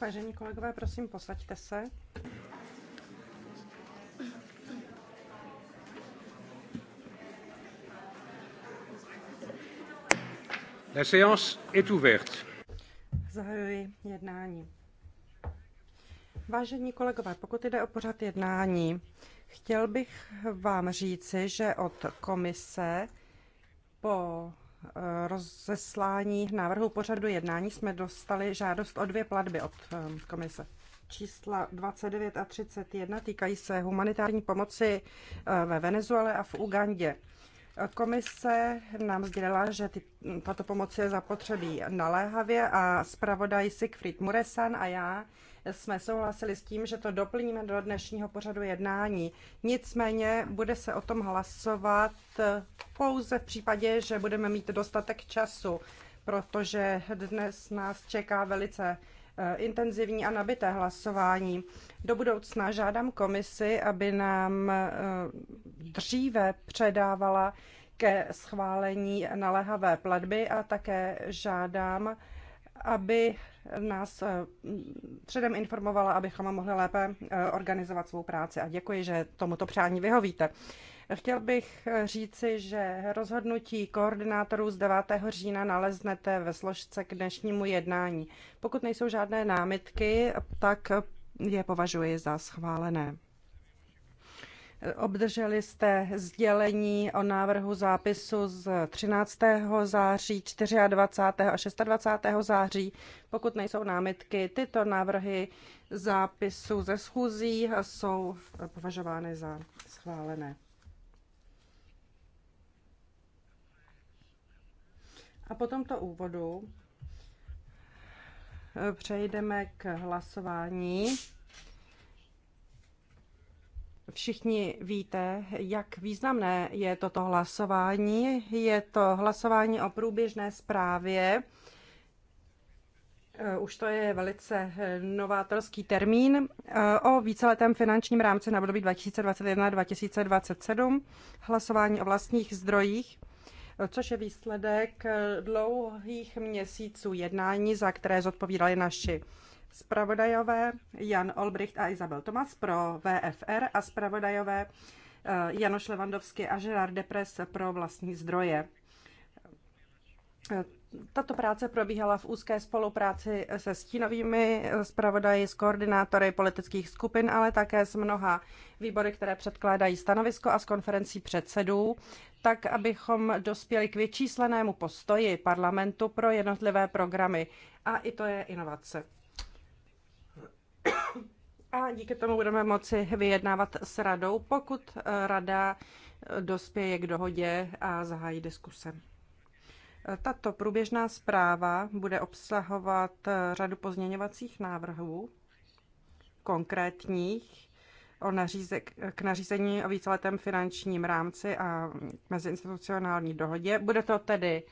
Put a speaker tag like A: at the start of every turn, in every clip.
A: Vážení kolegové, prosím, posaďte se.
B: La séance est ouverte.
A: Zahajuji jednání. Vážení kolegové, pokud jde o pořad jednání, chtěl bych vám říci, že od komise po rozeslání návrhu pořadu jednání jsme dostali žádost o dvě platby od eh, komise. Čísla 29 a 31 týkají se humanitární pomoci eh, ve Venezuele a v Ugandě. Komise nám sdělila, že ty, tato pomoc je zapotřebí naléhavě a zpravodaj Siegfried Muresan a já jsme souhlasili s tím, že to doplníme do dnešního pořadu jednání. Nicméně bude se o tom hlasovat pouze v případě, že budeme mít dostatek času, protože dnes nás čeká velice eh, intenzivní a nabité hlasování. Do budoucna žádám komisi, aby nám eh, dříve předávala ke schválení naléhavé platby a také žádám, aby nás eh, předem informovala, abychom mohli lépe eh, organizovat svou práci. A děkuji, že tomuto přání vyhovíte. Chtěl bych eh, říci, že rozhodnutí koordinátorů z 9. října naleznete ve složce k dnešnímu jednání. Pokud nejsou žádné námitky, tak je považuji za schválené. Obdrželi jste sdělení o návrhu zápisu z 13. září, 24. a 26. září. Pokud nejsou námitky, tyto návrhy zápisu ze schůzí jsou považovány za schválené. A po tomto úvodu přejdeme k hlasování. Všichni víte, jak významné je toto hlasování. Je to hlasování o průběžné zprávě. Eh, už to je velice eh, novátorský termín eh, o víceletém finančním rámci na období 2021-2027, hlasování o vlastních zdrojích, což je výsledek dlouhých měsíců jednání, za které zodpovídali naši Spravodajové Jan Olbricht a Izabel Tomas pro VFR a spravodajové eh, Janoš Levandovský a Gerard Depres pro vlastní zdroje. Eh, tato práce probíhala v úzké spolupráci se stínovými eh, zpravodaji, s koordinátory politických skupin, ale také s mnoha výbory, které předkládají stanovisko a s konferencí předsedů, tak abychom dospěli k vyčíslenému postoji parlamentu pro jednotlivé programy. A i to je inovace. A díky tomu budeme moci vyjednávat s radou, pokud eh, rada eh, dospěje k dohodě a zahájí diskuse. Eh, tato průběžná zpráva bude obsahovat řadu pozměňovacích návrhů, konkrétních, o naříze, k nařízení o víceletém finančním rámci a meziinstitucionální dohodě. Bude to tedy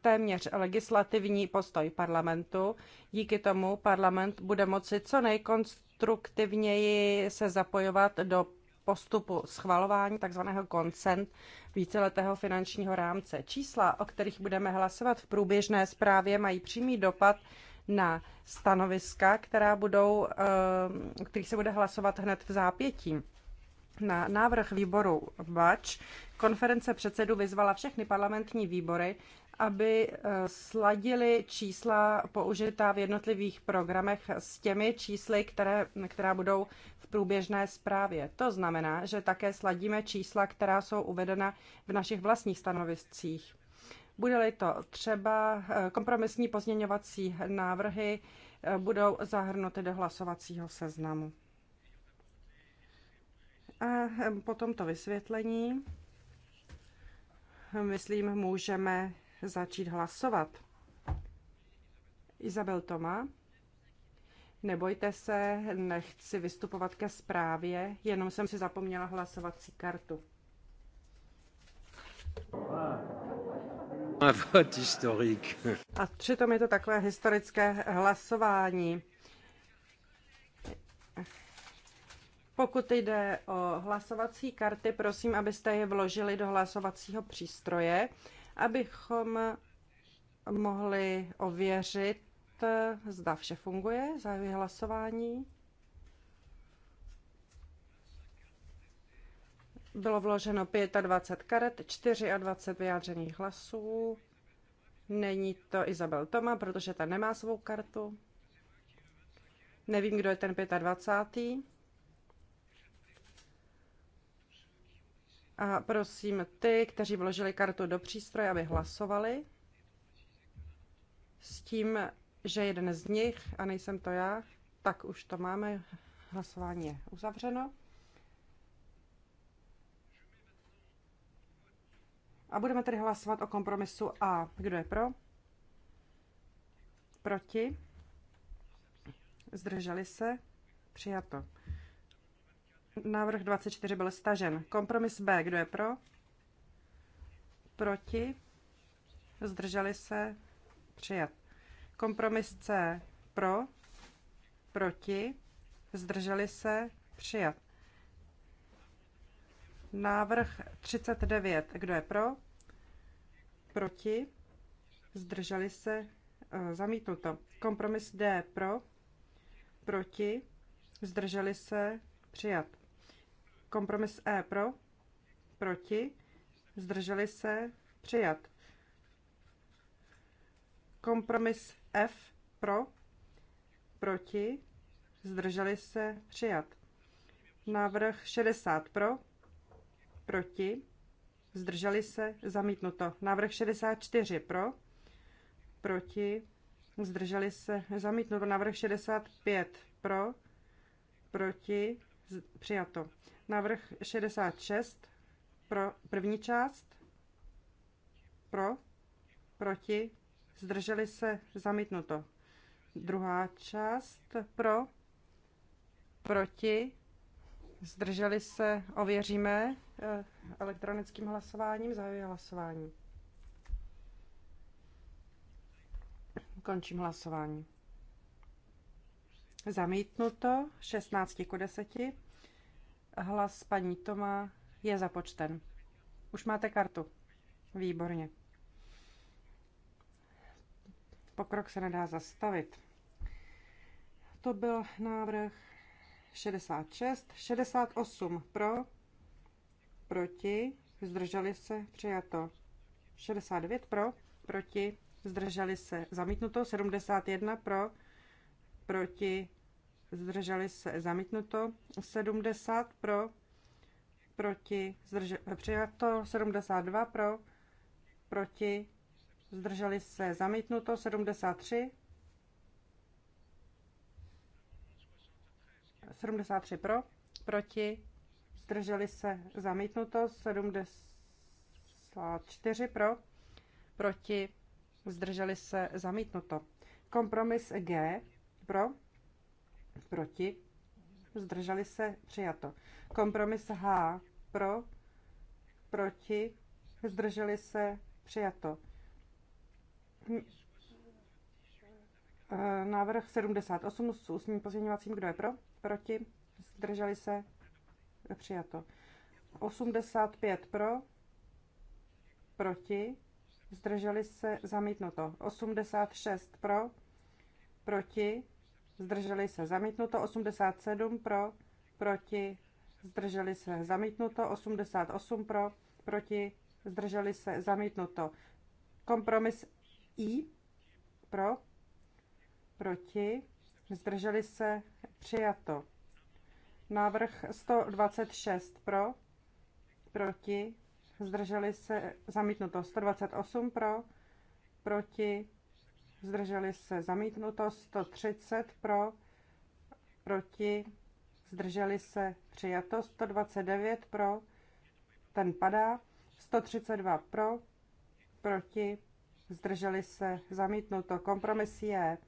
A: téměř legislativní postoj parlamentu. Díky tomu parlament bude moci co nejkonstruktivněji se zapojovat do postupu schvalování tzv. koncent víceletého finančního rámce. Čísla, o kterých budeme hlasovat v průběžné zprávě, mají přímý dopad na stanoviska, která budou, eh, kterých se bude hlasovat hned v zápětí. Na návrh výboru BAČ konference předsedu vyzvala všechny parlamentní výbory, aby eh, sladili čísla použitá v jednotlivých programech s těmi čísly, které, která budou v průběžné zprávě. To znamená, že také sladíme čísla, která jsou uvedena v našich vlastních stanoviscích. Bude-li to třeba eh, kompromisní pozměňovací návrhy, eh, budou zahrnuty do hlasovacího seznamu. A po tomto vysvětlení, myslím, můžeme začít hlasovat. Izabel Toma. Nebojte se, nechci vystupovat ke zprávě, jenom jsem si zapomněla hlasovací kartu. A přitom je to takové historické hlasování. Pokud jde o hlasovací karty, prosím, abyste je vložili do hlasovacího přístroje abychom mohli ověřit, zda vše funguje, zahajuji hlasování. Bylo vloženo 25 karet, 24 vyjádřených hlasů. Není to Izabel Toma, protože ta nemá svou kartu. Nevím, kdo je ten 25. A prosím ty, kteří vložili kartu do přístroje, aby hlasovali s tím, že jeden z nich, a nejsem to já, tak už to máme, hlasování je uzavřeno. A budeme tedy hlasovat o kompromisu A. Kdo je pro? Proti? Zdrželi se? Přijato. Návrh 24 byl stažen. Kompromis B, kdo je pro? Proti? Zdrželi se? Přijat. Kompromis C, pro? Proti? Zdrželi se? Přijat. Návrh 39, kdo je pro? Proti? Zdrželi se? Eh, zamítnuto. Kompromis D, pro? Proti? Zdrželi se? Přijat. Kompromis E pro, proti, zdrželi se, přijat. Kompromis F pro, proti, zdrželi se, přijat. Návrh 60 pro, proti, zdrželi se, zamítnuto. Návrh 64 pro, proti, zdrželi se, zamítnuto. Návrh 65 pro, proti, přijato. Návrh 66 pro první část. Pro, proti, zdrželi se, zamítnuto. Druhá část pro, proti, zdrželi se, ověříme eh, elektronickým hlasováním, zahajuji hlasování. Končím hlasování. Zamítnuto 16 ku 10 hlas paní Toma je započten. Už máte kartu. Výborně. Pokrok se nedá zastavit. To byl návrh 66, 68 pro, proti, zdrželi se, přijato. 69 pro, proti, zdrželi se, zamítnuto. 71 pro, proti, zdrželi se zamítnuto, 70 pro, proti, zdrže, přijato, 72 pro, proti, zdrželi se zamítnuto, 73, 73 pro, proti, zdrželi se zamítnuto, 74 pro, proti, zdrželi se zamítnuto. Kompromis G pro, proti, zdrželi se, přijato. Kompromis H, pro, proti, zdrželi se, přijato. E, návrh 78 s ústním pozměňovacím, kdo je pro, proti, zdrželi se, přijato. 85 pro, proti, zdrželi se, zamítnuto. 86 pro, proti, zdrželi se zamítnuto 87 pro, proti, zdrželi se zamítnuto 88 pro, proti, zdrželi se zamítnuto. Kompromis I pro, proti, zdrželi se přijato. Návrh 126 pro, proti, zdrželi se zamítnuto 128 pro, proti, zdrželi se zamítnuto 130 pro, proti, zdrželi se přijato 129 pro, ten padá, 132 pro, proti, zdrželi se zamítnuto kompromis je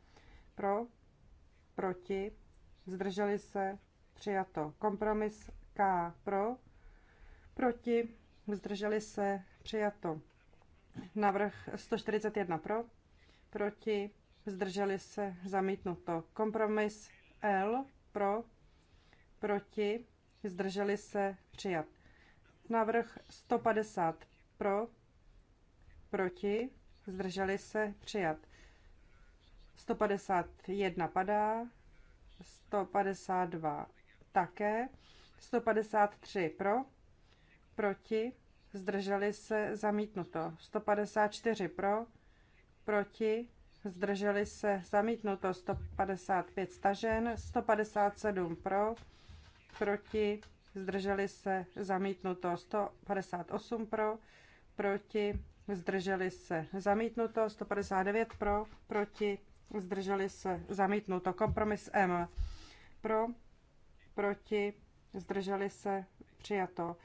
A: pro, proti, zdrželi se přijato kompromis K pro, proti, zdrželi se přijato navrh 141 pro, proti, zdrželi se, zamítnuto. Kompromis L pro, proti, zdrželi se, přijat. Návrh 150 pro, proti, zdrželi se, přijat. 151 padá, 152 také, 153 pro, proti, zdrželi se, zamítnuto. 154 pro, proti, zdrželi se zamítnuto 155 stažen, 157 pro, proti, zdrželi se zamítnuto 158 pro, proti, zdrželi se zamítnuto 159 pro, proti, zdrželi se zamítnuto kompromis M pro, proti, zdrželi se přijato.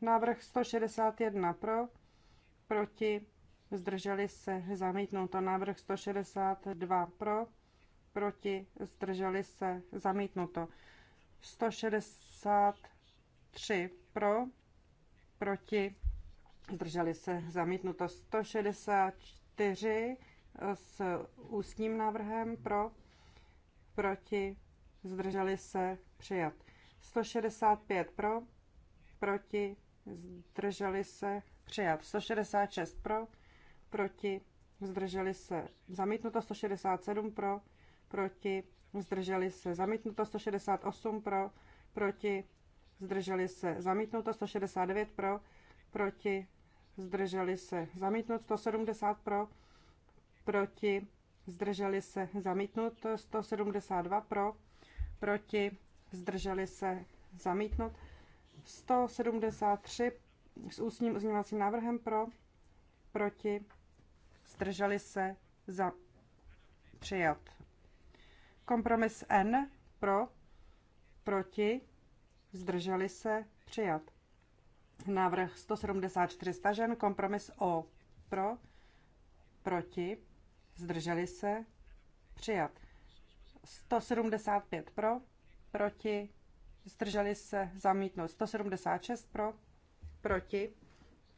A: Návrh 161 pro, proti, zdrželi se zamítnuto. Návrh 162 pro, proti, zdrželi se zamítnuto. 163 pro, proti, zdrželi se zamítnuto. 164 eh, s ústním návrhem pro, proti, zdrželi se přijat. 165 pro, proti, zdrželi se přijat. 166 pro, proti, zdrželi se zamítnuto 167 pro, proti, zdrželi se zamítnuto 168 pro, proti, zdrželi se zamítnuto 169 pro, proti, zdrželi se zamítnuto 170 pro, proti, zdrželi se zamítnut 172 pro, proti, zdrželi se zamítnut 173 s ústním uznívacím návrhem pro, proti, zdrželi se, za přijat. Kompromis N pro, proti, zdrželi se, přijat. Návrh 174 stažen, kompromis O pro, proti, zdrželi se, přijat. 175 pro, proti, zdrželi se, zamítnout. 176 pro, proti,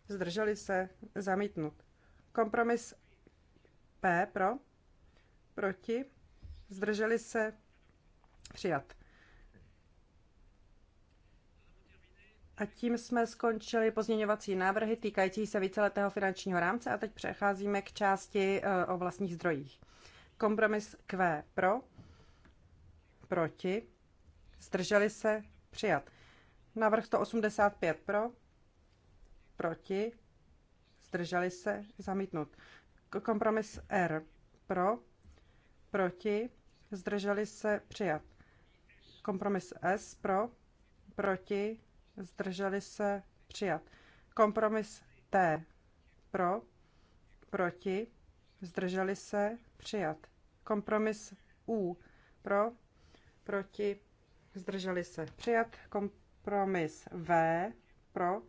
A: zdrželi se, zamítnout. Kompromis P pro, proti, zdrželi se, přijat. A tím jsme skončili pozměňovací návrhy týkající se víceletého finančního rámce a teď přecházíme k části eh, o vlastních zdrojích. Kompromis Q pro, proti, zdrželi se, přijat. Návrh 185 pro, proti, zdrželi se, zamítnut. Kompromis R. Pro, proti, zdrželi se, přijat. Kompromis S. Pro, proti, zdrželi se, přijat. Kompromis T. Pro, proti, zdrželi se, přijat. Kompromis U. Pro, proti, zdrželi se, přijat. Kompromis V. Pro,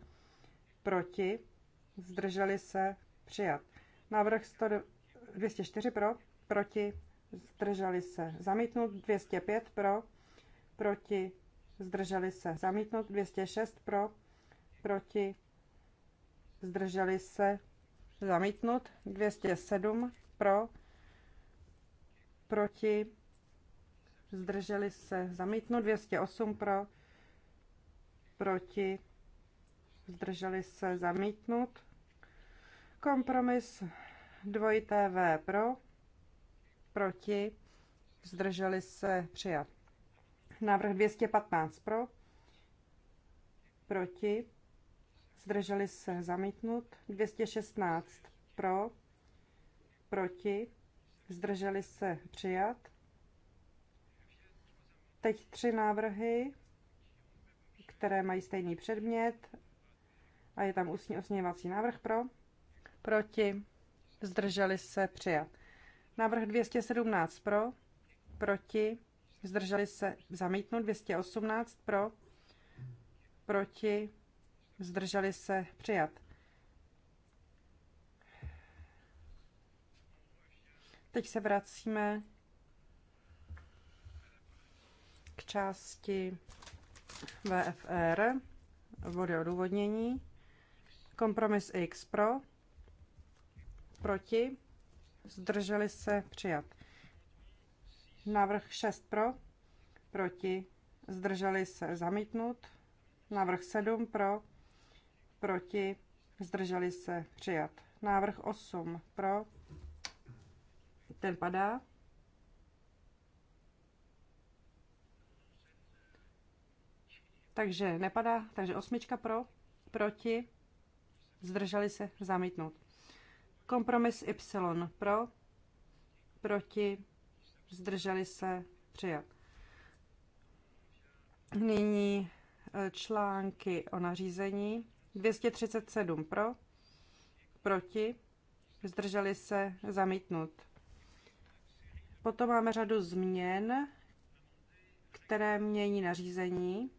A: proti, zdrželi se, přijat. Návrh 204 pro, proti, zdrželi se. Zamítnut 205 pro, proti, zdrželi se. Zamítnut 206 pro, proti, zdrželi se. Zamítnut 207 pro, proti, zdrželi se. Zamítnut 208 pro, proti, zdrželi se. Zamítnut Kompromis dvojité V pro, proti, zdrželi se přijat. Návrh 215 pro, proti, zdrželi se zamítnut. 216 pro, proti, zdrželi se přijat. Teď tři návrhy, které mají stejný předmět a je tam ústní návrh pro proti, zdrželi se přijat. Návrh 217 pro, proti, zdrželi se zamítnout, 218 pro, proti, zdrželi se přijat. Teď se vracíme k části VFR, vody odůvodnění, kompromis X pro, proti, zdrželi se, přijat. Návrh 6 pro, proti, zdrželi se, zamítnut. Návrh 7 pro, proti, zdrželi se, přijat. Návrh 8 pro, ten padá. Takže nepadá, takže osmička pro, proti, zdrželi se, zamítnout. Kompromis Y pro, proti, zdrželi se, přijat. Nyní eh, články o nařízení. 237 pro, proti, zdrželi se, zamítnut. Potom máme řadu změn, které mění nařízení.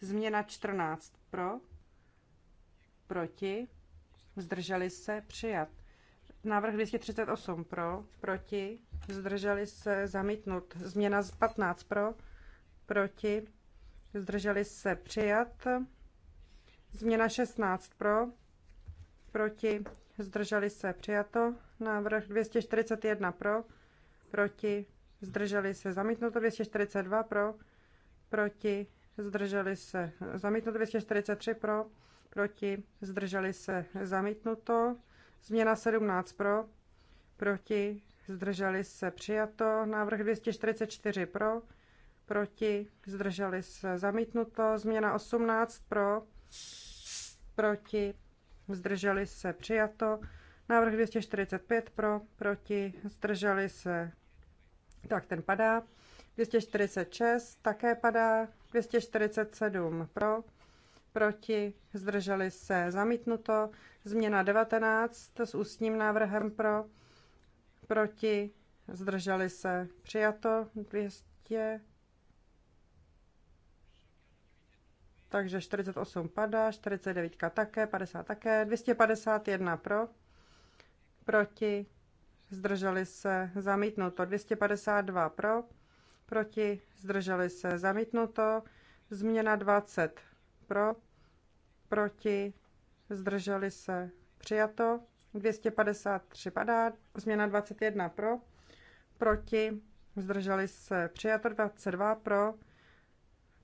A: Změna 14 pro, proti, zdrželi se, přijat. Návrh 238 pro, proti, zdrželi se, zamítnut. Změna z 15 pro, proti, zdrželi se, přijat. Změna 16 pro, proti, zdrželi se, přijato. Návrh 241 pro, proti, zdrželi se, zamítnuto 242 pro, proti, zdrželi se, zamítnuto 243 pro, proti, zdrželi se zamítnuto, změna 17 pro, proti, zdrželi se přijato, návrh 244 pro, proti, zdrželi se zamítnuto, změna 18 pro, proti, zdrželi se přijato, návrh 245 pro, proti, zdrželi se, tak ten padá, 246 také padá, 247 pro, proti, zdrželi se, zamítnuto. Změna 19 s ústním návrhem pro, proti, zdrželi se, přijato 200. Takže 48 padá, 49 také, 50 také, 251 pro, proti, zdrželi se, zamítnuto, 252 pro, proti, zdrželi se, zamítnuto, změna 20 pro, proti, zdrželi se, přijato. 253 padá, změna 21 pro, proti, zdrželi se, přijato 22 pro,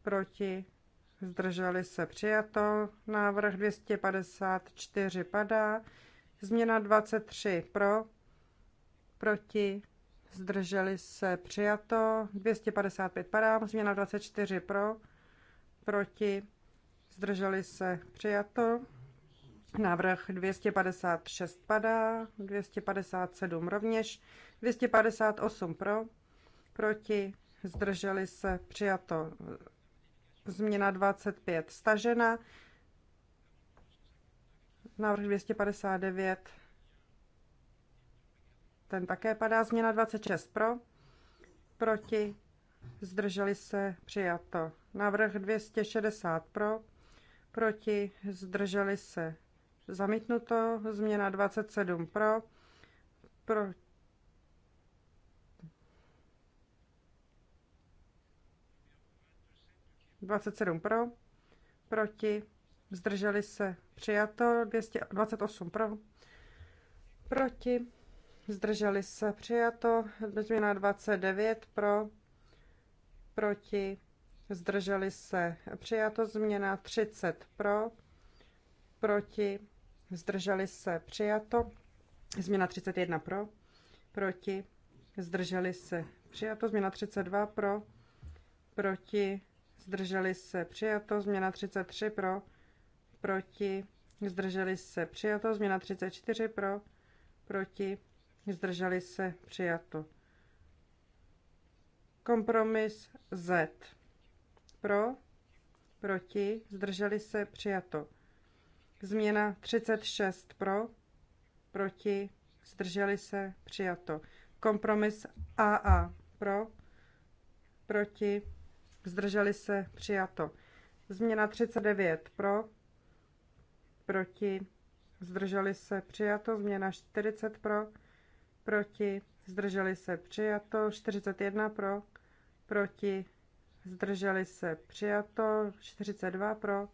A: proti, zdrželi se, přijato. Návrh 254 padá, změna 23 pro, proti, zdrželi se, přijato. 255 padá, změna 24 pro, proti, zdrželi se, přijato. Návrh 256 padá, 257 rovněž, 258 pro, proti, zdrželi se, přijato. Změna 25 stažena, návrh 259, ten také padá, změna 26 pro, proti, zdrželi se, přijato. Návrh 260 pro, proti, zdrželi se. Zamítnuto, změna 27 pro, pro Dvacet pro, proti, zdrželi se, přijato, 228 pro, proti, zdrželi se, přijato, změna 29 pro, proti, zdrželi se. Přijato změna 30 pro, proti, zdrželi se. Přijato změna 31 pro, proti, zdrželi se. Přijato změna 32 pro, proti, zdrželi se. Přijato změna 33 pro, proti, zdrželi se. Přijato změna 34 pro, proti, zdrželi se. Přijato. Kompromis Z pro, proti, zdrželi se, přijato. Změna 36 pro, proti, zdrželi se, přijato. Kompromis AA pro, proti, zdrželi se, přijato. Změna 39 pro, proti, zdrželi se, přijato. Změna 40 pro, proti, zdrželi se, přijato. 41 pro, proti, zdrželi se přijato, 42 pro,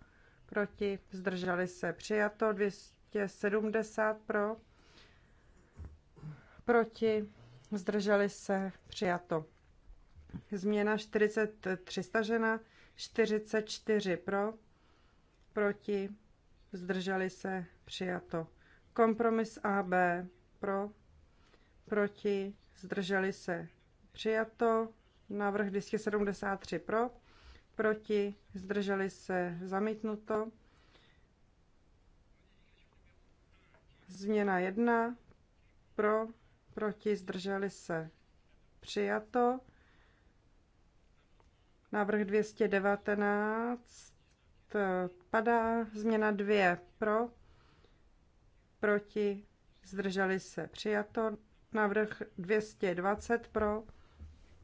A: proti, zdrželi se přijato, 270 pro, proti, zdrželi se přijato. Změna 43 stažena, 44 pro, proti, zdrželi se přijato. Kompromis AB pro, proti, zdrželi se přijato. Návrh 273 pro, proti, zdrželi se, zamítnuto. Změna 1 pro, proti, zdrželi se, přijato. Návrh 219 eh, padá. Změna 2 pro, proti, zdrželi se, přijato. Návrh 220 pro,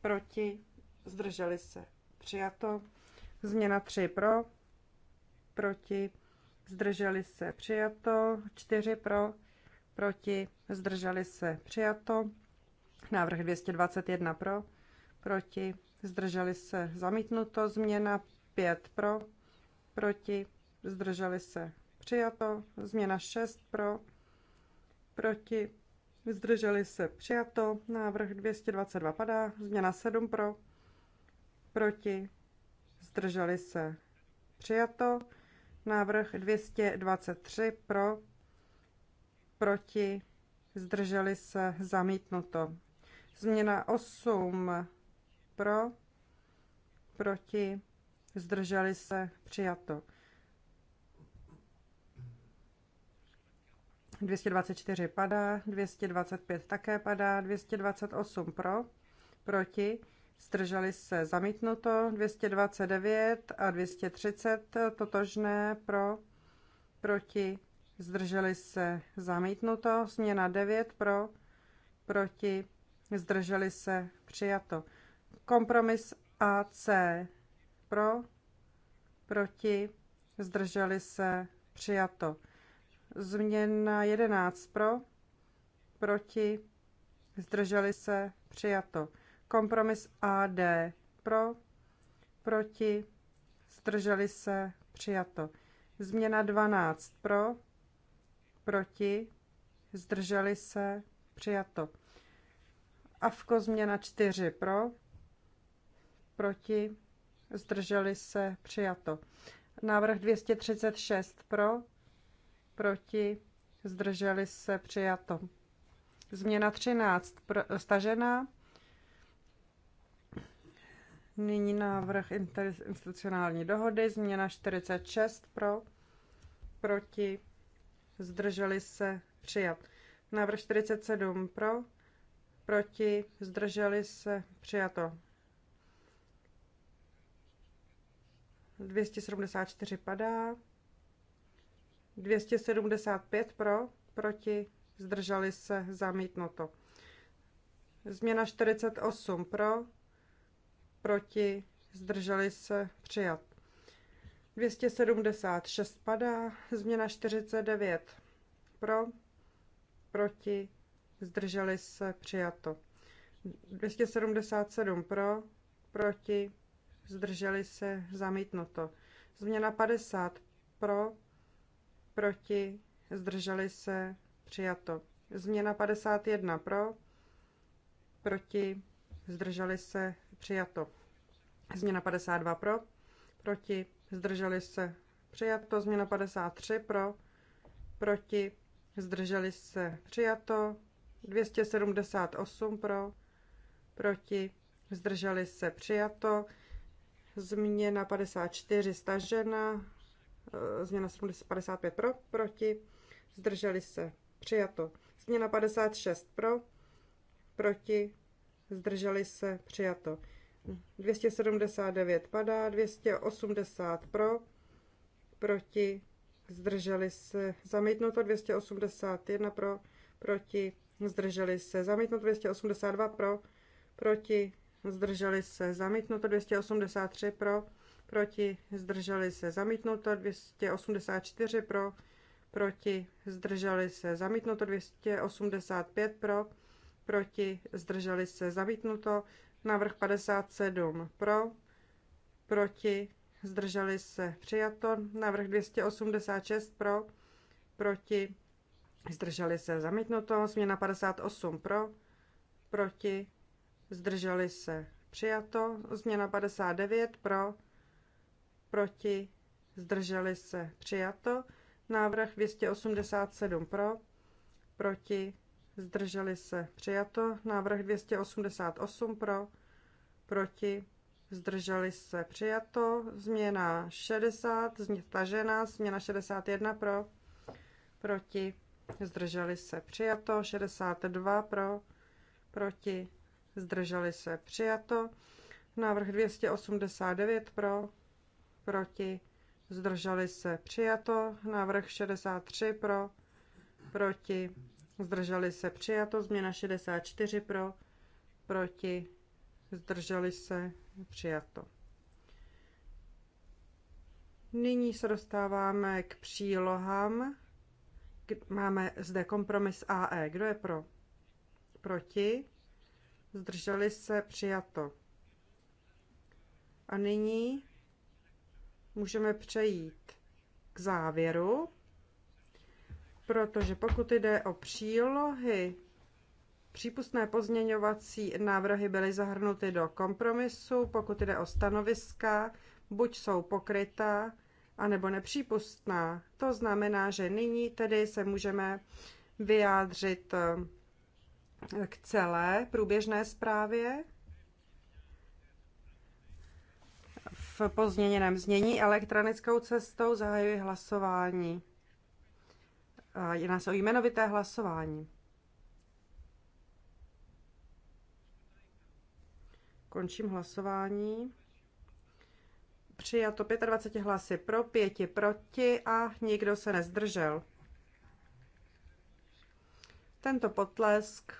A: proti, zdrželi se, přijato. Změna 3 pro, proti, zdrželi se, přijato. 4 pro, proti, zdrželi se, přijato. Návrh 221 pro, proti, zdrželi se, zamítnuto. Změna 5 pro, proti, zdrželi se, přijato. Změna 6 pro, proti, Zdrželi se přijato. Návrh 222 padá. Změna 7 pro. Proti. Zdrželi se přijato. Návrh 223 pro. Proti. Zdrželi se zamítnuto. Změna 8 pro. Proti. Zdrželi se přijato. 224 padá, 225 také padá, 228 pro, proti, zdrželi se zamítnuto, 229 a 230 totožné pro, proti, zdrželi se zamítnuto, změna 9 pro, proti, zdrželi se přijato. Kompromis AC pro, proti, zdrželi se přijato. Změna 11 pro, proti, zdrželi se, přijato. Kompromis AD pro, proti, zdrželi se, přijato. Změna 12 pro, proti, zdrželi se, přijato. Avko změna 4 pro, proti, zdrželi se, přijato. Návrh 236 pro, proti, zdrželi se, přijato. Změna 13, pro, stažená. Nyní návrh institucionální dohody, změna 46 pro, proti, zdrželi se, přijat. Návrh 47 pro, proti, zdrželi se, přijato. 274 padá. 275 pro, proti, zdrželi se, zamítnuto. Změna 48 pro, proti, zdrželi se, přijat. 276 padá, změna 49 pro, proti, zdrželi se, přijato. 277 pro, proti, zdrželi se, zamítnuto. Změna 50 pro, proti, zdrželi se, přijato. Změna 51 pro, proti, zdrželi se, přijato. Změna 52 pro, proti, zdrželi se, přijato. Změna 53 pro, proti, zdrželi se, přijato. 278 pro, proti, zdrželi se, přijato. Změna 54 stažena, Eh, změna 55 pro, proti, zdrželi se, přijato. Změna 56 pro, proti, zdrželi se, přijato. 279 padá, 280 pro, proti, zdrželi se, zamítnuto 281 pro, proti, zdrželi se, zamítnuto 282 pro, proti, zdrželi se, zamítnuto 283 pro, proti, zdrželi se zamítnuto 284 pro, proti, zdrželi se zamítnuto 285 pro, proti, zdrželi se zamítnuto, návrh 57 pro, proti, zdrželi se přijato, návrh 286 pro, proti, zdrželi se zamítnuto, změna 58 pro, proti, zdrželi se přijato, změna 59 pro, proti, zdrželi se, přijato. Návrh 287 pro, proti, zdrželi se, přijato. Návrh 288 pro, proti, zdrželi se, přijato. Změna 60, stažená, změna 61 pro, proti, zdrželi se, přijato. 62 pro, proti, zdrželi se, přijato. Návrh 289 pro, proti, zdrželi se přijato, návrh 63 pro, proti, zdrželi se přijato, změna 64 pro, proti, zdrželi se přijato. Nyní se dostáváme k přílohám. Máme zde kompromis AE. Kdo je pro? Proti? Zdrželi se přijato. A nyní můžeme přejít k závěru, protože pokud jde o přílohy, přípustné pozměňovací návrhy byly zahrnuty do kompromisu, pokud jde o stanoviska, buď jsou pokrytá, anebo nepřípustná. To znamená, že nyní tedy se můžeme vyjádřit eh, k celé průběžné zprávě. pozměněném znění elektronickou cestou. Zahajuji hlasování. Jedná se o jmenovité hlasování. Končím hlasování. Přijato 25 hlasy pro, 5 proti a nikdo se nezdržel. Tento potlesk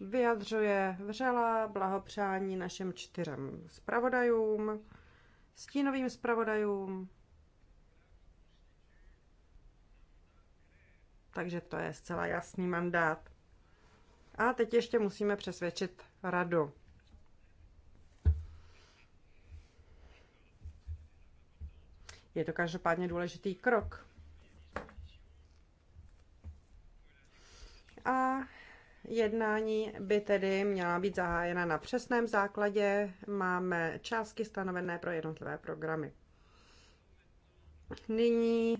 A: vyjadřuje vřelá blahopřání našim čtyřem zpravodajům, stínovým zpravodajům. Takže to je zcela jasný mandát. A teď ještě musíme přesvědčit radu. Je to každopádně důležitý krok. A jednání by tedy měla být zahájena na přesném základě. Máme částky stanovené pro jednotlivé programy. Nyní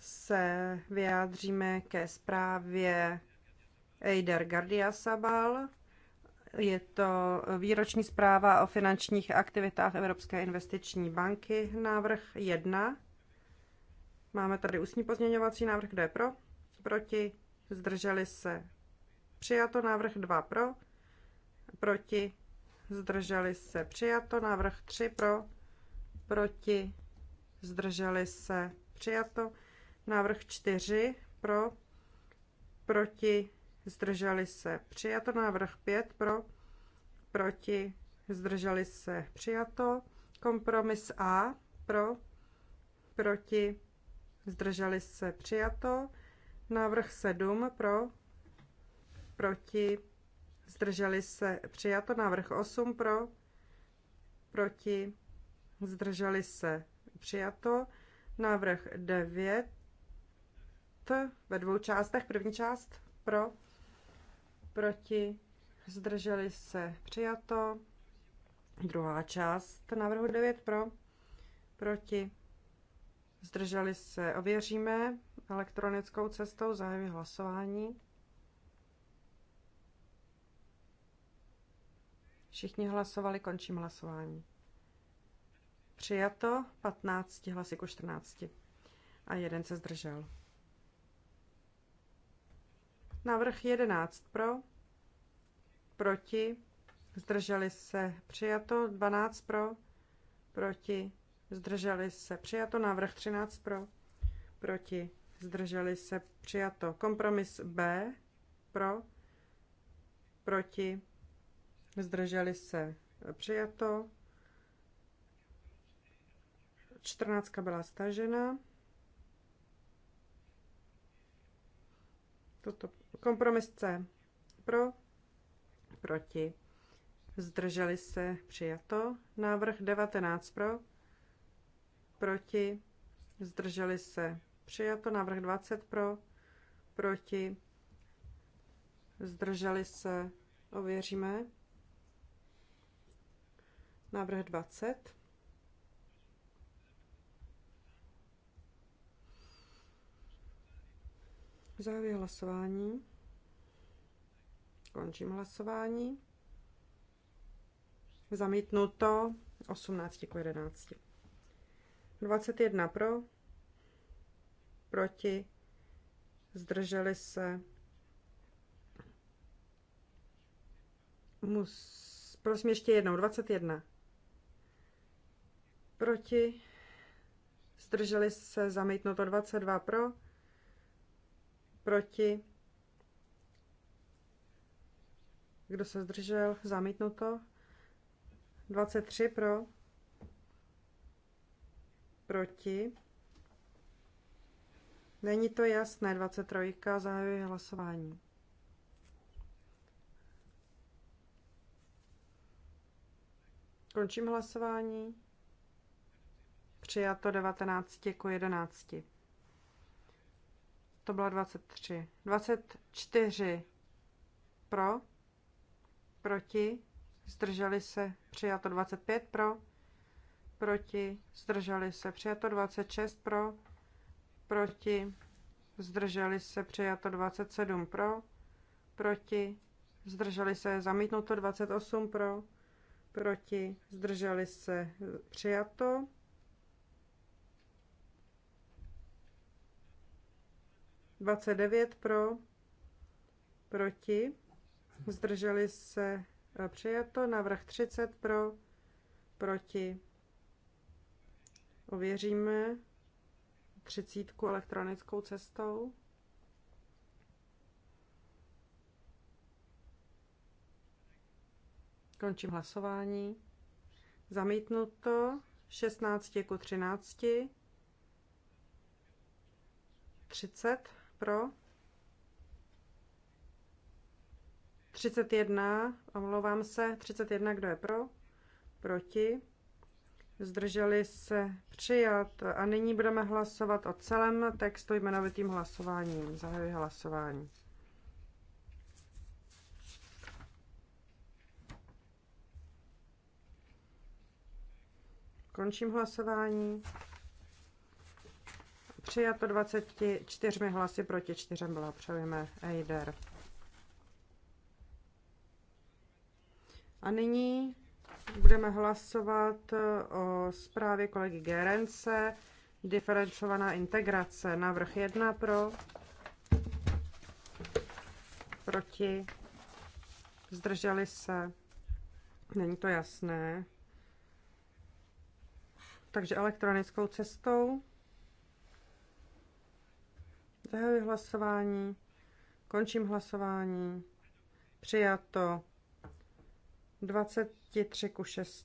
A: se vyjádříme ke zprávě Eider Gardiasabal. Je to výroční zpráva o finančních aktivitách Evropské investiční banky, návrh 1. Máme tady ústní pozměňovací návrh, kdo je pro, proti, zdrželi se. Přijato návrh 2 pro, proti, zdrželi se. Přijato návrh 3 pro, proti, zdrželi se. Přijato návrh 4 pro, proti, zdrželi se. Přijato návrh 5 pro, proti, zdrželi se. Přijato kompromis A pro, proti, zdrželi se. Přijato Návrh 7 pro, proti, zdrželi se přijato. Návrh 8 pro, proti, zdrželi se přijato. Návrh 9 ve dvou částech. První část pro, proti, zdrželi se přijato. Druhá část návrhu 9 pro, proti, zdrželi se ověříme elektronickou cestou, zahajuji hlasování. Všichni hlasovali, končím hlasování. Přijato 15 hlasy ku 14 a jeden se zdržel. Návrh 11 pro, proti, zdrželi se přijato, 12 pro, proti, zdrželi se přijato, návrh 13 pro, proti, zdrželi se přijato. Kompromis B pro, proti, zdrželi se přijato. 14 byla stažena. Toto kompromis C pro, proti, zdrželi se přijato. Návrh 19 pro, proti, zdrželi se Přijato návrh 20 pro, proti, zdrželi se, ověříme. Návrh 20. Zahajuji hlasování. Končím hlasování. Zamítnuto 18 k 11. 21 pro, proti, zdrželi se. Mus, prosím ještě jednou, 21. Proti, zdrželi se, zamítnuto 22 pro, proti, kdo se zdržel, zamítnuto, 23 pro, proti, Není to jasné, 23. zahajuje hlasování. Končím hlasování. Přijato 19 jako 11. To bylo 23. 24 pro, proti, zdrželi se, přijato 25 pro, proti, zdrželi se, přijato 26 pro, proti, zdrželi se přijato 27 pro, proti, zdrželi se zamítnuto 28 pro, proti, zdrželi se přijato. Dvacet devět pro, proti, zdrželi se přijato, návrh třicet pro, proti, ověříme, třicítku elektronickou cestou. Končím hlasování. Zamítnuto 16 ku 13. 30 pro. 31, omlouvám se, 31, kdo je pro? Proti zdrželi se přijat. A nyní budeme hlasovat o celém textu jmenovitým hlasováním. Zahajuji hlasování. Končím hlasování. Přijato 24 hlasy proti čtyřem byla přejeme Eider. A nyní budeme hlasovat e, o zprávě kolegy Gerence, diferencovaná integrace. Navrh 1 pro, proti, zdrželi se. Není to jasné. Takže elektronickou cestou. Zahajuji hlasování. Končím hlasování. Přijato 20 23 ku 6.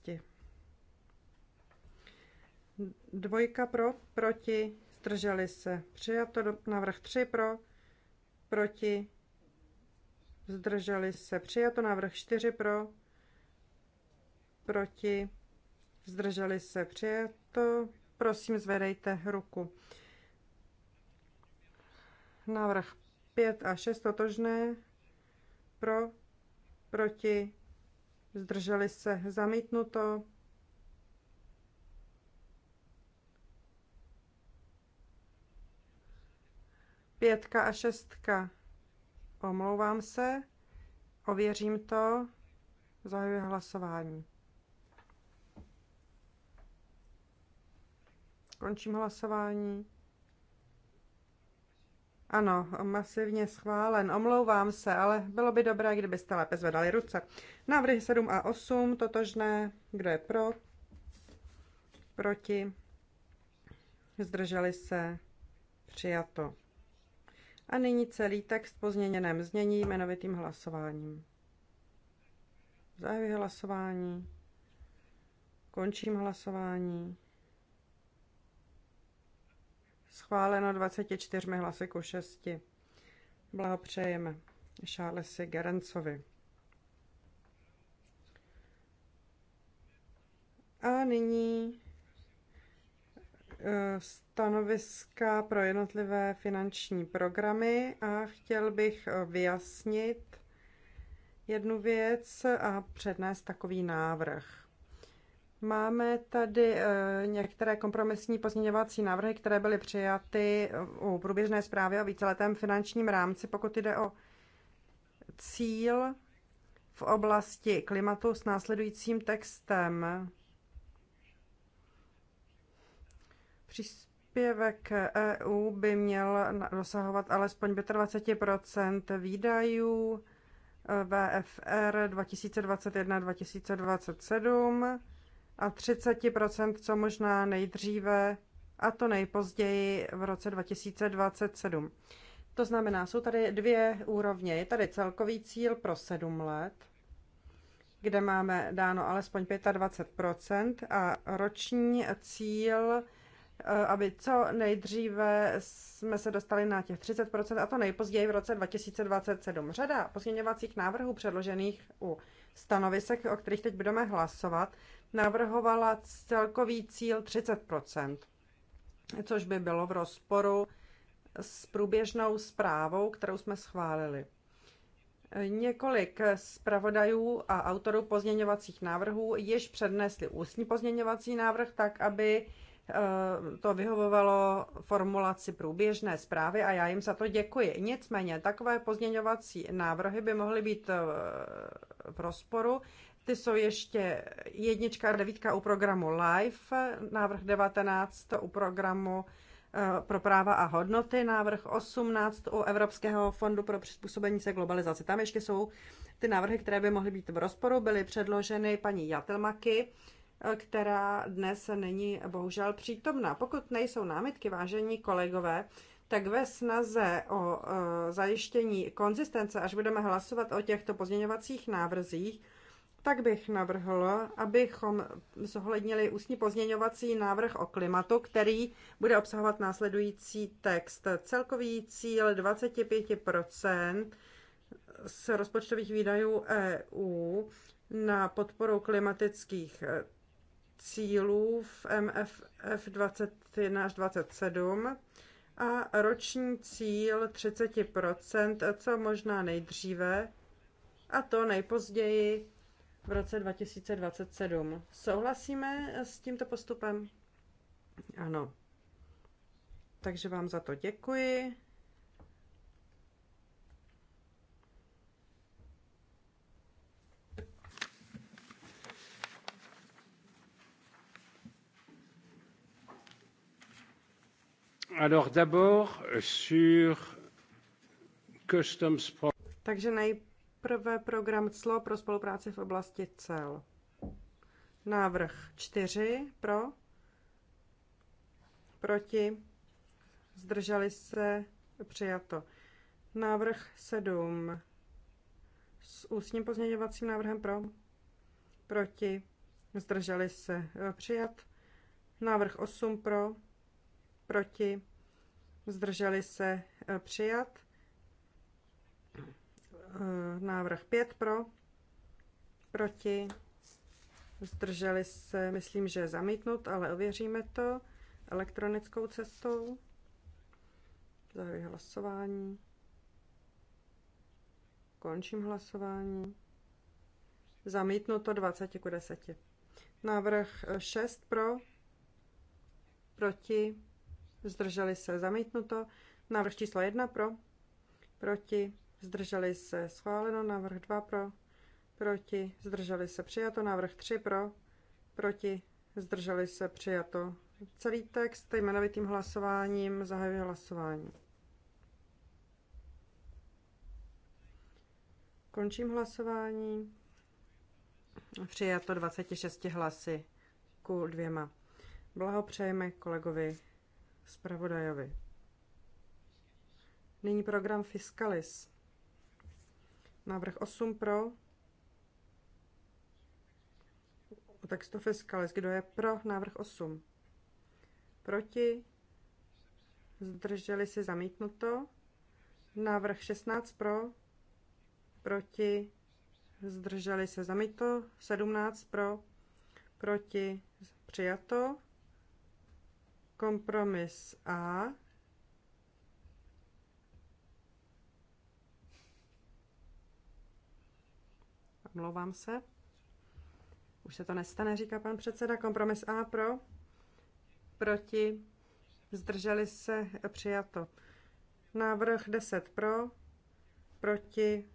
A: Dvojka pro, proti, zdrželi se. Přijato do, návrh 3 pro, proti, zdrželi se. Přijato návrh 4 pro, proti, zdrželi se. Přijato, prosím zvedejte ruku. Návrh 5 a 6 totožné, pro, proti, zdrželi se zamítnuto. Pětka a šestka. Omlouvám se, ověřím to, zahajuji hlasování. Končím hlasování. Ano, masivně schválen. Omlouvám se, ale bylo by dobré, kdybyste lépe zvedali ruce. Návrhy 7 a 8, totožné. Kdo je pro? Proti? Zdrželi se? Přijato. A nyní celý text po změněném znění jmenovitým hlasováním. Zahajuji hlasování. Končím hlasování. Schváleno 24 hlasy ku 6. Blahopřejeme Šálesi Gerencovi. A nyní eh, stanoviska pro jednotlivé finanční programy a chtěl bych eh, vyjasnit jednu věc a přednést takový návrh. Máme tady eh, některé kompromisní pozměňovací návrhy, které byly přijaty eh, u průběžné zprávy o víceletém finančním rámci, pokud jde o cíl v oblasti klimatu s následujícím textem. Příspěvek EU by měl dosahovat alespoň 25 výdajů eh, VFR 2021-2027 a 30% co možná nejdříve, a to nejpozději v roce 2027. To znamená, jsou tady dvě úrovně. Je tady celkový cíl pro 7 let, kde máme dáno alespoň 25% a roční cíl, eh, aby co nejdříve jsme se dostali na těch 30% a to nejpozději v roce 2027. Řada pozměňovacích návrhů předložených u stanovisek, o kterých teď budeme hlasovat, navrhovala celkový cíl 30 což by bylo v rozporu s průběžnou zprávou, kterou jsme schválili. Několik zpravodajů a autorů pozměňovacích návrhů již přednesli ústní pozměňovací návrh tak, aby eh, to vyhovovalo formulaci průběžné zprávy a já jim za to děkuji. Nicméně takové pozměňovací návrhy by mohly být eh, v rozporu ty jsou ještě jednička a devítka u programu LIFE, návrh 19 u programu eh, pro práva a hodnoty, návrh 18 u Evropského fondu pro přizpůsobení se globalizaci. Tam ještě jsou ty návrhy, které by mohly být v rozporu, byly předloženy paní Jatelmaky, eh, která dnes není bohužel přítomná. Pokud nejsou námitky, vážení kolegové, tak ve snaze o eh, zajištění konzistence, až budeme hlasovat o těchto pozměňovacích návrzích, tak bych navrhl, abychom zohlednili ústní pozměňovací návrh o klimatu, který bude obsahovat následující text. Celkový cíl 25 z rozpočtových výdajů EU na podporu klimatických eh, cílů v MFF 21 až 27 a roční cíl 30 co možná nejdříve, a to nejpozději v roce 2027. Souhlasíme s tímto postupem? Ano. Takže vám za to děkuji. Alors d'abord euh, sur customs. Takže nej, Nejprve program CLO pro spolupráci v oblasti cel. Návrh 4 pro, proti, zdrželi se, přijato. Návrh 7 s ústním pozměňovacím návrhem pro, proti, zdrželi se, přijat. Návrh 8 pro, proti, zdrželi se, přijat. Eh, návrh 5 pro, proti, zdrželi se, myslím, že zamítnut, ale ověříme to elektronickou cestou. Zahajuji hlasování. Končím hlasování. Zamítnuto 20 k 10. Návrh 6 eh, pro, proti, zdrželi se, zamítnuto. Návrh číslo 1 pro, proti, zdrželi se schváleno, návrh 2 pro, proti, zdrželi se přijato, návrh 3 pro, proti, zdrželi se přijato. Celý text jmenovitým hlasováním zahajuje hlasování. Končím hlasování. Přijato 26 hlasy ku dvěma. Blahopřejeme kolegovi zpravodajovi. Nyní program Fiscalis. Návrh 8 pro. Texto Fiskalis. Kdo je pro návrh 8? Proti? Zdrželi si zamítnuto. Návrh 16 pro. Proti? Zdrželi se zamítnuto. 17 pro. Proti? Přijato. Kompromis A. omlouvám se. Už se to nestane, říká pan předseda. Kompromis A pro, proti, zdrželi se, přijato. Návrh 10 pro, proti,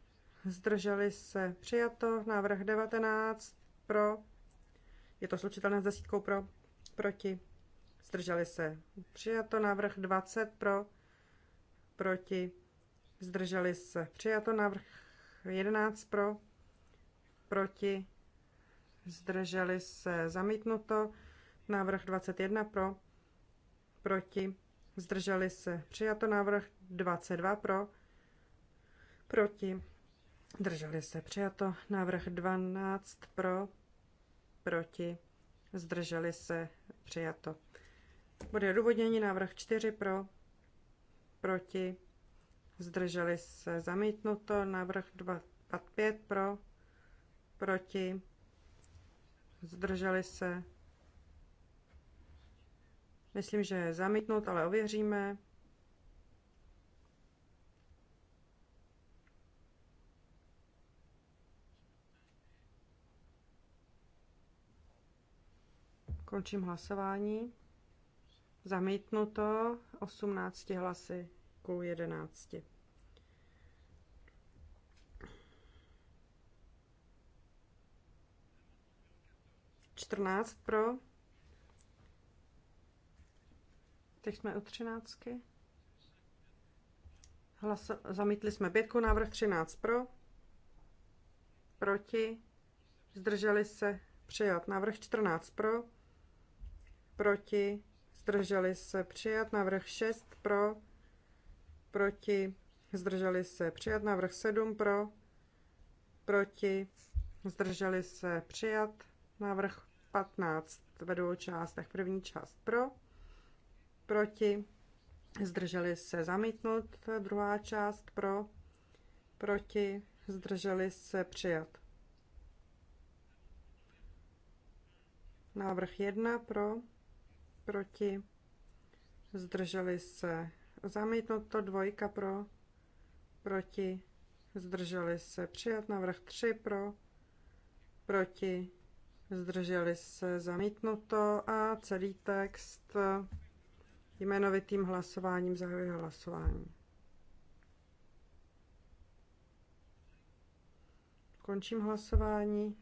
A: zdrželi se, přijato. Návrh 19 pro, je to slučitelné s desítkou pro, proti, zdrželi se, přijato. Návrh 20 pro, proti, zdrželi se, přijato. Návrh 11 pro, proti, zdrželi se zamítnuto, návrh 21 pro, proti, zdrželi se přijato, návrh 22 pro, proti, zdrželi se přijato, návrh 12 pro, proti, zdrželi se přijato. Bude odůvodnění návrh 4 pro, proti, zdrželi se zamítnuto, návrh 25 pro, proti, zdrželi se. Myslím, že je zamítnut, ale ověříme. Končím hlasování. Zamítnuto 18 hlasy ku 11. 14 pro. Teď jsme u 13. Hlas, zamítli jsme pětku, návrh 13 pro. Proti. Zdrželi se. Přijat. Návrh 14 pro. Proti. Zdrželi se. Přijat. Návrh 6 pro. Proti. Zdrželi se. Přijat. Návrh 7 pro. Proti. Zdrželi se. Přijat. Návrh 15 ve dvou částech. První část pro, proti, zdrželi se zamítnout. Druhá část pro, proti, zdrželi se přijat. Návrh 1 pro, proti, zdrželi se to Dvojka pro, proti, zdrželi se přijat. Návrh 3 pro, proti, zdrželi se zamítnuto a celý text jmenovitým hlasováním zahajuje hlasování. Končím hlasování.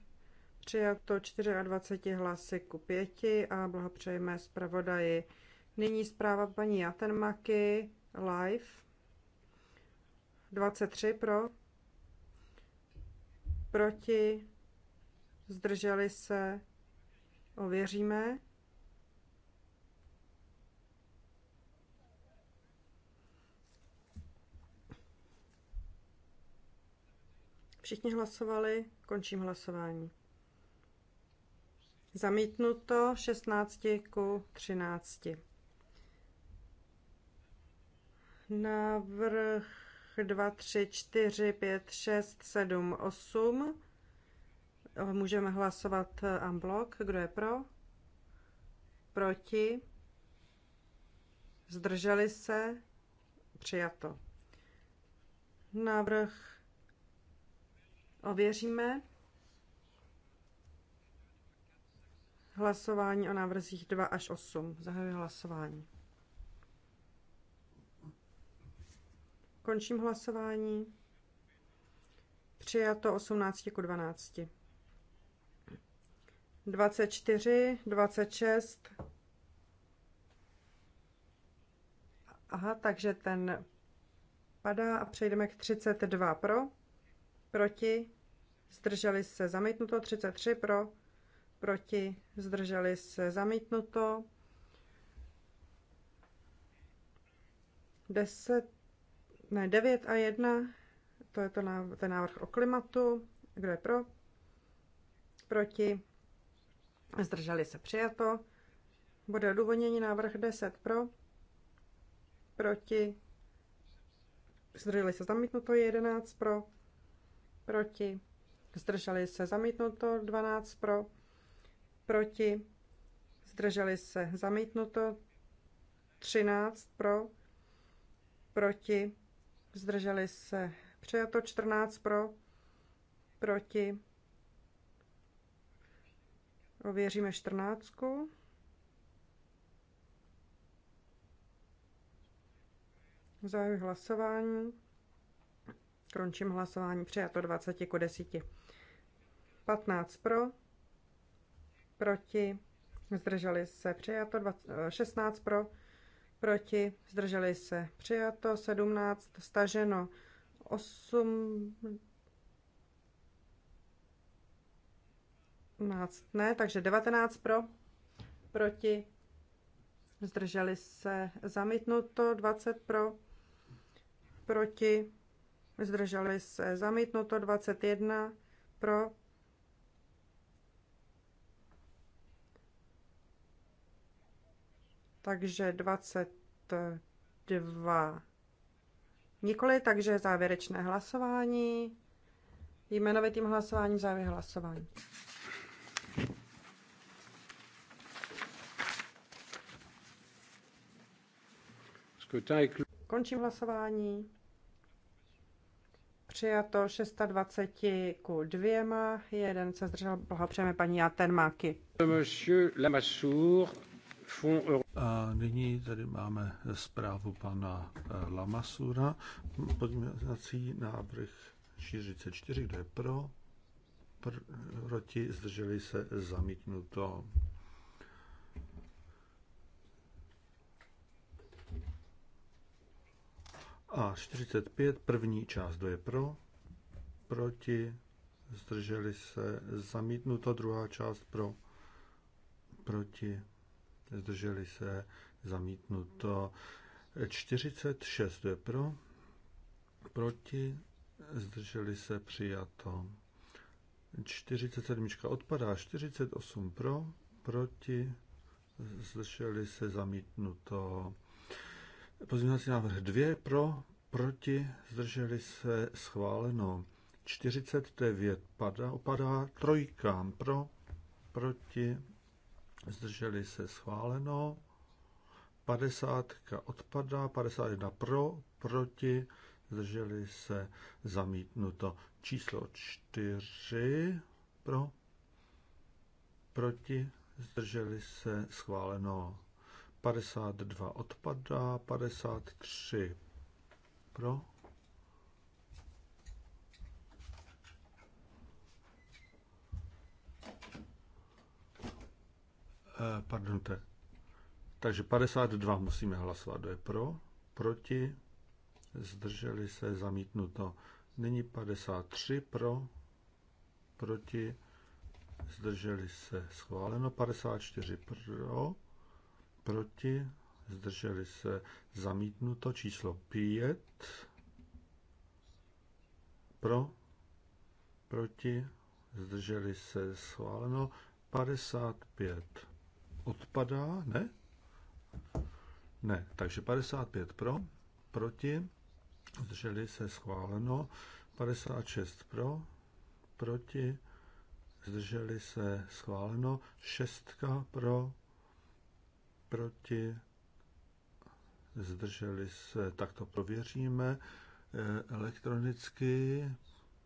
A: Přijato 24 hlasy ku 5 a blahopřejeme zpravodaji. Nyní zpráva paní Jatenmaky live. 23 pro, proti zdrželi se, ověříme. Všichni hlasovali, končím hlasování. Zamítnuto 16 ku 13. Návrh 2, 3, 4, 5, 6, 7, 8 Můžeme hlasovat unblock. Eh, Kdo je pro? Proti? Zdrželi se? Přijato. Návrh ověříme. Hlasování o návrzích 2 až 8. Zahajuji hlasování. Končím hlasování. Přijato 18 ku 12. 24, 26. Aha, takže ten padá a přejdeme k 32 pro, proti, zdrželi se zamítnuto, 33 pro, proti, zdrželi se zamítnuto, 10, ne, 9 a 1, to je to, návrh, ten návrh o klimatu, kdo je pro, proti, Zdrželi se přijato. Bude odůvodnění návrh 10 pro, proti, zdrželi se zamítnuto 11 pro, proti, zdrželi se zamítnuto 12 pro, proti, zdrželi se zamítnuto 13 pro, proti, zdrželi se přijato 14 pro, proti, Ověříme 14. Zahajuji hlasování. Končím hlasování. Přijato 20 k 10. 15 pro, proti, zdrželi se. Přijato 20, 16 pro, proti, zdrželi se. Přijato 17, staženo 8, 15 ne, takže 19 pro, proti, zdrželi se zamítnuto, 20 pro, proti, zdrželi se zamítnuto, 21 pro, takže 22 nikoli, takže závěrečné hlasování, jmenovitým hlasováním závěr hlasování. Končím hlasování. Přijato 620 ku dvěma, jeden se zdržel, blahopřejeme paní Jatenmáky. Monsieur
B: Lamassoure,
C: a nyní tady máme zprávu pana eh, Lamasura. Podměnací návrh 44, kdo je pro, proti, zdrželi se zamítnuto. A 45, první část, kdo je pro, proti, zdrželi se, zamítnuto, druhá část pro, proti, zdrželi se, zamítnuto. 46, kdo je pro, proti, zdrželi se, přijato. 47 odpadá, 48 pro, proti, zdrželi se, zamítnuto. Pozměňovací návrh 2 pro, proti, zdrželi se, schváleno. 49 padá, opadá trojkám pro, proti, zdrželi se, schváleno. 50 odpadá, 51 pro, proti, zdrželi se, zamítnuto. Číslo 4 pro, proti, zdrželi se, schváleno. 52 odpadá, 53 pro. Eh, pardon, te. Takže 52 musíme hlasovat. Kdo je pro? Proti? Zdrželi se? Zamítnuto. Nyní 53 pro? Proti? Zdrželi se? Schváleno. 54 pro? proti, zdrželi se zamítnuto. Číslo 5 pro, proti, zdrželi se schváleno. 55 odpadá, ne? Ne, takže 55 pro, proti, zdrželi se schváleno, 56 pro, proti, zdrželi se schváleno, 6 pro, proti, zdrželi se, tak to prověříme e, elektronicky,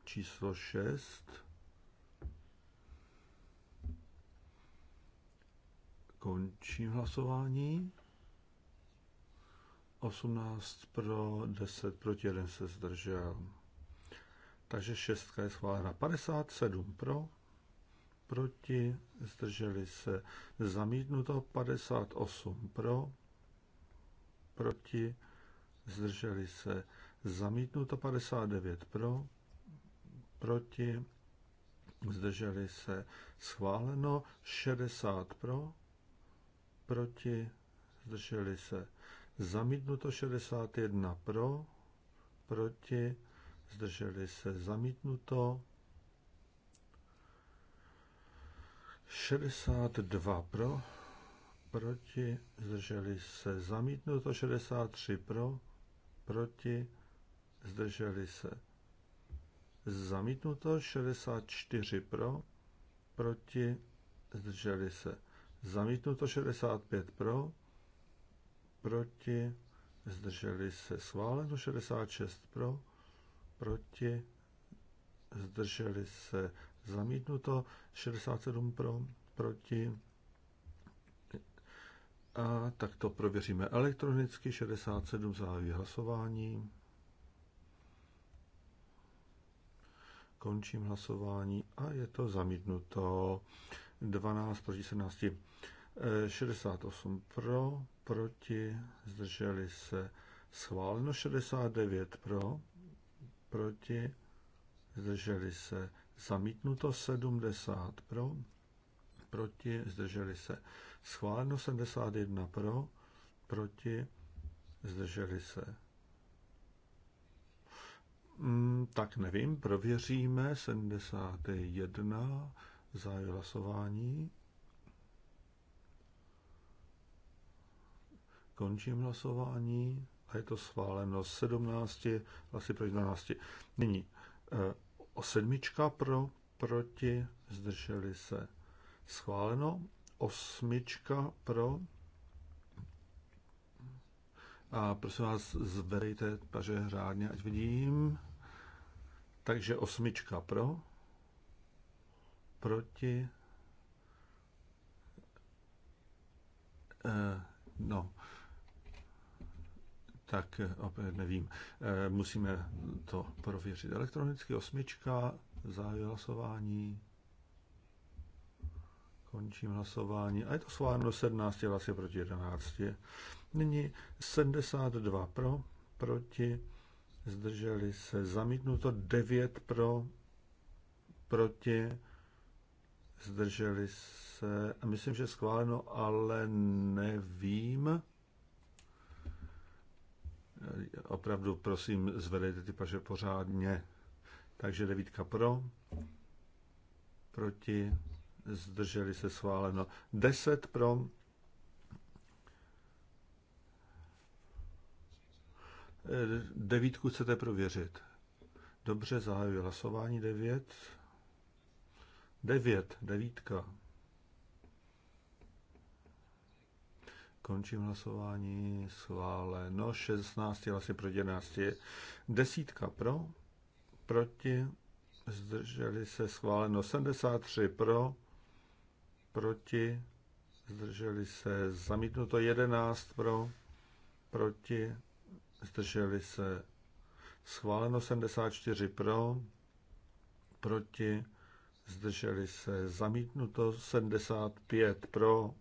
C: číslo 6. Končím hlasování. 18 pro, 10 proti, 1 se zdržel. Takže šestka je schválena. 57 pro, proti, zdrželi se zamítnuto, 58 pro, proti, zdrželi se zamítnuto, 59 pro, proti, zdrželi se schváleno, 60 pro, proti, zdrželi se zamítnuto, 61 pro, proti, zdrželi se zamítnuto, 62 pro, proti, zdrželi se zamítnuto, 63 pro, proti, zdrželi se zamítnuto, 64 pro, proti, zdrželi se zamítnuto, 65 pro, proti, zdrželi se schváleno, 66 pro, proti, zdrželi se zamítnuto, 67 pro, proti. A tak to prověříme elektronicky, 67 zahájí hlasování. Končím hlasování a je to zamítnuto 12 proti 17. 68 pro, proti, zdrželi se schváleno 69 pro, proti, zdrželi se Zamítnuto 70 pro, proti, zdrželi se. Schváleno 71 pro, proti, zdrželi se. Mm, tak nevím, prověříme 71 za hlasování. Končím hlasování a je to schváleno 17 asi pro 11. Nyní eh, O sedmička pro, proti, zdrželi se. Schváleno. Osmička pro. A prosím vás, zvedejte paže řádně, ať vidím. Takže osmička pro, proti, eh, no, tak eh, opět nevím. Eh, musíme to prověřit. Elektronicky osmička, zahajuji hlasování, končím hlasování a je to schváleno 17 hlasy proti 11. Nyní 72 pro, proti, zdrželi se, zamítnuto 9 pro, proti, zdrželi se, myslím, že schváleno, ale nevím opravdu prosím, zvedejte ty paže pořádně. Takže devítka pro, proti, zdrželi se schváleno. deset pro, Devítku chcete prověřit. Dobře, zahajuji hlasování. Devět. Devět, devítka. Končím hlasování. Schváleno. 16 hlasy proti 11. Desítka pro. Proti. Zdrželi se. Schváleno. 73 pro. Proti. Zdrželi se. Zamítnuto 11 pro. Proti. Zdrželi se. Schváleno 74 pro. Proti. Zdrželi se. Zamítnuto 75 pro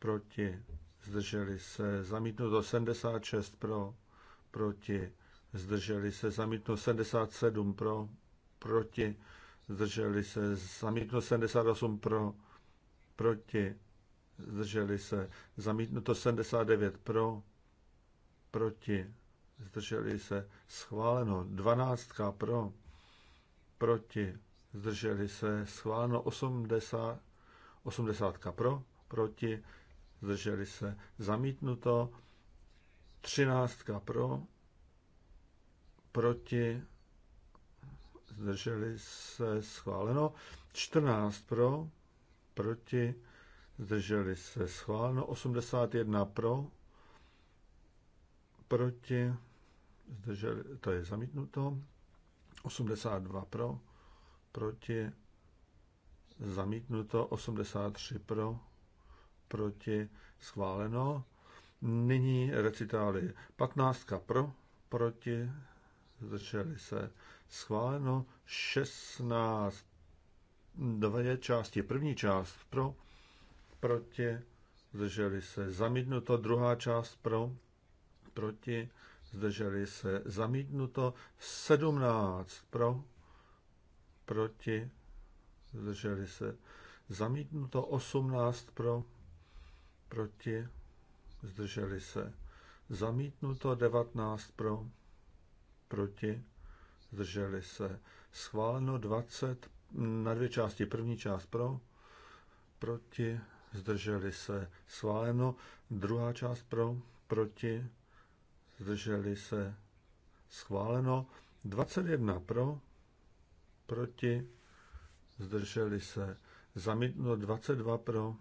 C: proti, zdrželi se, zamítnuto 76 pro, proti, zdrželi se, zamítnuto 77 pro, proti, zdrželi se, zamítnuto 78 pro, proti, zdrželi se, zamítnuto 79 pro, proti, zdrželi se, schváleno 12 pro, proti, zdrželi se, schváleno 80, 80 pro, proti, zdrželi se zamítnuto, 13 pro, proti, zdrželi se schváleno, 14 pro, proti, zdrželi se schváleno, 81 pro, proti, zdrželi, to je zamítnuto, 82 pro, proti, zamítnuto, 83 pro, proti, schváleno. Nyní recitály 15 pro, proti, zdrželi se, schváleno. 16, dvě části, první část pro, proti, zdrželi se, zamítnuto, druhá část pro, proti, zdrželi se, zamítnuto, 17 pro, proti, zdrželi se, zamítnuto, 18 pro, proti, zdrželi se. Zamítnuto 19 pro, proti, zdrželi se. Schváleno 20 na dvě části. První část pro, proti, zdrželi se. Schváleno druhá část pro, proti, zdrželi se. Schváleno 21 pro, proti, zdrželi se. Zamítnuto 22 pro,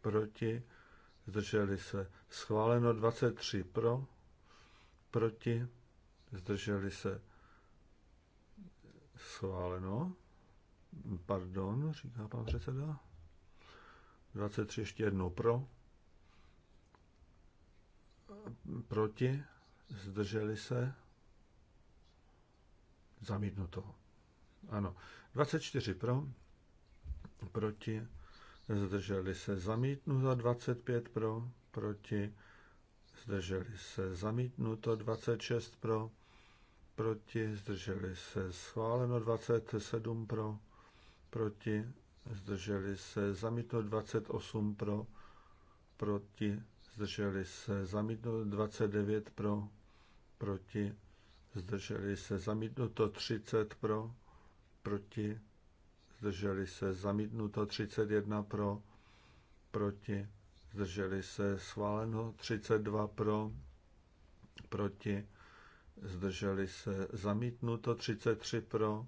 C: proti, zdrželi se. Schváleno 23 pro, proti, zdrželi se. Schváleno. Pardon, říká pan předseda. 23 ještě jednou pro, proti, zdrželi se, zamítnuto. Ano, 24 pro, proti, zdrželi se zamítnuto 25 pro, proti, zdrželi se zamítnuto 26 pro, proti, zdrželi se schváleno 27 pro, proti, zdrželi se zamítnuto 28 pro, proti, zdrželi se zamítnuto 29 pro, proti, zdrželi se zamítnuto 30 pro, proti, zdrželi se, zamítnuto 31 pro, proti, zdrželi se, schváleno 32 pro, proti, zdrželi se, zamítnuto 33 pro,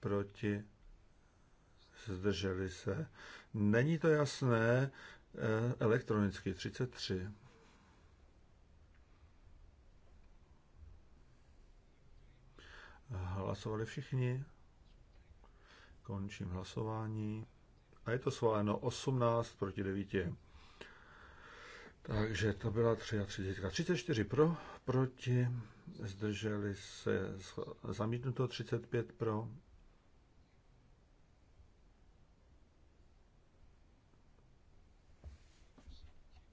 C: proti, zdrželi se. Není to jasné, eh, elektronicky 33. Hlasovali všichni. Končím hlasování. A je to schváleno 18 proti 9. Takže to byla 33. 34 pro, proti, zdrželi se zamítnuto 35 pro,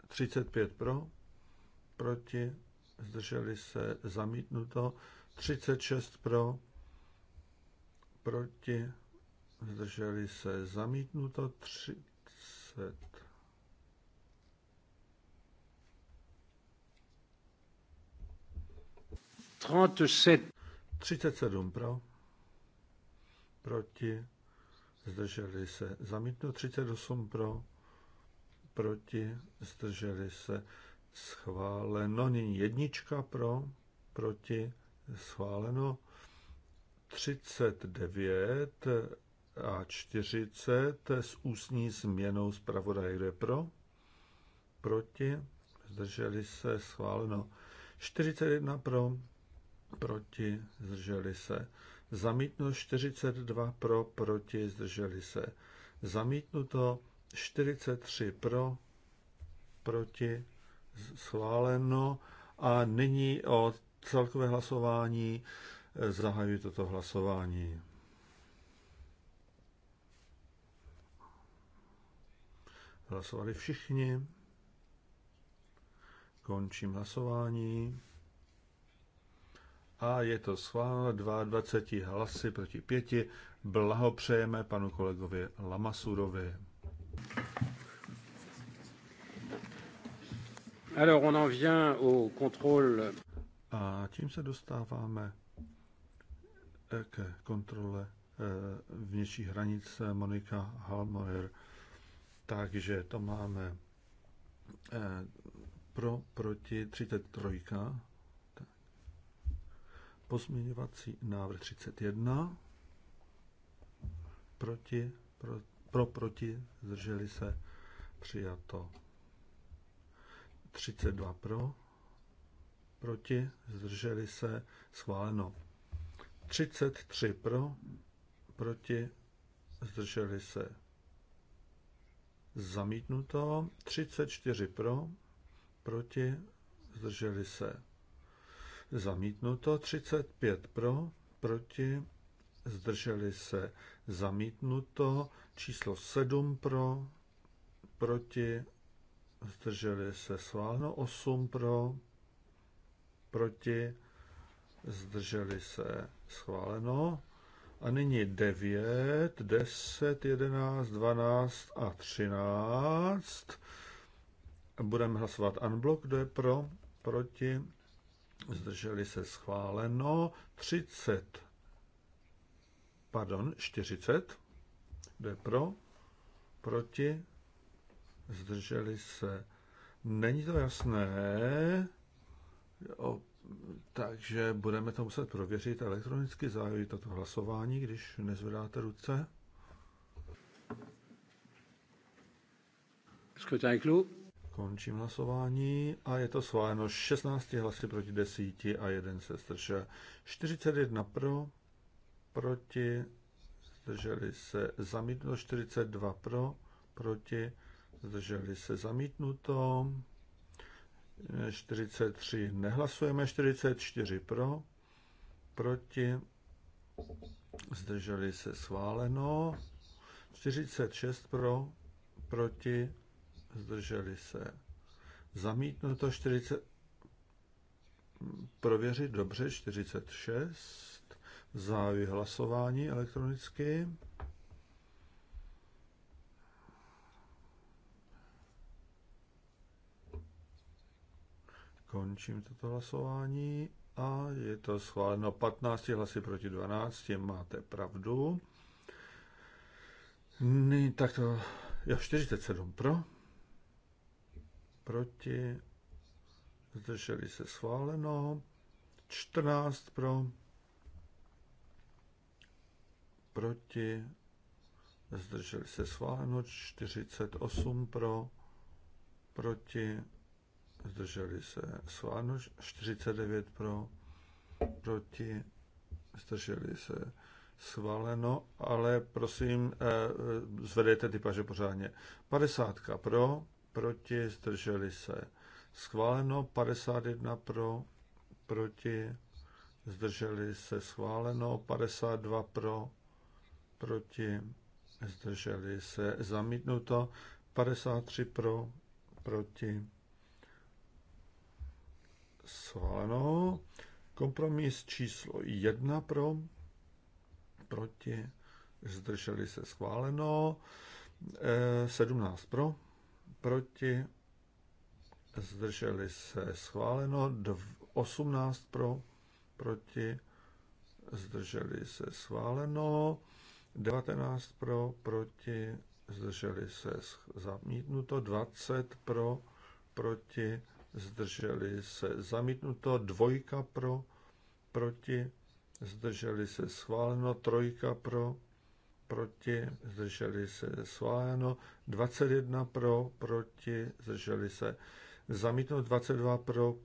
C: Třicet pět pro, proti, zdrželi se zamítnuto, třicet šest pro, proti, zdrželi se, zamítnuto 30. třicet sedm, pro, proti, zdrželi se, zamítnu třicet osm, pro, proti, zdrželi se, schváleno, nyní jednička pro, proti, schváleno, třicet devět a40 s ústní změnou zpravodaje. Kdo je pro? Proti? Zdrželi se? Schváleno. 41 pro? Proti? Zdrželi se? Zamítno 42 pro? Proti? Zdrželi se? Zamítnuto 43 pro? Proti? Schváleno. A nyní o celkové hlasování eh, zahajuji toto hlasování. Hlasovali všichni. Končím hlasování. A je to schváleno 22 hlasy proti 5. Blahopřejeme panu kolegovi Lamasurovi.
A: Alors on en vient au contrôle.
C: A tím se dostáváme eh, ke kontrole eh, vnější hranice Monika Halmoher. Takže to máme eh, pro, proti 33. Pozměňovací návrh 31. Proti, pro, pro proti, zdrželi se, přijato. 32 pro, proti, zdrželi se, schváleno. 33 pro, proti, zdrželi se, Zamítnuto. 34 pro, proti, zdrželi se. Zamítnuto. 35 pro, proti, zdrželi se. Zamítnuto. Číslo 7 pro, proti, zdrželi se. Sváno 8 pro, proti, zdrželi se. Schváleno. A nyní 9, 10, 11, 12 a 13. Budeme hlasovat unblock, kdo je pro, proti, zdrželi se schváleno. 30, pardon, 40, kdo je pro, proti, zdrželi se. Není to jasné takže budeme to muset prověřit elektronicky, zahajuji toto hlasování, když nezvedáte ruce. Skotajklu. Končím hlasování a je to schváleno 16 hlasy proti 10 a jeden se zdržel. 41 pro, proti, zdrželi se zamítnuto, 42 pro, proti, zdrželi se zamítnuto. 43 nehlasujeme, 44 pro, proti, zdrželi se schváleno, 46 pro, proti, zdrželi se zamítnuto, 40, prověřit dobře, 46, zahájí hlasování elektronicky. Končím toto hlasování a je to schváleno 15 hlasy proti 12, máte pravdu. Nyní tak to, je 47 pro, proti, zdrželi se schváleno, 14 pro, proti, zdrželi se schváleno, 48 pro, proti, zdrželi se schváleno, 49 pro, proti, zdrželi se Svaleno, ale prosím, zvedejte ty paže pořádně. 50 pro, proti, zdrželi se schváleno, 51 eh, eh, pro, proti, zdrželi se schváleno, 52 pro, proti, zdrželi se zamítnuto, 53 pro, proti, schváleno. Kompromis číslo 1 pro, proti, zdrželi se schváleno. 17 e, pro, proti, zdrželi se schváleno. 18 pro, proti, zdrželi se schváleno. 19 pro, proti, zdrželi se zamítnuto. 20 pro, proti, zdrželi se zamítnuto, dvojka pro, proti, zdrželi se schváleno, trojka pro, proti, zdrželi se schváleno, 21 pro, proti, zdrželi se zamítnuto, 22 pro,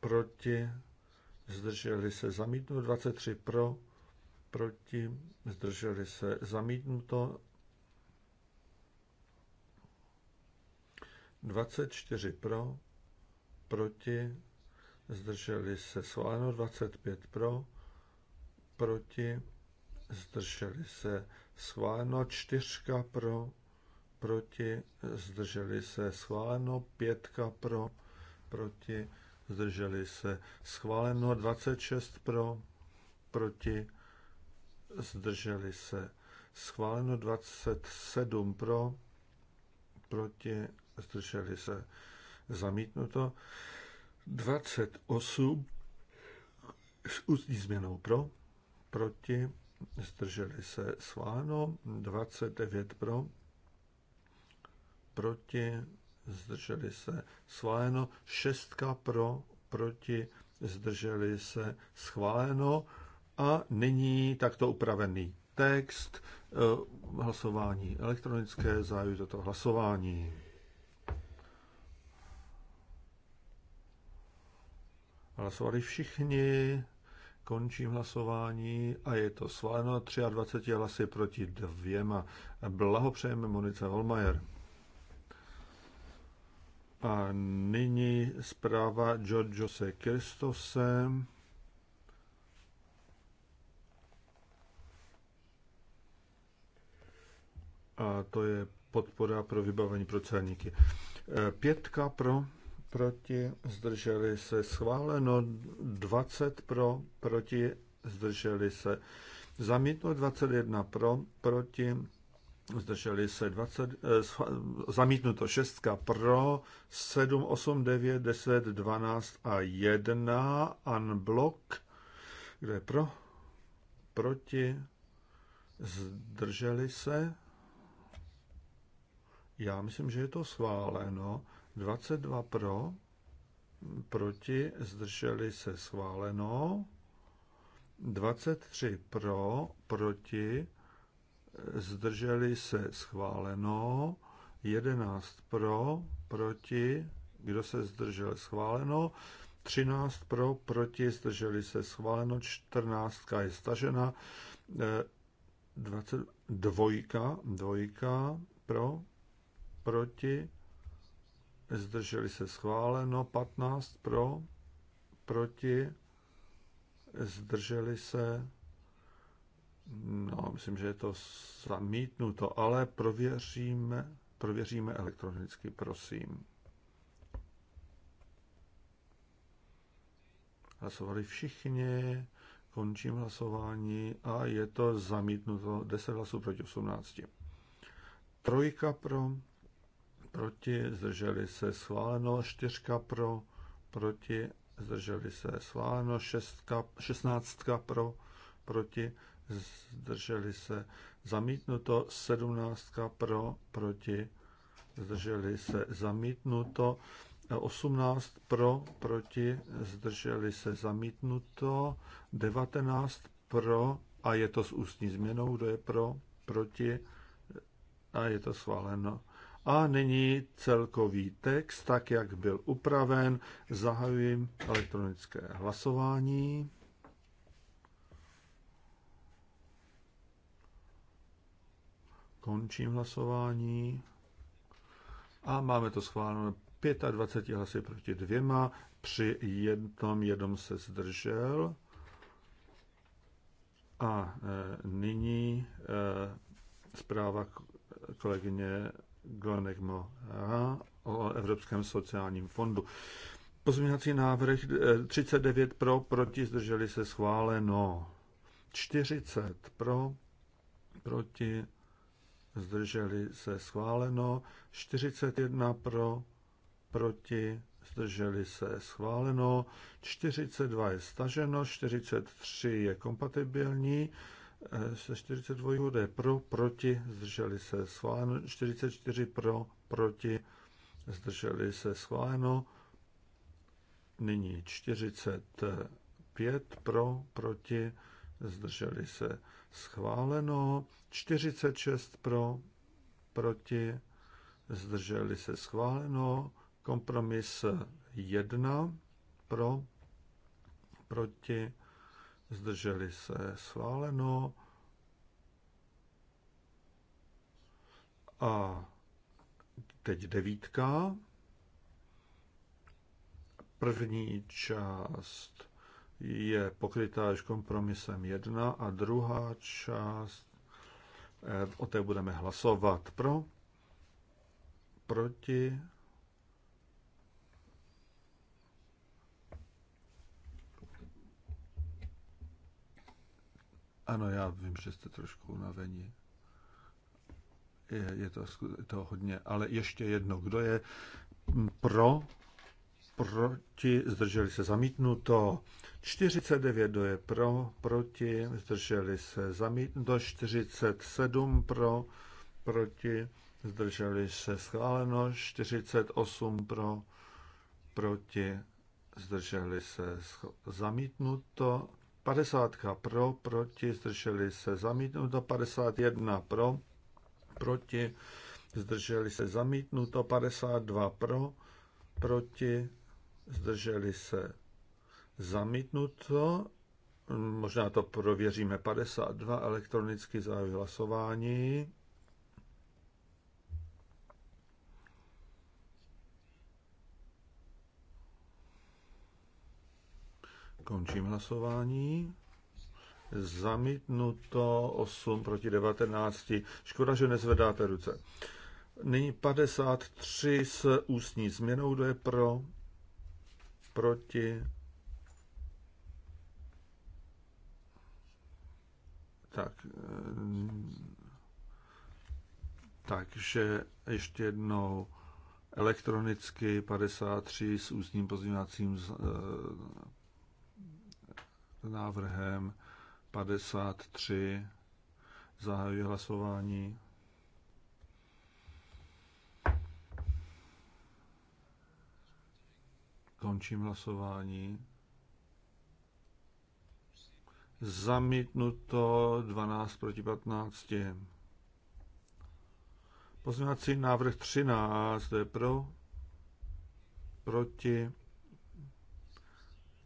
C: proti, zdrželi se zamítnuto, 23 pro, proti, zdrželi se zamítnuto, 24 pro, proti, zdrželi se Solano 25 pro, proti, zdrželi se Solano 4 pro, proti, zdrželi se Solano 5 pro, proti, zdrželi se schváleno 26 pro, proti, zdrželi se schváleno 27 pro, proti, zdrželi se zamítnuto. 28 s ústní změnou pro, proti, zdrželi se sváno, 29 pro, proti, zdrželi se sváno, 6 pro, proti, zdrželi se schváleno a nyní takto upravený text eh, hlasování elektronické, zájmy toto hlasování. Hlasovali všichni, končím hlasování a je to schváleno 23 hlasy proti dvěma. Blahopřejeme Monice Holmajer. A nyní zpráva Georgiose Kristose. A to je podpora pro vybavení pro celníky. Pětka pro proti, zdrželi se schváleno 20 pro, proti, zdrželi se zamítlo 21 pro, proti, zdrželi se 20, eh, zamítnuto 6 pro, 7, 8, 9, 10, 12 a 1 unblock, kde je pro, proti, zdrželi se, já myslím, že je to schváleno, 22 pro, proti, zdrželi se schváleno. 23 pro, proti, zdrželi se schváleno. 11 pro, proti, kdo se zdržel schváleno. 13 pro, proti, zdrželi se schváleno. 14 je stažena. 22 eh, dvojka dvojka pro, proti, zdrželi se schváleno, 15 pro, proti, zdrželi se, no myslím, že je to zamítnuto, ale prověříme, prověříme elektronicky, prosím. Hlasovali všichni, končím hlasování a je to zamítnuto 10 hlasů proti 18. Trojka pro, proti, zdrželi se schváleno, čtyřka pro, proti, zdrželi se schváleno, šestka, šestnáctka pro, proti, zdrželi se zamítnuto, sedmnáctka pro, proti, zdrželi se zamítnuto, osmnáct pro, proti, zdrželi se zamítnuto, devatenáct pro, a je to s ústní změnou, kdo je pro, proti, a je to schváleno. A nyní celkový text, tak jak byl upraven. Zahajuji elektronické hlasování. Končím hlasování. A máme to schváleno 25 hlasy proti dvěma, při jednom jednom se zdržel. A e, nyní e, zpráva kolegyně Glenegmo o Evropském sociálním fondu. Pozměňovací návrh 39 eh, pro, proti, zdrželi se schváleno. 40 pro, proti, zdrželi se schváleno. 41 pro, proti, zdrželi se schváleno. 42 je staženo, 43 je kompatibilní. 42 D pro, proti, zdrželi se schváleno, 44 pro, proti, zdrželi se schváleno, nyní 45 pro, proti, zdrželi se schváleno, 46 pro, proti, zdrželi se schváleno, kompromis 1 pro, proti, zdrželi se sváleno a teď devítka. První část je pokrytá až kompromisem 1 a druhá část, eh, o té budeme hlasovat pro, proti, Ano, já vím, že jste trošku unavení. Je, je, to, to hodně. Ale ještě jedno, kdo je pro, proti, zdrželi se zamítnuto. 49 kdo je pro, proti, zdrželi se zamítnuto. 47 pro, proti, zdrželi se schváleno. 48 pro, proti, zdrželi se zamítnuto. 50 pro, proti, zdrželi se zamítnuto, 51 pro, proti, zdrželi se zamítnuto, 52 pro, proti, zdrželi se zamítnuto, možná to prověříme, 52 elektronicky zahájí hlasování. Končím hlasování. Zamítnuto 8 proti 19. Škoda, že nezvedáte ruce. Nyní 53 s ústní změnou. Kdo je pro? Proti? Tak. Eh, takže ještě jednou elektronicky 53 s ústním pozměňovacím eh, návrhem 53. Zahajuji hlasování. Končím hlasování. Zamítnuto 12 proti 15. Pozměňovací návrh 13, to je pro, proti,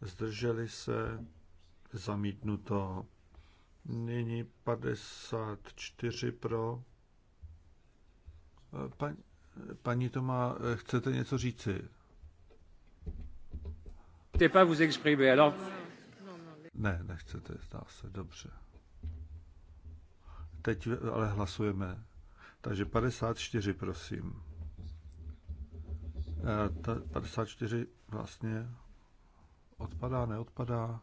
C: zdrželi se, zamítnuto. Nyní 54 pro. Pan, paní Toma, chcete něco říci? Pas Ne, nechcete, zdá se, dobře. Teď ale hlasujeme. Takže 54, prosím. 54 eh, vlastně odpadá,
B: neodpadá.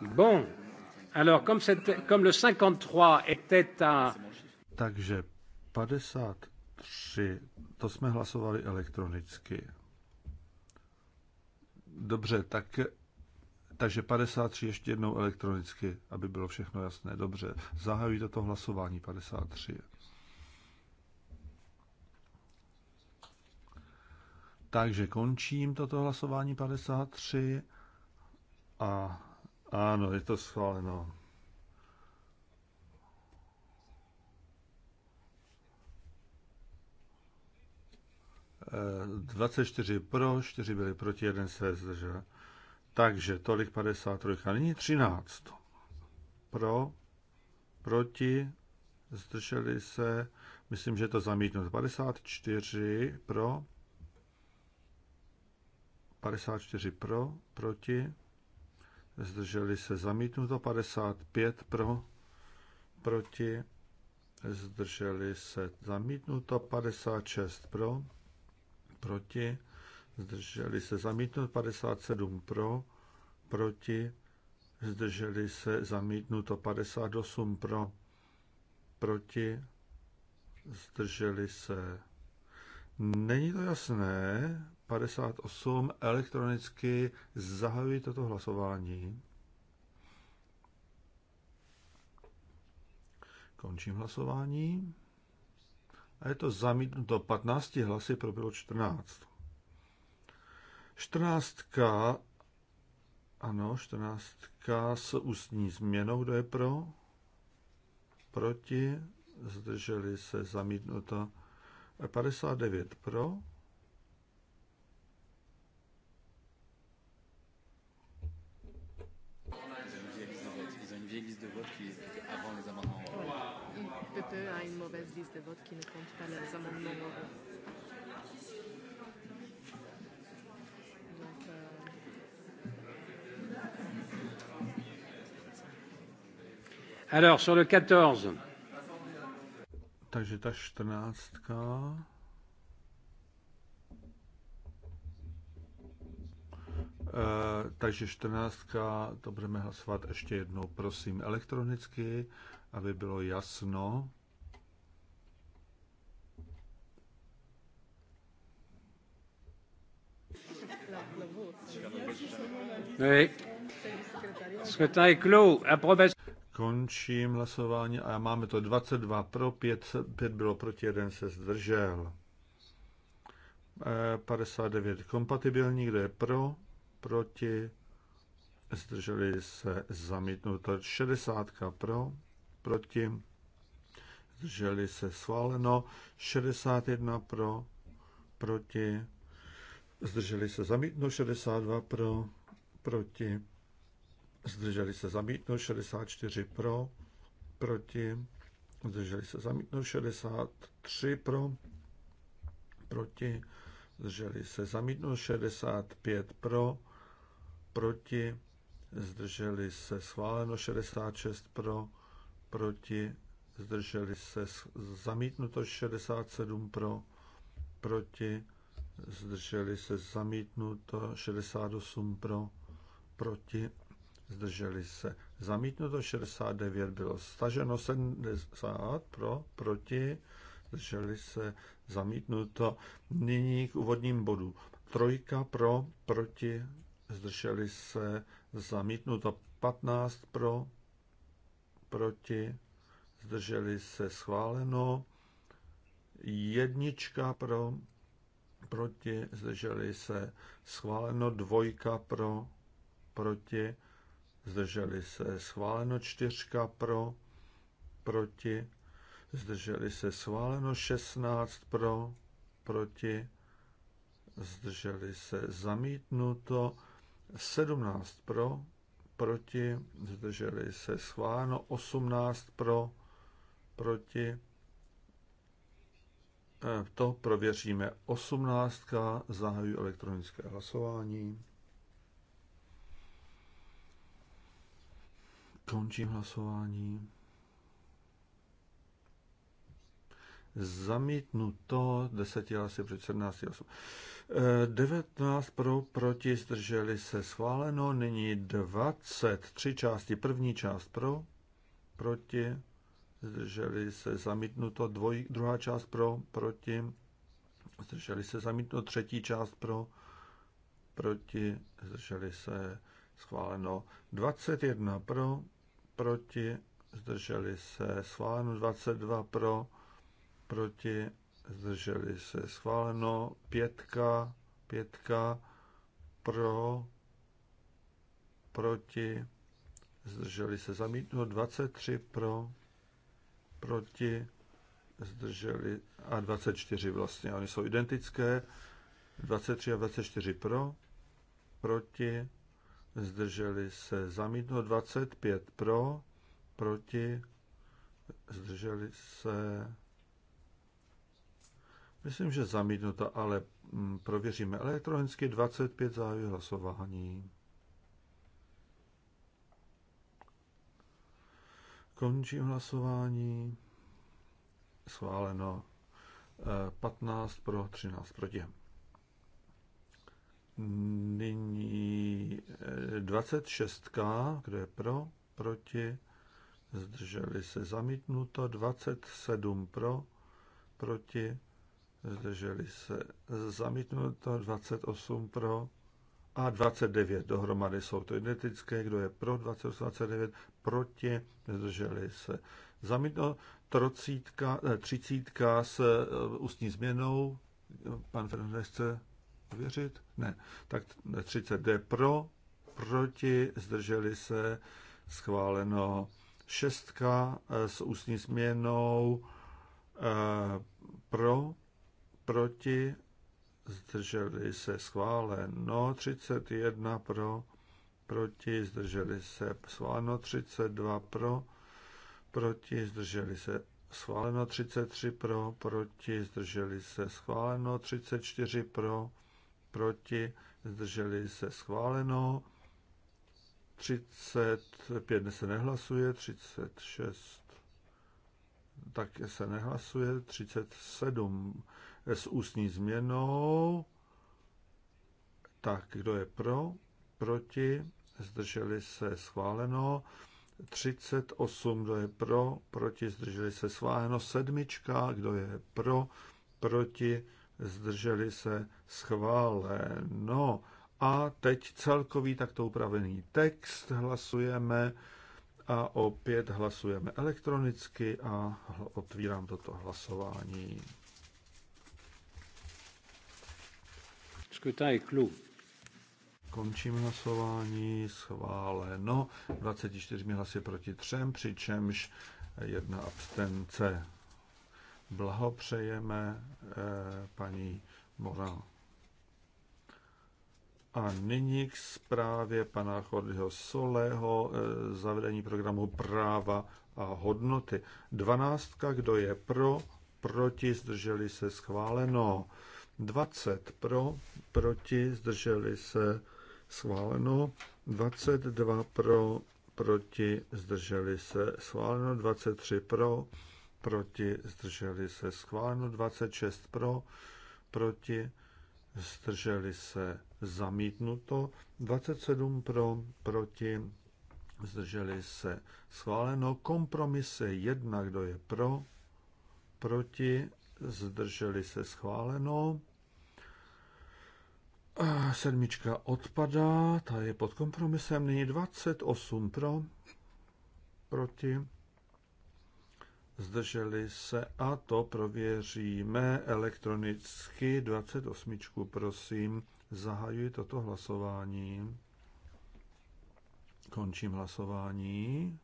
B: Bon. Alors, comme, comme le 53 était à...
C: Takže 53, to jsme hlasovali elektronicky. Dobře, tak, takže 53 ještě jednou elektronicky, aby bylo všechno jasné. Dobře, zahajuji toto hlasování 53. Takže končím toto hlasování 53 a ano, je to schváleno. E, eh, 24 pro, 4 byli proti, 1 se zdržel. Takže tolik 53. A nyní 13. Pro, proti, zdrželi se, myslím, že to zamítnout. 54 pro, 54 pro, proti, zdrželi se zamítnuto, 55 pro, proti, zdrželi se zamítnuto, 56 pro, proti, zdrželi se zamítnuto, 57 pro, proti, zdrželi se zamítnuto, 58 pro, proti, zdrželi se. Není to jasné, 58 elektronicky zahajuji toto hlasování. Končím hlasování. A je to zamítnuto 15 hlasy, pro bylo 14. 14. Ano, 14. s ústní změnou, kdo je pro? Proti? Zdrželi se zamítnuto 59 pro, peu à une
A: mauvaise liste de vote qui ne compte pas les amendements Donc, euh, Alors, sur le 14.
C: Takže ta 14. E, eh, takže 14. to budeme hlasovat ještě jednou, prosím, elektronicky, aby bylo jasno. Končím hlasování a máme to 22 pro, 5, 5 bylo proti, 1 se zdržel. 59 e, kompatibilní, kde je pro, proti, zdrželi se zamítnuto. 60 pro, proti, zdrželi se schváleno. 61 pro, proti, zdrželi se zamítnuto. 62 pro, proti, zdrželi se zamítnout, 64 pro, proti, zdrželi se zamítnout, 63 pro, proti, zdrželi se zamítnout, 65 pro, proti, zdrželi se schváleno, 66 pro, proti, zdrželi se zamítnuto, 67 pro, proti, zdrželi se zamítnuto, 68 pro, proti, zdrželi se. Zamítnuto 69 bylo staženo 70 pro, proti, zdrželi se, zamítnuto. Nyní k úvodním bodu. Trojka pro, proti, zdrželi se, zamítnuto 15 pro, proti, zdrželi se, schváleno. Jednička pro, proti, zdrželi se, schváleno. Dvojka pro, proti, zdrželi se schváleno čtyřka pro, proti, zdrželi se schváleno 16 pro, proti, zdrželi se zamítnuto 17 pro, proti, zdrželi se schváleno 18 pro, proti, eh, to prověříme. 18. zahajuji elektronické hlasování. Končím hlasování. Zamítnuto 10 hlasy před 17 hlasů. 19 pro, proti, zdrželi se schváleno. Nyní 23 části. První část pro, proti, zdrželi se zamítnuto. Dvoj, druhá část pro, proti, zdrželi se zamítnuto. Třetí část pro, proti, zdrželi se schváleno. 21 pro, proti, zdrželi se schváleno 22 pro, proti, zdrželi se schváleno pětka, pětka pro, proti, zdrželi se zamítnuto 23 pro, proti, zdrželi a 24 vlastně, oni jsou identické, 23 a 24 pro, proti, zdrželi se zamítnout 25 pro, proti, zdrželi se, myslím, že zamítnuto, ale mm, prověříme elektronicky 25 zájmy hlasování. Končím hlasování. Schváleno 15 eh, pro, 13 proti. Nyní 26, eh, kdo je pro, proti, zdrželi se zamítnuto, 27 pro, proti, zdrželi se zamítnuto, 28 pro a 29 dohromady jsou to identické, kdo je pro, 28, 29, proti, zdrželi se zamítnuto, trocítka, eh, třicítka s eh, ústní změnou, pan Fernandez chce ověřit? Ne. Tak 30 D pro, proti, zdrželi se, schváleno. Šestka eh, s ústní změnou eh, pro, proti, zdrželi se, schváleno. 31 pro, proti, zdrželi se, schváleno. 32 pro, proti, zdrželi se, schváleno 33 pro, proti, zdrželi se, schváleno 34 pro, proti, zdrželi se schváleno, 35 se nehlasuje, 36 tak se nehlasuje, 37 s ústní změnou, tak kdo je pro, proti, zdrželi se schváleno, 38, kdo je pro, proti, zdrželi se schváleno, sedmička, kdo je pro, proti, zdrželi se schváleno. A teď celkový takto upravený text hlasujeme a opět hlasujeme elektronicky a otvírám toto hlasování. Končím hlasování, schváleno 24 hlasy proti třem, přičemž jedna abstence. Blahopřejeme eh, paní Morán. A nyní k zprávě pana Chordyho Solého, eh, zavedení programu práva a hodnoty. Dvanáctka, kdo je pro, proti, zdrželi se schváleno. 20 pro, proti, zdrželi se schváleno. 22 pro, proti, zdrželi se schváleno. 23 pro, proti, zdrželi se schváleno 26 pro, proti, zdrželi se zamítnuto 27 pro, proti, zdrželi se schváleno kompromise 1, kdo je pro, proti, zdrželi se schváleno. Sedmička odpadá, ta je pod kompromisem, nyní 28 pro, proti, zdrželi se a to prověříme elektronicky 28. Prosím, zahajuji toto hlasování. Končím hlasování.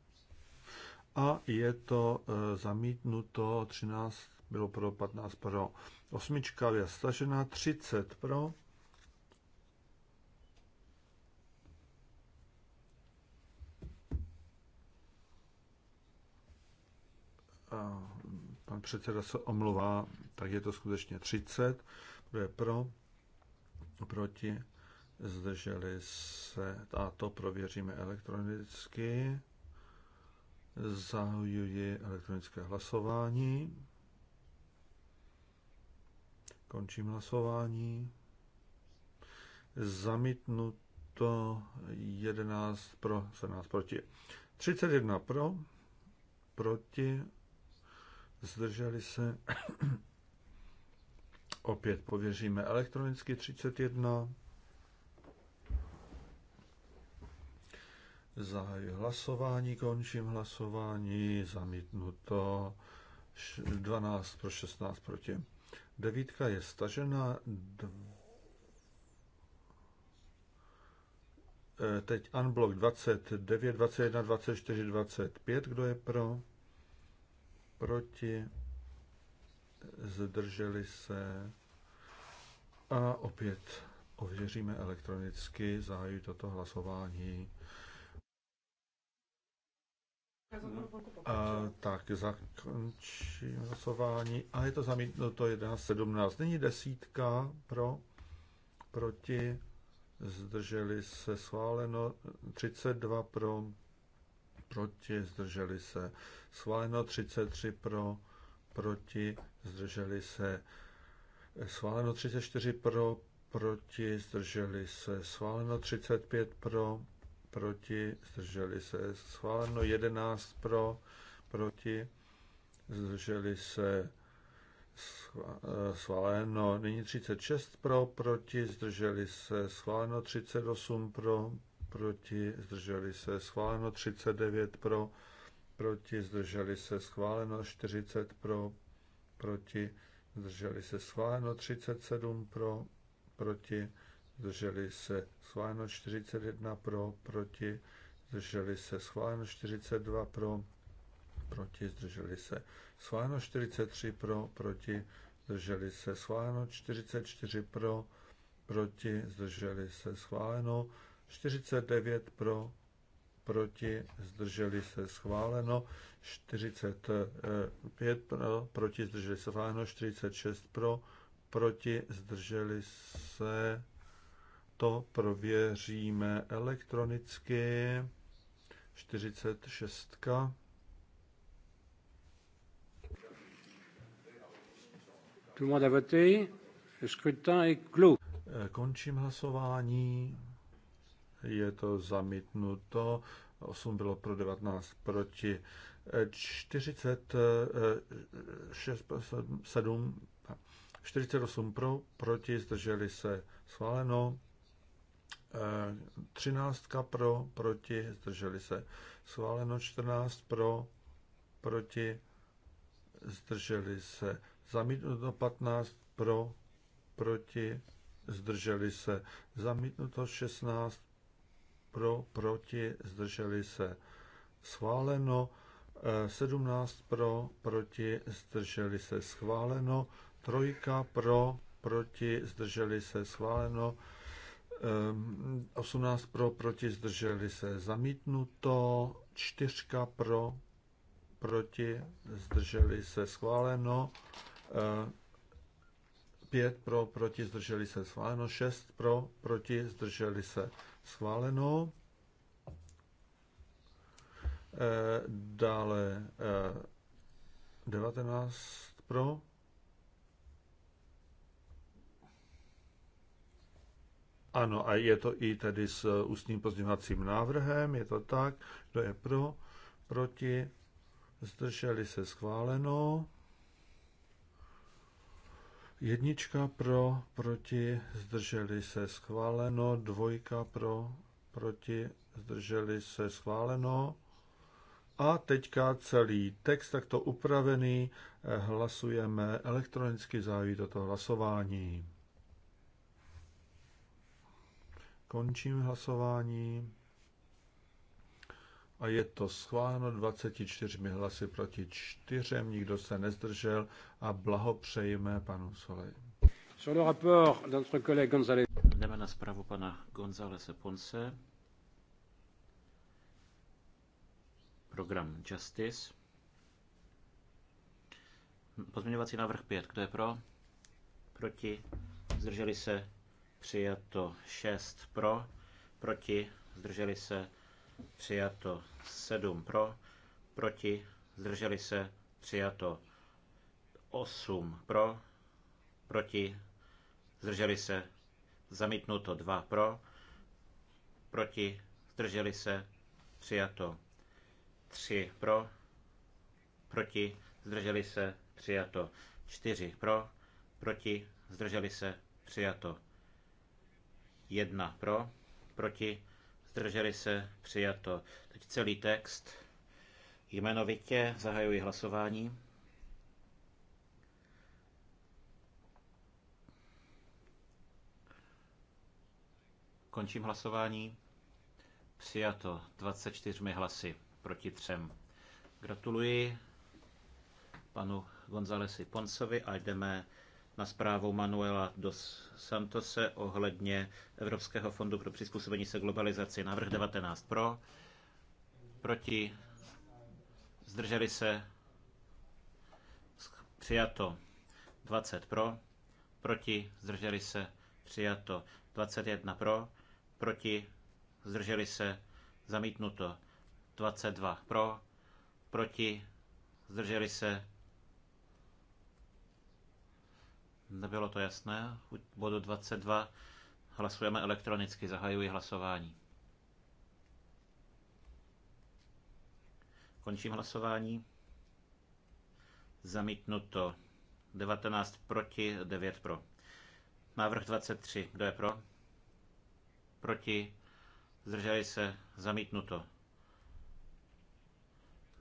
C: A je to e, zamítnuto 13 bylo pro 15 pro. Osmička je stažena 30 pro a pan předseda se omluvá, tak je to skutečně 30. Kdo je pro, proti, zdrželi se, a to prověříme elektronicky. Zahajuji elektronické hlasování. Končím hlasování. Zamítnuto 11 pro, 17 proti. 31 pro, proti, zdrželi se. Opět pověříme elektronicky 31. Zahajuji hlasování, končím hlasování, zamítnuto 12 pro 16 proti. Devítka je stažena. Eh, teď unblock 29, 21, 24, 25. Kdo je pro? proti, zdrželi se a opět ověříme elektronicky, zahájí toto hlasování. A, tak, zakončím hlasování. A je to zamítnuto 11.17. Není desítka pro, proti, zdrželi se schváleno 32 pro, proti, zdrželi se. Schváleno 33 pro, proti, zdrželi se. Schváleno 34 pro, proti, zdrželi se. Schváleno 35 pro, proti, zdrželi se. Schváleno 11 pro, proti, zdrželi se. Schváleno nyní 36 pro, proti, zdrželi se. Schváleno 38 pro, proti, zdrželi se schváleno 39 pro, proti, zdrželi se schváleno 40 pro, proti, zdrželi se schváleno 37 pro, proti, zdrželi se schváleno 41 pro, proti, zdrželi se schváleno 42 pro, proti, zdrželi se schváleno 43 pro, proti, zdrželi se schváleno 44 pro, proti, zdrželi se schváleno 49 pro, proti, zdrželi se schváleno, 45 pro, proti, zdrželi se schváleno, 46 pro, proti, zdrželi se, to prověříme elektronicky, 46. Tout le monde a voté. Le scrutin est clos. Eh, končím hlasování je to zamítnuto, 8 bylo pro 19 proti, 46, 7, 48 pro, proti, zdrželi se schváleno, 13 eh, pro, proti, zdrželi se schváleno, 14 pro, proti, zdrželi se zamítnuto, 15 pro, proti, zdrželi se zamítnuto, 16 pro, proti, zdrželi se schváleno, 17 eh, pro, proti, zdrželi se schváleno, trojka pro, proti, zdrželi se schváleno, 18 eh, pro, proti, zdrželi se zamítnuto, čtyřka pro, proti, zdrželi se schváleno, eh, 5 pro, proti, zdrželi se schváleno, 6 pro, proti, zdrželi se schváleno. E, Dále e, eh, 19 pro, Ano, a je to i tedy s eh, ústním pozměňovacím návrhem, je to tak, kdo je pro, proti, zdrželi se schváleno. Jednička pro, proti, zdrželi se schváleno. Dvojka pro, proti, zdrželi se schváleno. A teďka celý text takto upravený eh, hlasujeme elektronicky zájí toto hlasování. Končím hlasování a je to schváleno 24 hlasy proti čtyřem, nikdo se nezdržel a blahopřejme panu Solej.
B: González. Jdeme na zprávu pana Gonzálese Ponce. Program Justice. Pozměňovací návrh 5. Kdo je pro? Proti? Zdrželi se? Přijato 6 pro. Proti? Zdrželi se? přijato. 7 pro, proti, zdrželi se, přijato. 8 pro, proti, zdrželi se, zamítnuto 2 pro, proti, zdrželi se, přijato. 3 pro, proti, zdrželi se, přijato. 4 pro, proti, zdrželi se, přijato. 1 pro, proti, zdrželi se? Přijato. Teď celý text. Jmenovitě zahajuji hlasování. Končím hlasování. Přijato 24 hlasy proti třem. Gratuluji panu Gonzalesi Poncovi a jdeme na zprávu Manuela dos Santose ohledně Evropského fondu pro přizpůsobení se globalizaci. Návrh 19 pro, proti, zdrželi se, přijato 20 pro, proti, zdrželi se, přijato 21 pro, proti, zdrželi se, zamítnuto 22 pro, proti, zdrželi se, Nebylo to jasné. U bodu 22 hlasujeme elektronicky. Zahajuji hlasování. Končím hlasování. Zamítnuto. 19 proti, 9 pro. Návrh 23. Kdo je pro? Proti. Zdrželi se. Zamítnuto.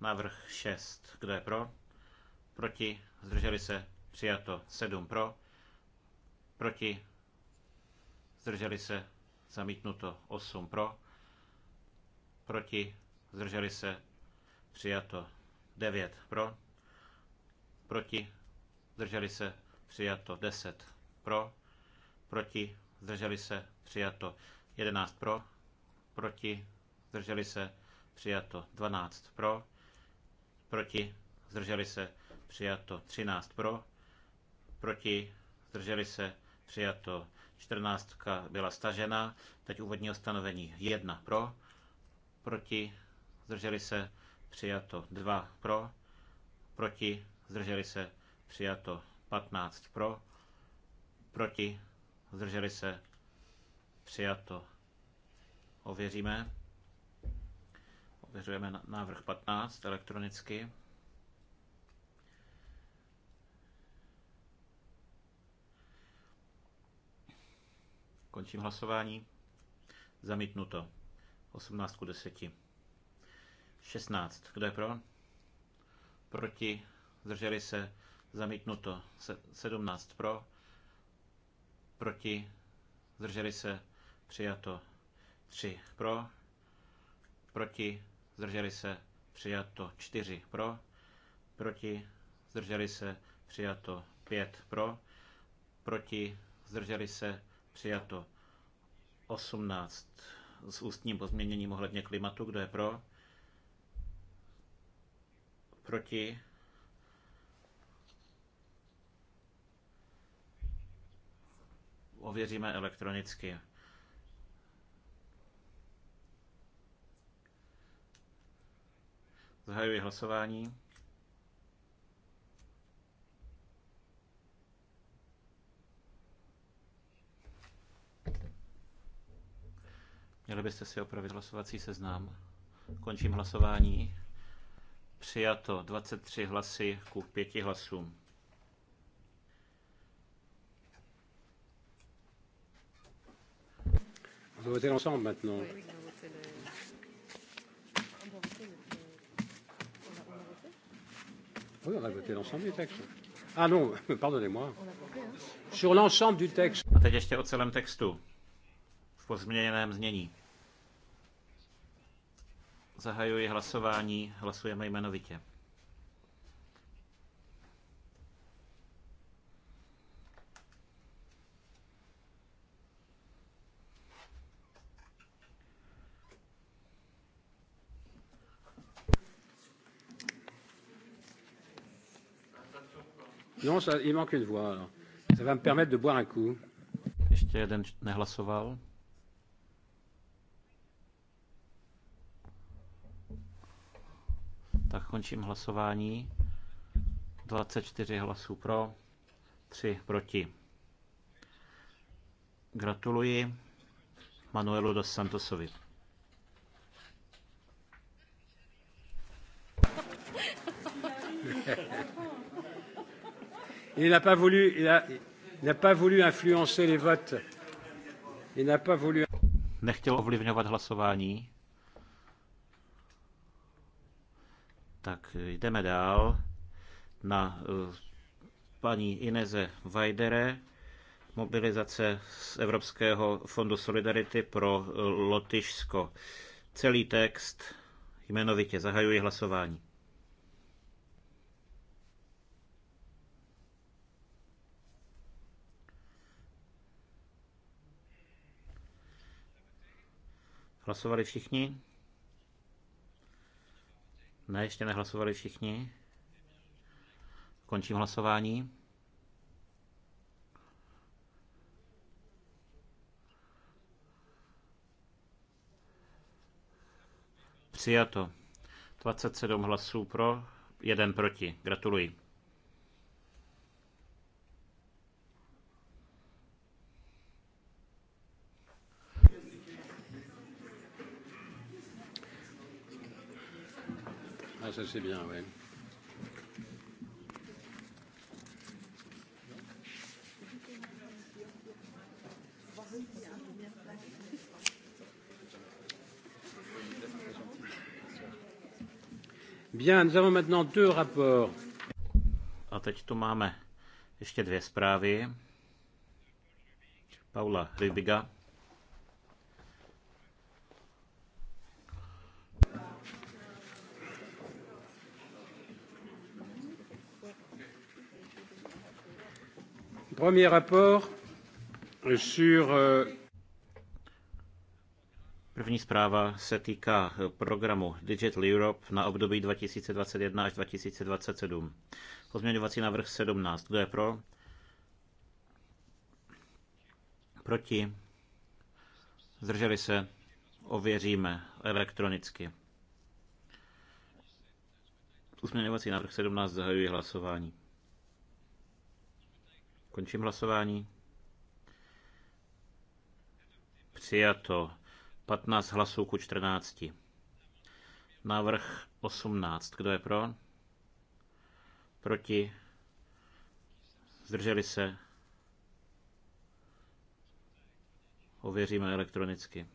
B: Návrh 6. Kdo je pro? Proti. Zdrželi se. Přijato. 7 pro proti, zdrželi se, zamítnuto 8 pro, proti, zdrželi se, přijato 9 pro, proti, zdrželi se, přijato 10 pro, proti, zdrželi se, přijato 11 pro, proti, zdrželi se, přijato 12 pro, proti, zdrželi se, přijato 13 pro, proti, zdrželi se, přijato. 14 byla stažena, teď úvodní ustanovení 1 pro, proti, zdrželi se, přijato 2 pro, proti, zdrželi se, přijato 15 pro, proti, zdrželi se, přijato. Ověříme. Ověřujeme návrh 15 elektronicky. Končím hlasování. Zamítnuto. 18 ku 10. 16. Kdo je pro? Proti. Zdrželi se. Zamítnuto. 17 pro. Proti. Zdrželi se. Přijato. 3 pro. Proti. Zdrželi se. Přijato. 4 pro. Proti. Zdrželi se. Přijato. 5 pro. Proti. Zdrželi se Přijato. 18 s ústním pozměněním ohledně klimatu. Kdo je pro? Proti? Ověříme elektronicky. Zahajuji hlasování. Měli byste si opravit hlasovací seznam. Končím hlasování. Přijato 23 hlasy ku 5 hlasům. On doit voter l'ensemble maintenant. Ah oui, on a voté l'ensemble du texte. Ah non, pardonnez-moi. Sur l'ensemble du texte. A teď ještě o celém textu v pozměněném znění. Zahajuji hlasování, hlasujeme jmenovitě. Non, ça, il manque une voix. Alors. Ça va me permettre de boire un coup. Ještě jeden nehlasoval. Tak končím hlasování. 24 hlasů pro, 3 proti. Gratuluji Manuelu dos Santosovi.
A: Il n'a pas voulu, il a, il n'a pas voulu influencer les votes. Il n'a pas voulu.
B: Nechtěl ovlivňovat hlasování. Tak jdeme dál na eh, paní Ineze Vajdere, mobilizace z Evropského fondu Solidarity pro eh, Lotyšsko. Celý text jmenovitě zahajuji hlasování. Hlasovali všichni? Ne, ještě nehlasovali všichni. Končím hlasování. Přijato. 27 hlasů pro, jeden proti. Gratuluji. ça c'est bien, oui. Bien, nous avons maintenant deux rapports. A teď tu máme ještě dvě zprávy. Paula Rybiga
A: Premier rapport sur euh,
B: První zpráva se týká eh, programu Digital Europe na období 2021 až 2027. Pozměňovací návrh 17. Kdo je pro? Proti? Zdrželi se? Ověříme elektronicky. Pozměňovací návrh 17 zahajuje hlasování. Končím hlasování. Přijato. 15 hlasů ku 14. Návrh 18. Kdo je pro? Proti? Zdrželi se? Ověříme elektronicky.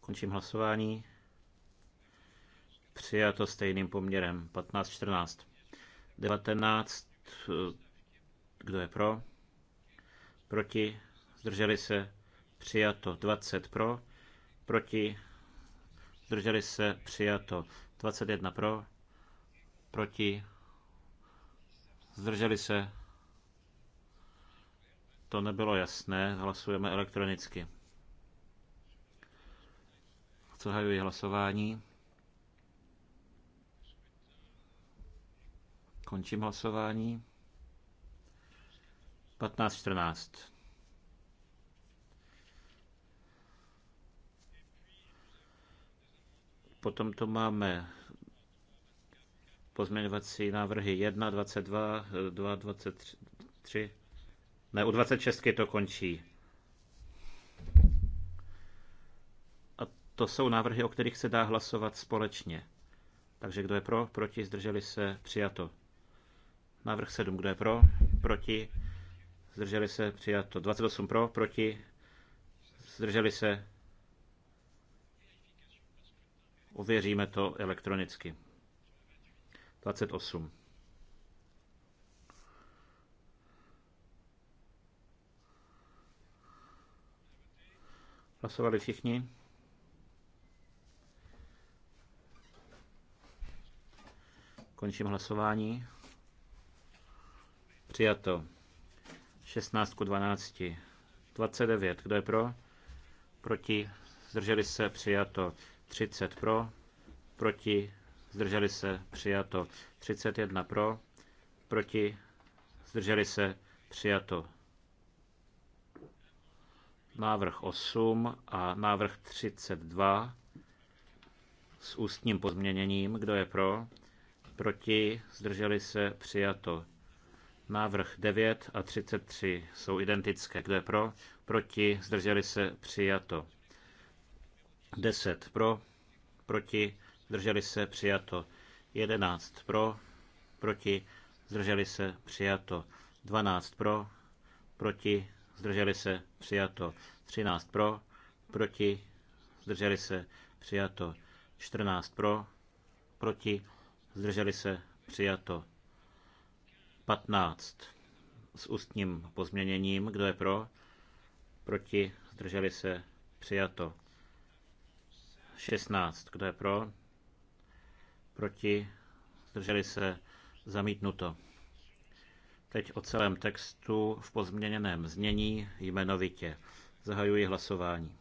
B: Končím hlasování. Přijato stejným poměrem. 15-14. 19. Eh, kdo je pro? Proti? Zdrželi se? Přijato. 20 pro? Proti? Zdrželi se? Přijato. 21 pro? Proti? Zdrželi se? To nebylo jasné. Hlasujeme elektronicky. Zahajuji hlasování. Končím hlasování. 15.14. Potom to máme pozměňovací návrhy 1, 22, 2, 23. Ne, u 26 to končí. A to jsou návrhy, o kterých se dá hlasovat společně. Takže kdo je pro, proti, zdrželi se, přijato. Návrh 7, kdo je pro? Proti? Zdrželi se? Přijato. 28 pro? Proti? Zdrželi se? Ověříme to elektronicky. 28. Hlasovali všichni? Končím hlasování. Přijato. 16 ku 12. 29. Kdo je pro? Proti. Zdrželi se. Přijato. 30 pro. Proti. Zdrželi se. Přijato. 31 pro. Proti. Zdrželi se. Přijato. Návrh 8 a návrh 32 s ústním pozměněním. Kdo je pro? Proti. Zdrželi se. Přijato. Návrh 9 a 33 jsou identické. Kdo je pro? Proti? Zdrželi se? Přijato. 10 pro? Proti? Zdrželi se? Přijato. 11 pro? Proti? Zdrželi se? Přijato. 12 pro? Proti? Zdrželi se? Přijato. 13 pro? Proti? Zdrželi se? Přijato. 14 pro? Proti? Zdrželi se? Přijato. 15 s ústním pozměněním. Kdo je pro? Proti? Zdrželi se? Přijato. 16. Kdo je pro? Proti? Zdrželi se? Zamítnuto. Teď o celém textu v pozměněném znění jmenovitě. Zahajuji hlasování.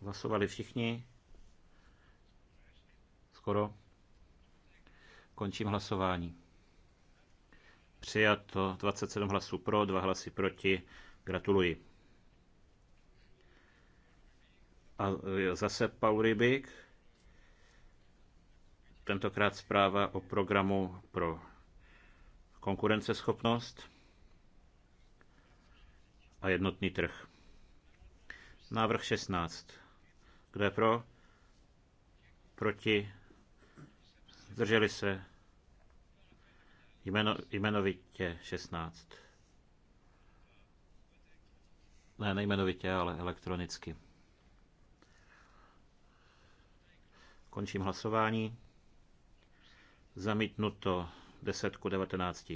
B: Hlasovali všichni? skoro. Končím hlasování. Přijato 27 hlasů pro, 2 hlasy proti. Gratuluji. A e, zase Paul Rybik. Tentokrát zpráva o programu pro konkurenceschopnost a jednotný trh. Návrh 16. Kdo je pro? Proti? Zdrželi se. Jmeno, jmenovitě 16. Ne, nejmenovitě, ale elektronicky. Končím hlasování. Zamítnuto 10 ku 19.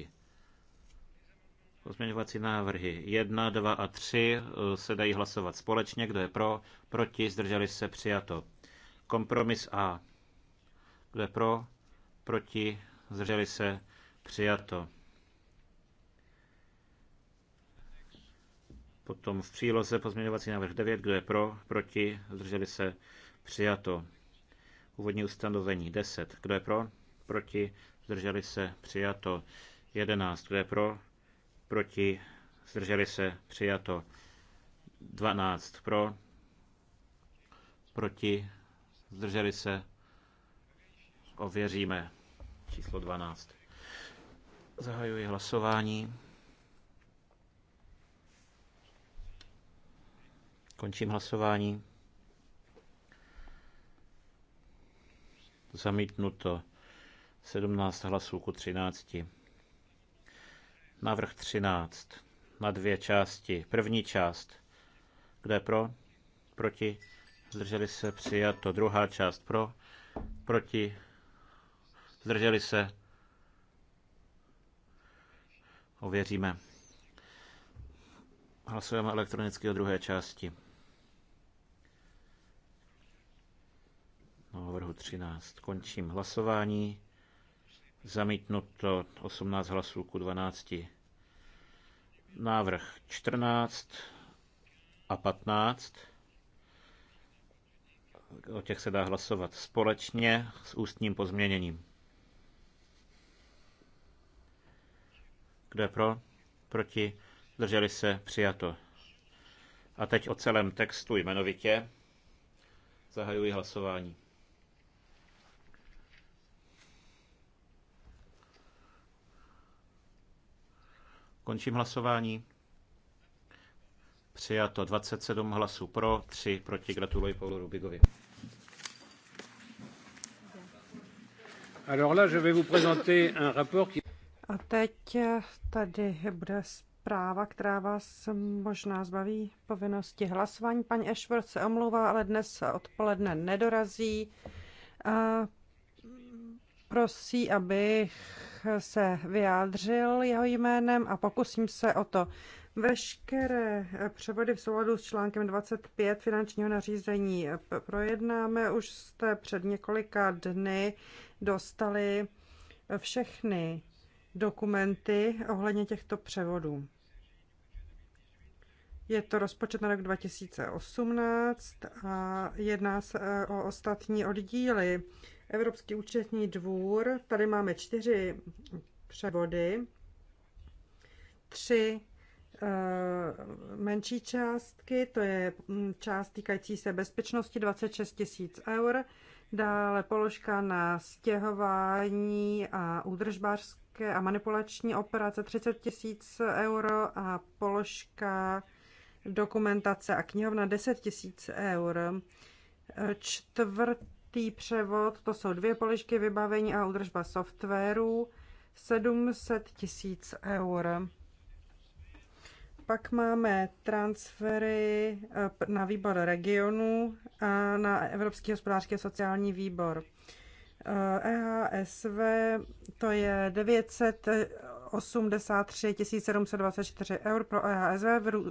B: Pozměňovací návrhy 1, 2 a 3 eh, se dají hlasovat společně. Kdo je pro? Proti? Zdrželi se? Přijato. Kompromis A. Kdo je pro? proti, zdrželi se, přijato. Potom v příloze pozměňovací návrh 9, kdo je pro, proti, zdrželi se, přijato. Úvodní ustanovení 10, kdo je pro, proti, zdrželi se, přijato. 11, kdo je pro, proti, zdrželi se, přijato. 12 pro, proti, zdrželi se, ověříme číslo 12. Zahajuji hlasování. Končím hlasování. Zamítnuto 17 hlasů ku 13. Návrh 13 na dvě části. První část. Kde pro? Proti? Zdrželi se přijato. Druhá část pro? Proti? Zdrželi se? Ověříme. Hlasujeme elektronicky o druhé části. Návrhu 13. Končím hlasování. Zamítnuto 18 hlasů ku 12. Návrh 14 a 15. O těch se dá hlasovat společně s ústním pozměněním. Kdo je pro? Proti? Drželi se? Přijato. A teď o celém textu jmenovitě. Zahajuji hlasování. Končím hlasování. Přijato 27 hlasů pro, 3 proti. Gratuluji Paulu Rubigovi. Alors là, je vais vous présenter un rapport qui...
A: A teď tady bude zpráva, která vás možná zbaví povinnosti hlasování. Paní Ashworth se omlouvá, ale dnes odpoledne nedorazí. A prosí, abych se vyjádřil jeho jménem a pokusím se o to. Veškeré převody v souladu s článkem 25 finančního nařízení projednáme. Už jste před několika dny dostali všechny dokumenty ohledně těchto převodů. Je to rozpočet na rok 2018 a jedná se e, o ostatní oddíly. Evropský účetní dvůr, tady máme čtyři převody, tři e, menší částky, to je část týkající se bezpečnosti 26 tisíc eur, Dále položka na stěhování a údržbářské a manipulační operace 30 tisíc euro a položka dokumentace a knihovna 10 tisíc eur. Čtvrtý převod, to jsou dvě položky vybavení a údržba softwaru 700 tisíc eur. Pak máme transfery eh, na výbor regionu a na Evropský hospodářský a sociální výbor. EHSV e to je 983 724 eur pro EHSV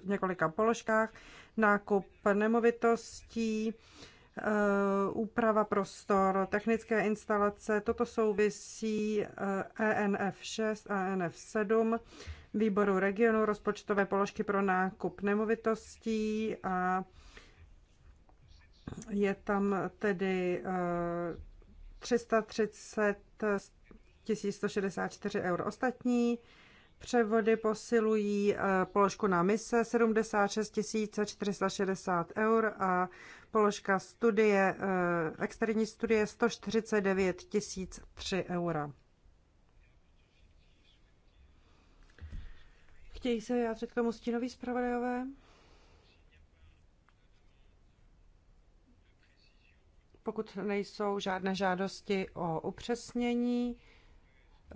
A: v několika položkách, nákup nemovitostí, eh, úprava prostor, technické instalace, toto souvisí ENF6 eh, e a ENF7 výboru regionu rozpočtové položky pro nákup nemovitostí a je tam tedy 330 eh, 164 eur ostatní. Převody posilují eh, položku na mise 76 460 eur a položka studie, eh, externí studie 149 003 eura. Chtějí se vyjádřit k tomu stínový zpravodajové? Pokud nejsou žádné žádosti o upřesnění,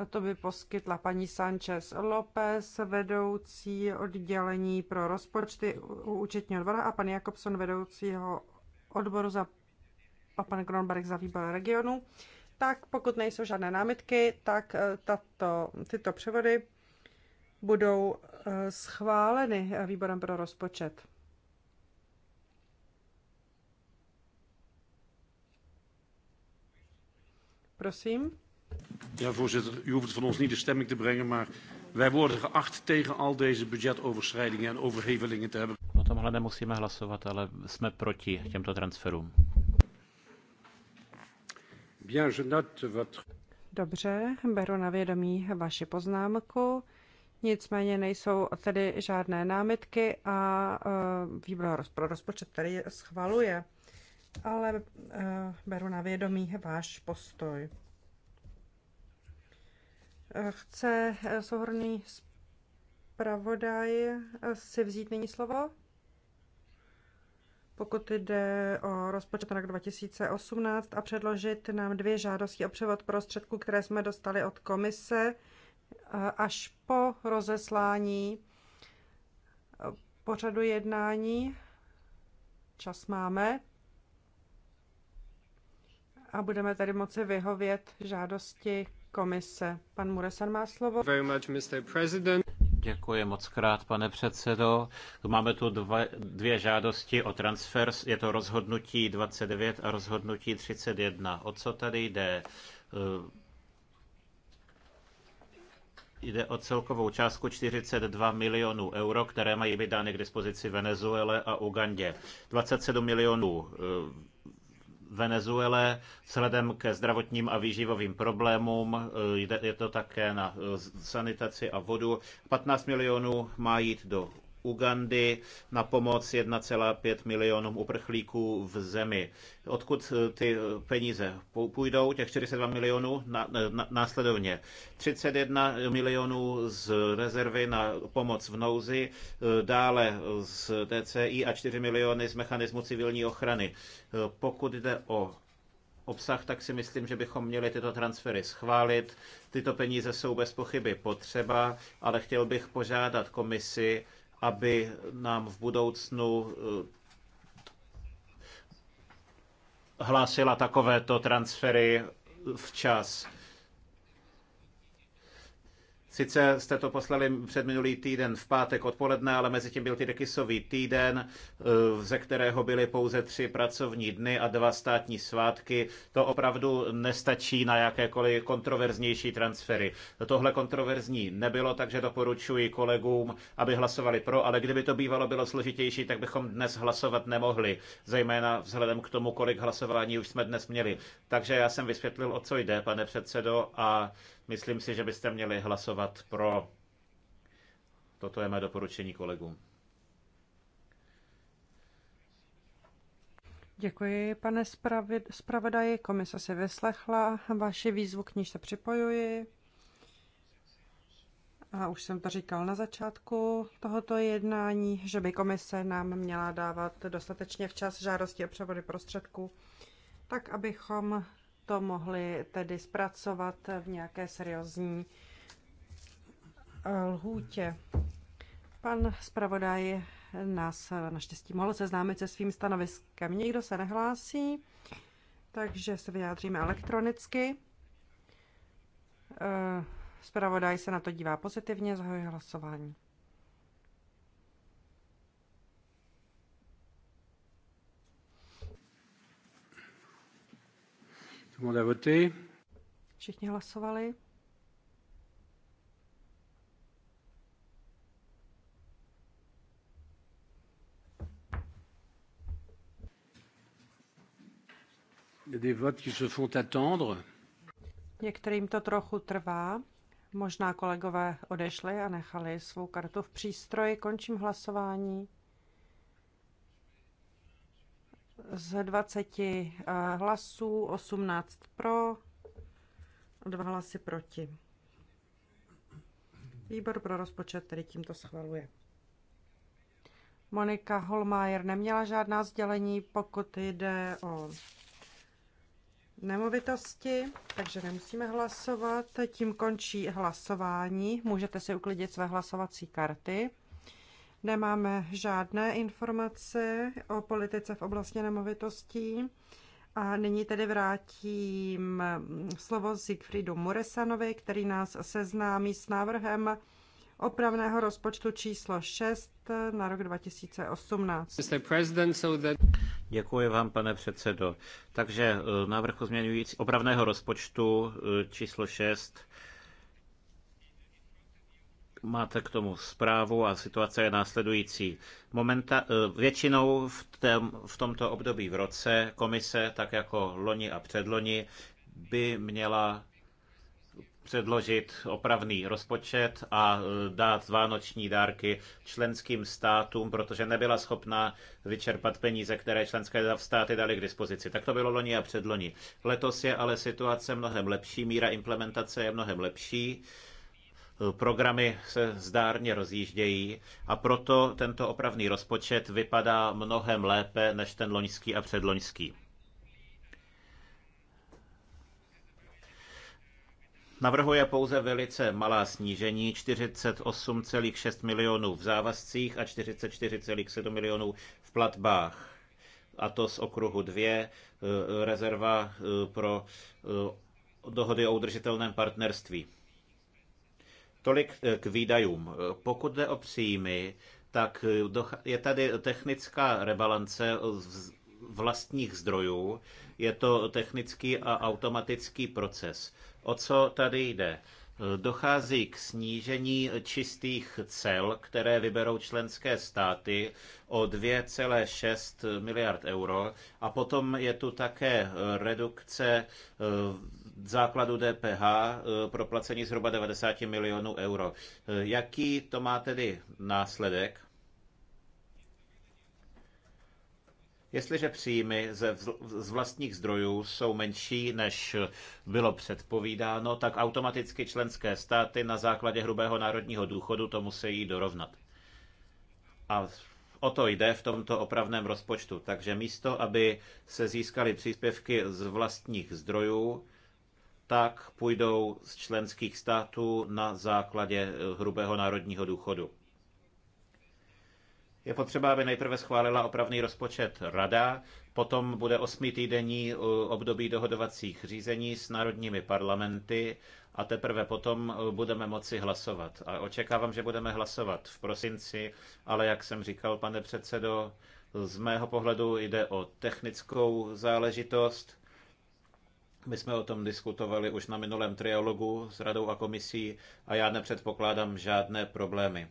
A: to by poskytla paní Sanchez López, vedoucí oddělení pro rozpočty u účetního dvora a pan Jakobson, vedoucího odboru za, a pan Kronberg za výbor regionu. Tak pokud nejsou žádné námitky, tak eh, tato, tyto převody budou eh, schváleny výborem pro rozpočet. Prosím.
C: Ja, voorzitter, u hoeft het van ons niet in stemming te
B: brengen, maar wij worden geacht tegen al deze budgetoverschrijdingen en overhevelingen te hebben. O tomhle nemusíme hlasovat, ale jsme proti těmto transferům.
A: Bien, je note votre... Dobře, beru na vědomí vaši poznámku. Nicméně nejsou tedy žádné námitky a e, výbor pro rozpočet tady schvaluje, ale e, beru na vědomí váš postoj. E, chce souhrný zpravodaj si vzít nyní slovo? pokud jde o rozpočet rok 2018 a předložit nám dvě žádosti o převod prostředků, které jsme dostali od komise až po rozeslání eh, pořadu jednání. Čas máme. A budeme tady moci vyhovět žádosti komise. Pan Muresan má slovo.
B: Very much, Mr. President. Děkuji moc krát, pane předsedo. Máme tu dva, dvě žádosti o transfer. Je to rozhodnutí 29 a rozhodnutí 31. O co tady jde? Eh, Jde o celkovou částku 42 milionů euro, které mají být dány k dispozici Venezuele a Ugandě. 27 milionů eh, Venezuele vzhledem ke zdravotním a výživovým problémům, eh, je to také na eh, sanitaci a vodu. 15 milionů má jít do Ugandy na pomoc 1,5 milionům uprchlíků v zemi. Odkud eh, ty eh, peníze půjdou, těch 42 milionů eh, následovně. 31 milionů z rezervy na pomoc v nouzi, dále z DCI a 4 miliony z mechanismu civilní ochrany. Pokud jde o obsah, tak si myslím, že bychom měli tyto transfery schválit. Tyto peníze jsou bez pochyby potřeba, ale chtěl bych požádat komisi, aby nám v budoucnu eh, hlásila takovéto transfery včas. Sice jste to poslali před minulý týden v pátek odpoledne, ale mezi tím byl Tyrkisový týden, eh, ze kterého byly pouze tři pracovní dny a dva státní svátky. To opravdu nestačí na jakékoliv kontroverznější transfery. Tohle kontroverzní nebylo, takže doporučuji kolegům, aby hlasovali pro, ale kdyby to bývalo bylo složitější, tak bychom dnes hlasovat nemohli, zejména vzhledem k tomu, kolik hlasování už jsme dnes měli. Takže já jsem vysvětlil, o co jde, pane předsedo, a Myslím si, že byste měli hlasovat pro. Toto je mé doporučení kolegům.
A: Děkuji, pane zpravodaji. Komise si vyslechla vaši výzvu, k níž se připojuji. A už jsem to říkal na začátku tohoto jednání, že by komise nám měla dávat dostatečně včas žádosti o převody prostředků, tak abychom to mohli tedy zpracovat v nějaké seriózní eh, lhůtě. Pan zpravodaj nás eh, naštěstí mohl seznámit se svým stanoviskem. Nikdo se nehlásí, takže se vyjádříme elektronicky. Eh, zpravodaj se na to dívá pozitivně, zahajuje hlasování. Všichni hlasovali. Des votes qui se font attendre. Některým to trochu trvá. Možná kolegové odešli a nechali svou kartu v přístroji. Končím hlasování z 20 eh, hlasů 18 pro, dva hlasy proti. Výbor pro rozpočet tedy tímto schvaluje. Monika Holmajer neměla žádná sdělení, pokud jde o nemovitosti, takže nemusíme hlasovat. Tím končí hlasování. Můžete si uklidit své hlasovací karty. Nemáme žádné informace o politice v oblasti nemovitostí. A nyní tedy vrátím slovo Siegfriedu Muresanovi, který nás seznámí s návrhem opravného rozpočtu číslo 6 na rok 2018.
B: Děkuji vám, pane předsedo. Takže eh, návrh pozměňující opravného rozpočtu eh, číslo 6 Máte k tomu zprávu a situace je následující. Momenta, eh, většinou v, tém, v tomto období v roce komise, tak jako loni a předloni, by měla předložit opravný rozpočet a eh, dát vánoční dárky členským státům, protože nebyla schopna vyčerpat peníze, které členské státy dali k dispozici. Tak to bylo loni a předloni. Letos je ale situace mnohem lepší, míra implementace je mnohem lepší. Eh, programy se zdárně rozjíždějí a proto tento opravný rozpočet vypadá mnohem lépe než ten loňský a předloňský. Navrhuje pouze velice malá snížení 48,6 milionů v závazcích a 44,7 milionů v platbách. A to z okruhu 2, eh, rezerva eh, pro dohody o udržitelném partnerství. Tolik eh, k výdajům. Pokud jde o příjmy, tak eh, je tady technická rebalance vlastních zdrojů. Je to technický a automatický proces. O co tady jde? Dochází k snížení čistých cel, které vyberou členské státy o 2,6 miliard euro. A potom je tu také redukce eh, základu DPH eh, pro placení zhruba 90 milionů euro. Eh, jaký to má tedy následek? Jestliže příjmy ze z vlastních zdrojů jsou menší, než bylo předpovídáno, tak automaticky členské státy na základě hrubého národního důchodu to musí dorovnat. A o to jde v tomto opravném rozpočtu. Takže místo, aby se získaly příspěvky z vlastních zdrojů, tak půjdou z členských států na základě eh, hrubého národního důchodu. Je potřeba, aby nejprve schválila opravný rozpočet Rada, potom bude týdenní eh, období dohodovacích řízení s národními parlamenty a teprve potom eh, budeme moci hlasovat. A očekávám, že budeme hlasovat v prosinci, ale jak jsem říkal, pane předsedo, z mého pohledu jde o technickou záležitost my jsme o tom diskutovali už na minulém triologu s radou a komisí a já nepředpokládám žádné problémy.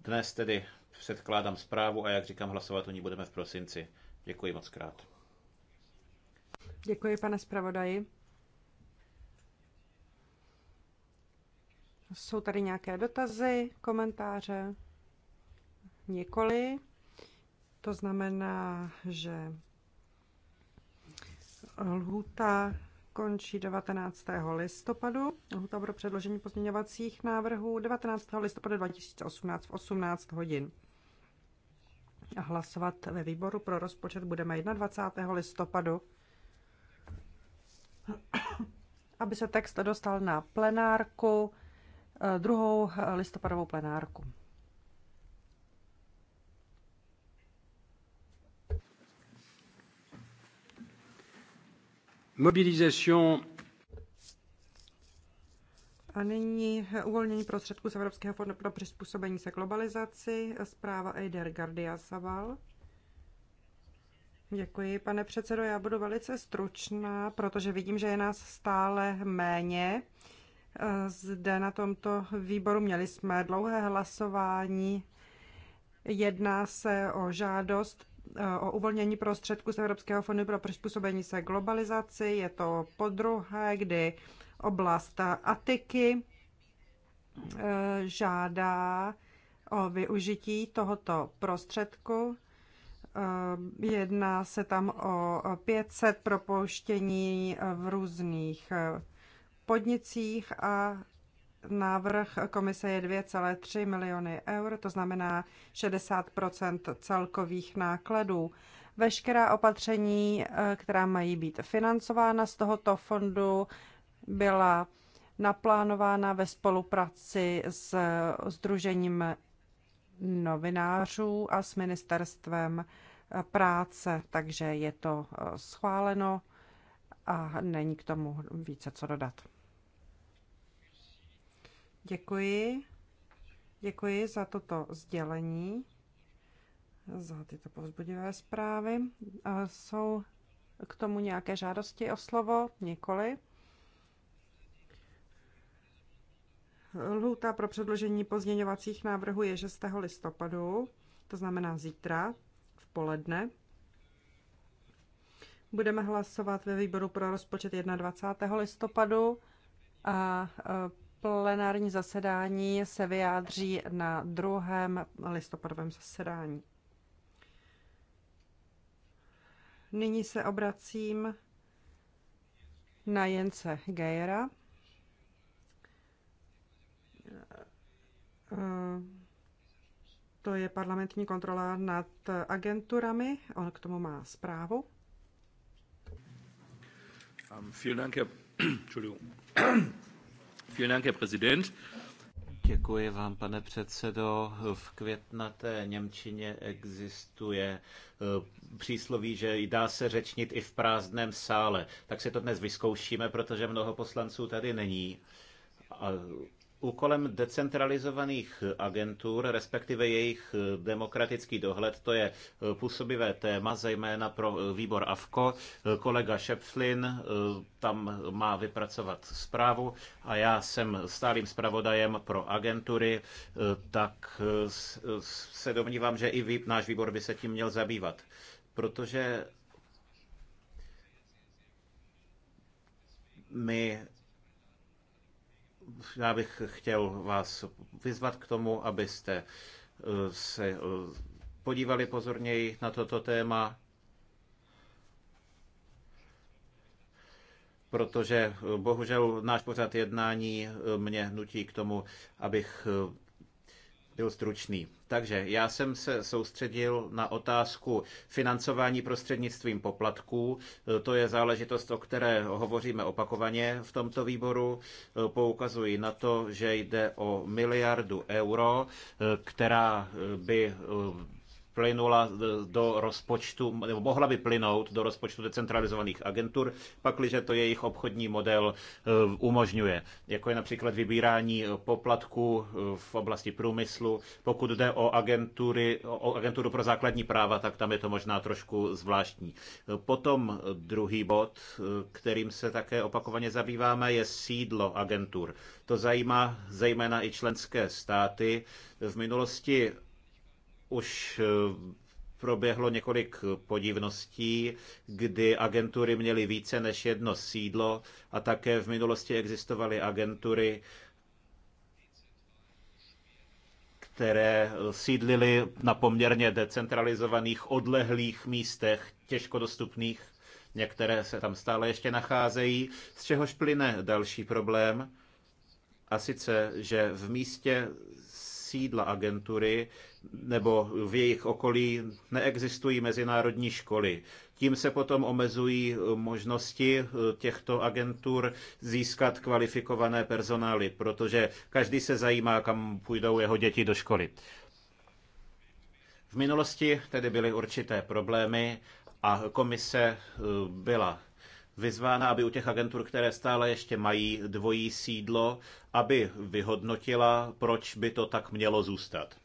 B: Dnes tedy předkládám zprávu a jak říkám, hlasovat o ní budeme v prosinci. Děkuji moc krát.
A: Děkuji, pane zpravodaji. Jsou tady nějaké dotazy, komentáře? Nikoli. To znamená, že Lhuta končí 19. listopadu. Lhuta pro předložení pozměňovacích návrhů 19. listopadu 2018 v 18 hodin. A hlasovat ve výboru pro rozpočet budeme 21. listopadu. Aby se text dostal na plenárku, eh, druhou eh, listopadovou plenárku. A nyní uvolnění prostředků z Evropského fondu pro přizpůsobení se globalizaci. Zpráva Eider Gardia Saval. Děkuji, pane předsedo. Já budu velice stručná, protože vidím, že je nás stále méně. Zde na tomto výboru měli jsme dlouhé hlasování. Jedná se o žádost o uvolnění prostředků z Evropského fondu pro přizpůsobení se globalizaci. Je to druhé, kdy oblast Atiky eh, žádá o využití tohoto prostředku. Eh, jedná se tam o 500 propouštění v různých eh, podnicích a Návrh komise je 2,3 miliony eur, to znamená 60 celkových nákladů. Veškerá opatření, eh, která mají být financována z tohoto fondu, byla naplánována ve spolupráci s Združením novinářů a s Ministerstvem eh, práce, takže je to eh, schváleno a není k tomu více co dodat. Děkuji. Děkuji za toto sdělení, za tyto povzbudivé zprávy. Jsou k tomu nějaké žádosti o slovo? Nikoli. Lhůta pro předložení pozměňovacích návrhů je 6. listopadu, to znamená zítra v poledne. Budeme hlasovat ve výboru pro rozpočet 21. listopadu a e, plenární zasedání se vyjádří na druhém listopadovém zasedání. Nyní se obracím na Jence Gejera. To je parlamentní kontrola nad agenturami. On k tomu má zprávu.
B: Um, vielen Dank, Herr, Děkuji vám, pane předsedo. V květnaté Němčině existuje eh, přísloví, že dá se řečnit i v prázdném sále. Tak si to dnes vyzkoušíme, protože mnoho poslanců tady není. A Úkolem decentralizovaných agentur, respektive jejich eh, demokratický dohled, to je eh, působivé téma, zejména pro eh, výbor AFKO. Kolega Šepflin tam má vypracovat zprávu a já jsem stálým zpravodajem pro agentury, tak se domnívám, že i vý, náš výbor by se tím měl zabývat, protože my já bych chtěl vás vyzvat k tomu, abyste eh, se eh, podívali pozorněji na toto téma, protože eh, bohužel náš pořad jednání mě nutí k tomu, abych byl stručný. Takže já jsem se soustředil na otázku financování prostřednictvím poplatků. To je záležitost, o které hovoříme opakovaně v tomto výboru. Poukazuji na to, že jde o miliardu euro, která by plynula do rozpočtu, nebo mohla by plynout do rozpočtu decentralizovaných agentur, pakliže to jejich obchodní model eh, umožňuje, jako je například vybírání eh, poplatků eh, v oblasti průmyslu. Pokud jde o, agentury, o agenturu pro základní práva, tak tam je to možná trošku zvláštní. Potom druhý bod, kterým se také opakovaně zabýváme, je sídlo agentur. To zajímá zejména i členské státy. V minulosti už eh, proběhlo několik podivností, kdy agentury měly více než jedno sídlo a také v minulosti existovaly agentury, které eh, sídlily na poměrně decentralizovaných, odlehlých místech, těžko dostupných. Některé se tam stále ještě nacházejí, z čehož plyne další problém. A sice, že v místě sídla agentury nebo v jejich okolí neexistují mezinárodní školy. Tím se potom omezují eh, možnosti eh, těchto agentur získat kvalifikované personály, protože každý se zajímá, kam půjdou jeho děti do školy. V minulosti tedy byly určité problémy a komise eh, byla vyzvána, aby u těch agentur, které stále ještě mají dvojí sídlo, aby vyhodnotila, proč by to tak mělo zůstat.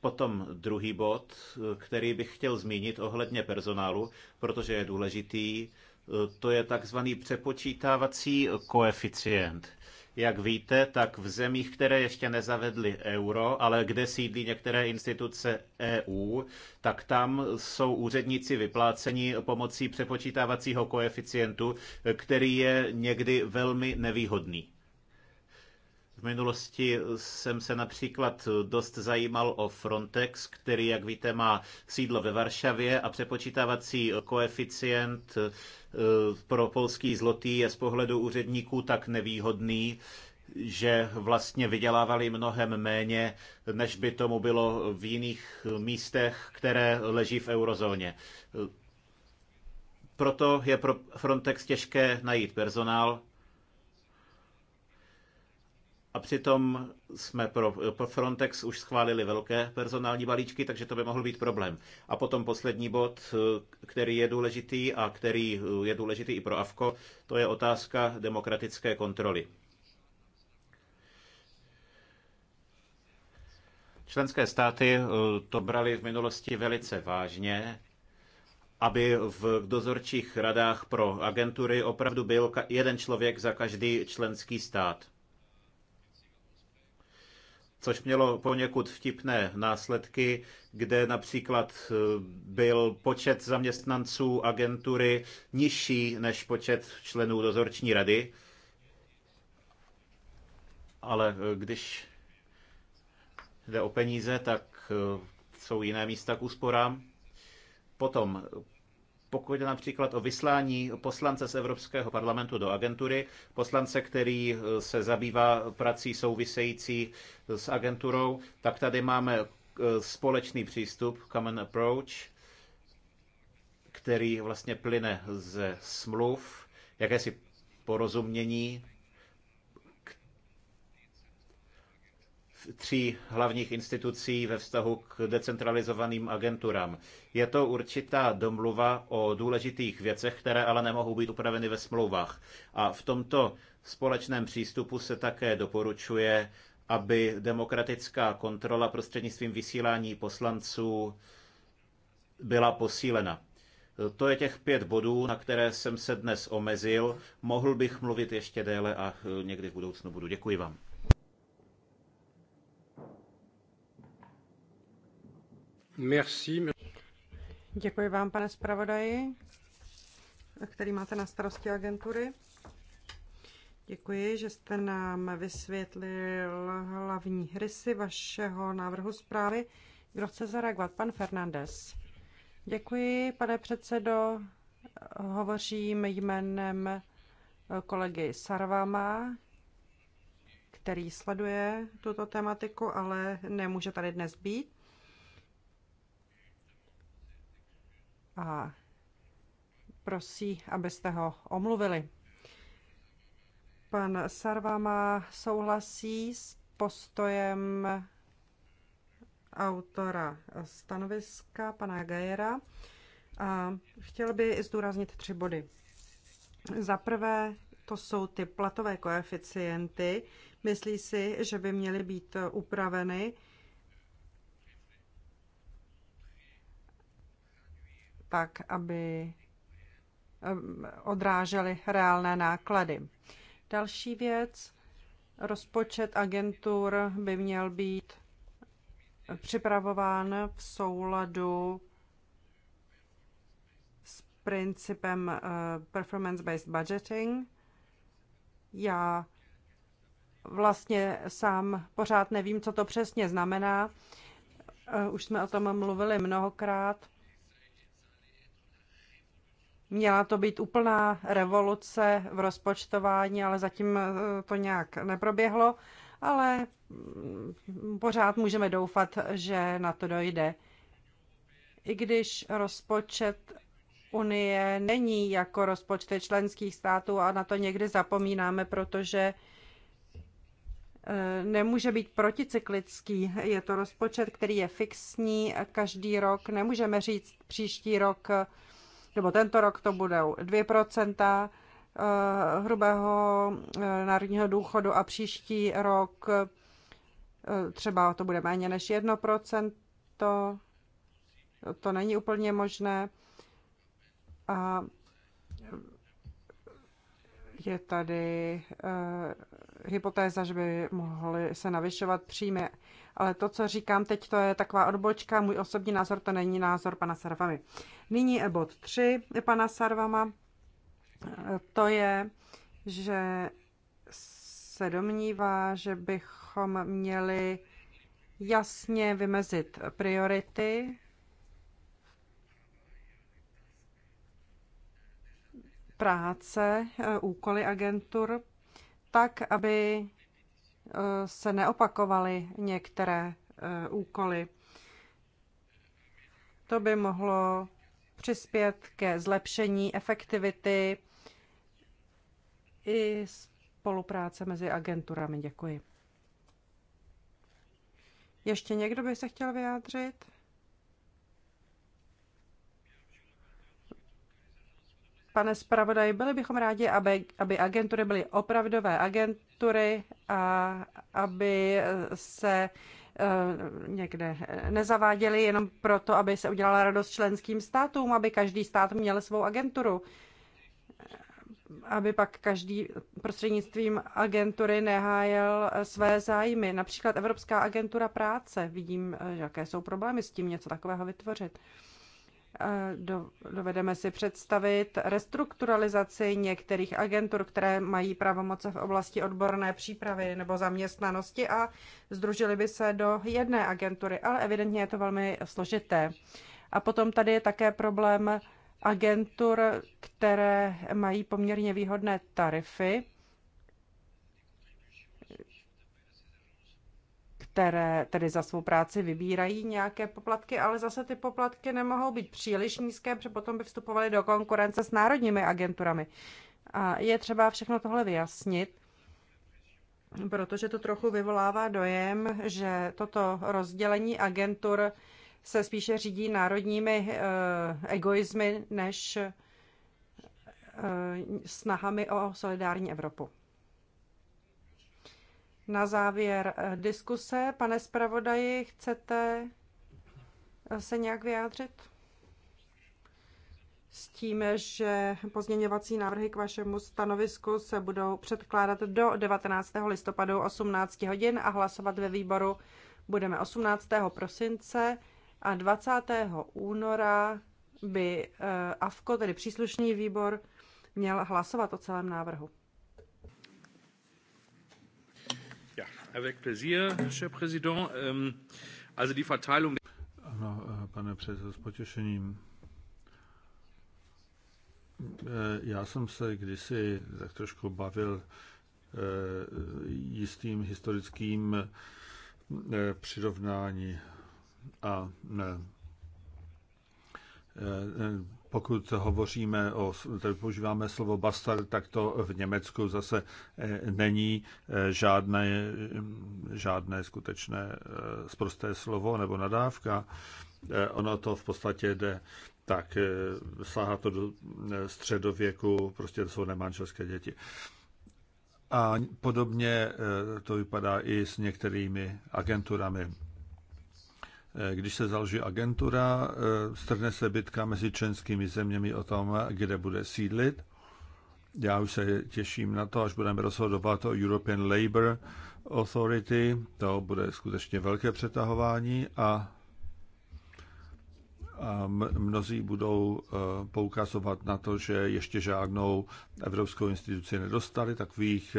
B: Potom druhý bod, který bych chtěl zmínit ohledně personálu, protože je důležitý, to je takzvaný přepočítávací koeficient. Jak víte, tak v zemích, které ještě nezavedly euro, ale kde sídlí některé instituce EU, tak tam jsou úředníci vypláceni pomocí přepočítávacího koeficientu, který je někdy velmi nevýhodný. V minulosti jsem se například dost zajímal o Frontex, který, jak víte, má sídlo ve Varšavě a přepočítávací koeficient eh, pro polský zlotý je z pohledu úředníků tak nevýhodný, že vlastně vydělávali mnohem méně, než by tomu bylo v jiných místech, které leží v eurozóně. Eh, proto je pro Frontex těžké najít personál, a přitom jsme pro, pro Frontex už schválili velké personální balíčky, takže to by mohl být problém. A potom poslední bod, který je důležitý a který je důležitý i pro AFKO, to je otázka demokratické kontroly. Členské státy eh, to brali v minulosti velice vážně, aby v dozorčích radách pro agentury opravdu byl jeden člověk za každý členský stát což mělo poněkud vtipné následky, kde například eh, byl počet zaměstnanců agentury nižší než počet členů dozorční rady. Ale eh, když jde o peníze, tak eh, jsou jiné místa k úsporám. Potom pokud je například o vyslání poslance z Evropského parlamentu do agentury, poslance, který e, se zabývá prací související s agenturou, tak tady máme e, společný přístup, common approach, který vlastně plyne ze smluv, jakési porozumění tří hlavních institucí ve vztahu k decentralizovaným agenturám. Je to určitá domluva o důležitých věcech, které ale nemohou být upraveny ve smlouvách. A v tomto společném přístupu se také doporučuje, aby demokratická kontrola prostřednictvím vysílání poslanců byla posílena. To je těch pět bodů, na které jsem se dnes omezil. Mohl bych mluvit ještě déle a někdy v budoucnu budu. Děkuji vám.
A: Děkuji vám, pane zpravodaji, který máte na starosti agentury. Děkuji, že jste nám vysvětlil hlavní rysy vašeho návrhu zprávy. Kdo chce zareagovat? Pan Fernandez. Děkuji, pane předsedo. Hovořím jménem kolegy Sarvama, který sleduje tuto tematiku, ale nemůže tady dnes být. a prosí, abyste ho omluvili. Pan Sarvama souhlasí s postojem autora stanoviska, pana Gajera, a chtěl by zdůraznit tři body. Za prvé, to jsou ty platové koeficienty. Myslí si, že by měly být upraveny tak, aby odrážely reálné náklady. Další věc, rozpočet agentur by měl být připravován v souladu s principem eh, performance-based budgeting. Já vlastně sám pořád nevím, co to přesně znamená. Eh, už jsme o tom mluvili mnohokrát. Měla to být úplná revoluce v rozpočtování, ale zatím eh, to nějak neproběhlo, ale mm, pořád můžeme doufat, že na to dojde. I když rozpočet Unie není jako rozpočty členských států a na to někdy zapomínáme, protože eh, nemůže být proticyklický. Je to rozpočet, který je fixní každý rok. Nemůžeme říct příští rok nebo tento rok to budou 2% eh, hrubého eh, národního důchodu a příští rok eh, třeba to bude méně než 1%. To, to není úplně možné. A je tady hypotéza, že by mohly se navyšovat příjmy. Ale to, co říkám teď, to je taková odbočka. Můj osobní názor to není názor pana Sarvamy. Nyní bod 3 pana Sarvama. To je, že se domnívá, že bychom měli jasně vymezit priority práce, úkoly agentur tak, aby eh, se neopakovaly některé eh, úkoly. To by mohlo přispět ke zlepšení efektivity i spolupráce mezi agenturami. Děkuji. Ještě někdo by se chtěl vyjádřit? Pane zpravodaj, byli bychom rádi, aby, aby agentury byly opravdové agentury a aby se eh, někde nezaváděly jenom proto, aby se udělala radost členským státům, aby každý stát měl svou agenturu aby pak každý prostřednictvím agentury nehájel eh, své zájmy. Například Evropská agentura práce. Vidím, eh, jaké jsou problémy s tím něco takového vytvořit. Eh, dovedeme si představit restrukturalizaci některých agentur, které mají pravomoce v oblasti odborné přípravy nebo zaměstnanosti a združili by se do jedné agentury, ale evidentně je to velmi složité. A potom tady je také problém agentur, které mají poměrně výhodné tarify které tedy za svou práci vybírají nějaké poplatky, ale zase ty poplatky nemohou být příliš nízké, protože potom by vstupovaly do konkurence s národními agenturami. A je třeba všechno tohle vyjasnit, protože to trochu vyvolává dojem, že toto rozdělení agentur se spíše řídí národními uh, eh, egoizmy než uh, snahami o solidární Evropu na závěr eh, diskuse. Pane zpravodaji, chcete eh, se nějak vyjádřit? S tím, že pozměňovací návrhy k vašemu stanovisku se budou předkládat do 19. listopadu 18 hodin a hlasovat ve výboru budeme 18. prosince a 20. února by eh, AFKO, tedy příslušný výbor, měl hlasovat o celém návrhu. Avec plaisir, cher président. Euh, also die Verteilung...
C: Ano, eh, pane předsedo, s potěšením. Eh, já jsem se kdysi tak trošku bavil eh, jistým historickým přirovnání a ne, pokud hovoříme o, tedy používáme slovo bastard, tak to v Německu zase eh, není eh, žádné, žádné skutečné eh, sprosté slovo nebo nadávka. Ono to v podstatě jde tak, sáhá to do středověku, prostě to jsou nemanželské děti. A podobně to vypadá i s některými agenturami. Eh, když se založí agentura, eh, strhne se bitka mezi členskými zeměmi o tom, kde bude sídlit. Já už se těším na to, až budeme rozhodovat o European Labour Authority. To bude skutečně velké přetahování a a mnozí budou eh, poukazovat na to, že ještě žádnou evropskou instituci nedostali. Takových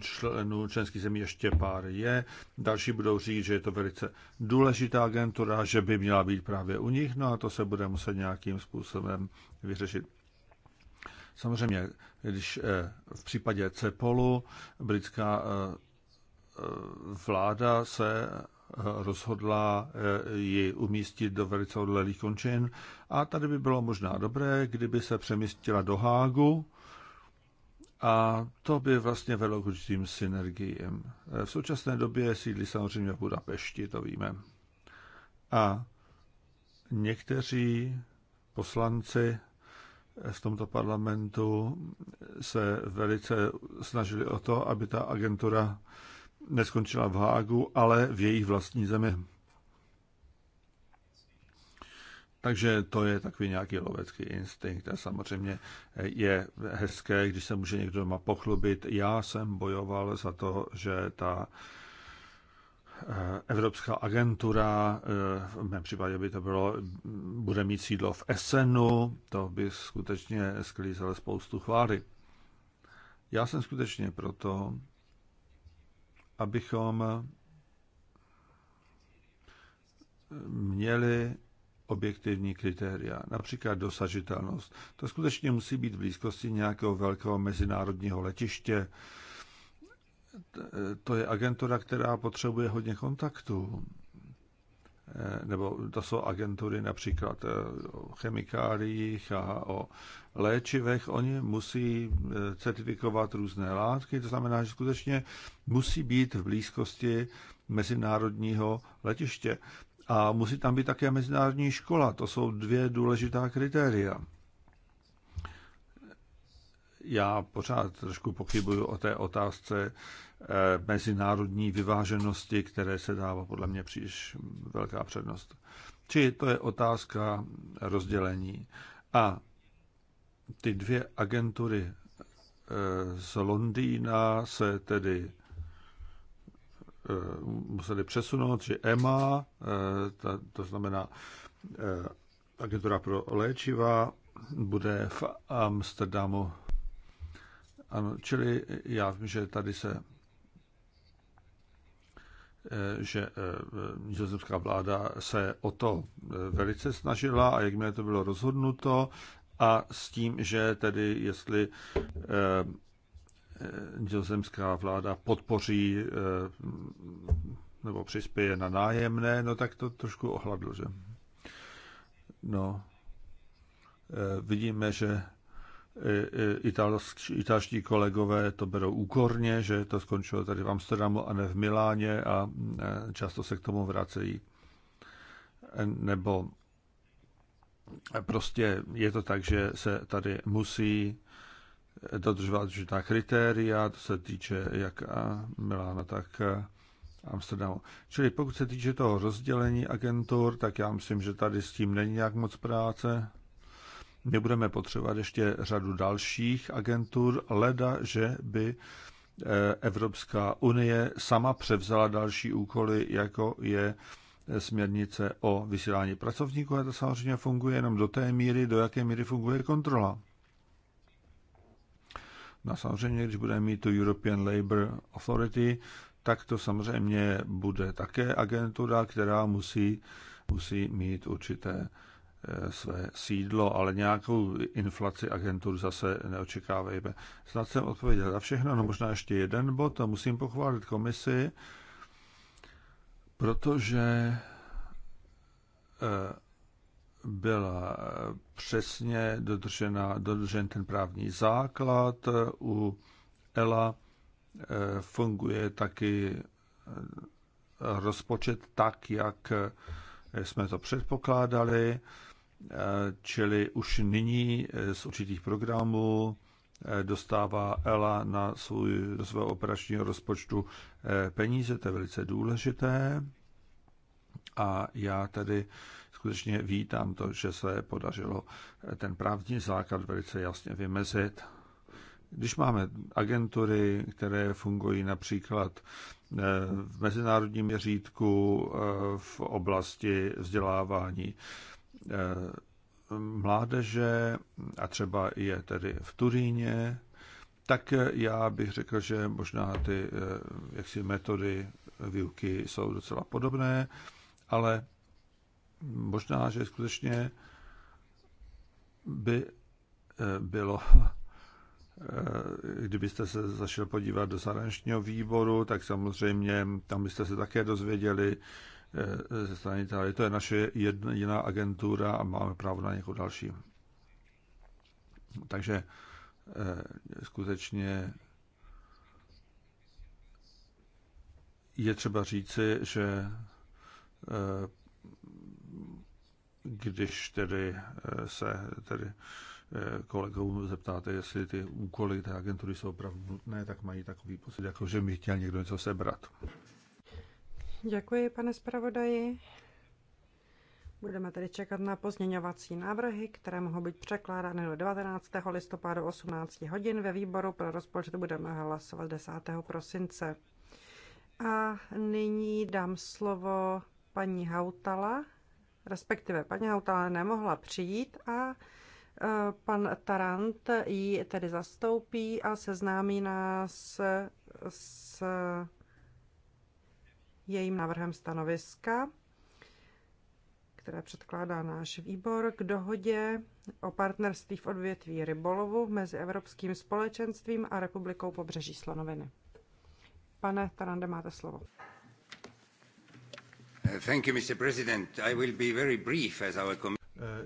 C: členů členských zemí ještě pár je. Další budou říct, že je to velice důležitá agentura, že by měla být právě u nich, no a to se bude muset nějakým způsobem vyřešit. Samozřejmě, když eh, v případě CEPOLu britská eh, eh, vláda se rozhodla ji umístit do velice odlehlých končin a tady by bylo možná dobré, kdyby se přemístila do Hágu, a to by vlastně vedlo k určitým synergiím. V současné době sídlí samozřejmě v Budapešti, to víme. A někteří poslanci v tomto parlamentu se velice snažili o to, aby ta agentura neskončila v Hágu, ale v jejich vlastní zemi. Takže to je takový nějaký lovecký instinkt a samozřejmě je hezké, když se může někdo doma pochlubit. Já jsem bojoval za to, že ta eh, Evropská agentura, eh, v mém případě by to bylo, bude mít sídlo v Esenu, to by skutečně sklízelo spoustu chvály. Já jsem skutečně proto, abychom měli objektivní kritéria, například dosažitelnost. To skutečně musí být v blízkosti nějakého velkého mezinárodního letiště. To je agentura, která potřebuje hodně kontaktů. Nebo to jsou agentury například o chemikáliích a o léčivech. Oni musí certifikovat různé látky, to znamená, že skutečně musí být v blízkosti mezinárodního letiště. A musí tam být také mezinárodní škola. To jsou dvě důležitá kritéria. Já pořád trošku pochybuju o té otázce eh, mezinárodní vyváženosti, které se dává podle mě příliš velká přednost. Či to je otázka rozdělení. A ty dvě agentury eh, z Londýna se tedy Eh, museli přesunout, že EMA, eh, ta, to znamená eh, agentura pro léčiva, bude v Amsterdamu. Ano, čili já vím, že tady se že nizozemská vláda se o to velice snažila a jakmile to bylo rozhodnuto a s tím, že tedy jestli nizozemská vláda podpoří eh, nebo přispěje na nájemné, no tak to trošku ohladlo, že? No, eh, vidíme, že eh, italští, kolegové to berou úkorně, že to skončilo tady v Amsterdamu a ne v Miláně a často se k tomu vracejí. Nebo prostě je to tak, že se tady musí dodržovat určitá kritéria, to se týče jak Milána, tak eh, Amsterdamu. Čili pokud se týče toho rozdělení agentur, tak já myslím, že tady s tím není nějak moc práce. My budeme potřebovat ještě řadu dalších agentur, leda, že by eh, Evropská unie sama převzala další úkoly, jako je eh, směrnice o vysílání pracovníků a to samozřejmě funguje jenom do té míry, do jaké míry funguje kontrola. No samozřejmě, když budeme mít tu European Labour Authority, tak to samozřejmě bude také agentura, která musí, musí mít určité eh, své sídlo, ale nějakou inflaci agentur zase neočekávejme. Snad jsem odpověděl za všechno, no možná ještě jeden bod, a musím pochválit komisi, protože eh, byla eh, přesně dodržena, dodržen ten právní základ. U ELA eh, funguje taky eh, rozpočet tak, jak jsme to předpokládali, čili už nyní z určitých programů dostává ELA na svůj, do svého operačního rozpočtu peníze, to je velice důležité. A já tedy skutečně vítám to, že se podařilo eh, ten právní základ velice jasně vymezit. Když máme agentury, které fungují například eh, v mezinárodním měřítku eh, v oblasti vzdělávání mládeže a třeba je tedy v Turíně, tak já bych řekl, že možná ty jaksi metody výuky jsou docela podobné, ale možná, že skutečně by eh, bylo, eh, kdybyste se zašel podívat do zahraničního výboru, tak samozřejmě tam byste se také dozvěděli eh, ze strany Itálie. To je naše jedna, jiná agentura a máme právo na někoho další. Takže skutečně je třeba říci, že když tedy eh, se tedy eh, kolegům zeptáte, jestli ty úkoly té agentury jsou opravdu nutné, tak mají takový pocit, jako že mi chtěl někdo něco sebrat.
A: Děkuji, pane zpravodaji. Budeme tedy čekat na pozměňovací návrhy, které mohou být překládány do 19. listopadu 18 hodin. Ve výboru pro rozpočet budeme hlasovat 10. prosince. A nyní dám slovo paní Hautala, respektive paní Hautala nemohla přijít a e, pan Tarant ji tedy zastoupí a seznámí nás s jejím návrhem stanoviska, které předkládá náš výbor k dohodě o partnerství v odvětví rybolovu mezi Evropským společenstvím a Republikou pobřeží Slonoviny. Pane Tarande, máte slovo.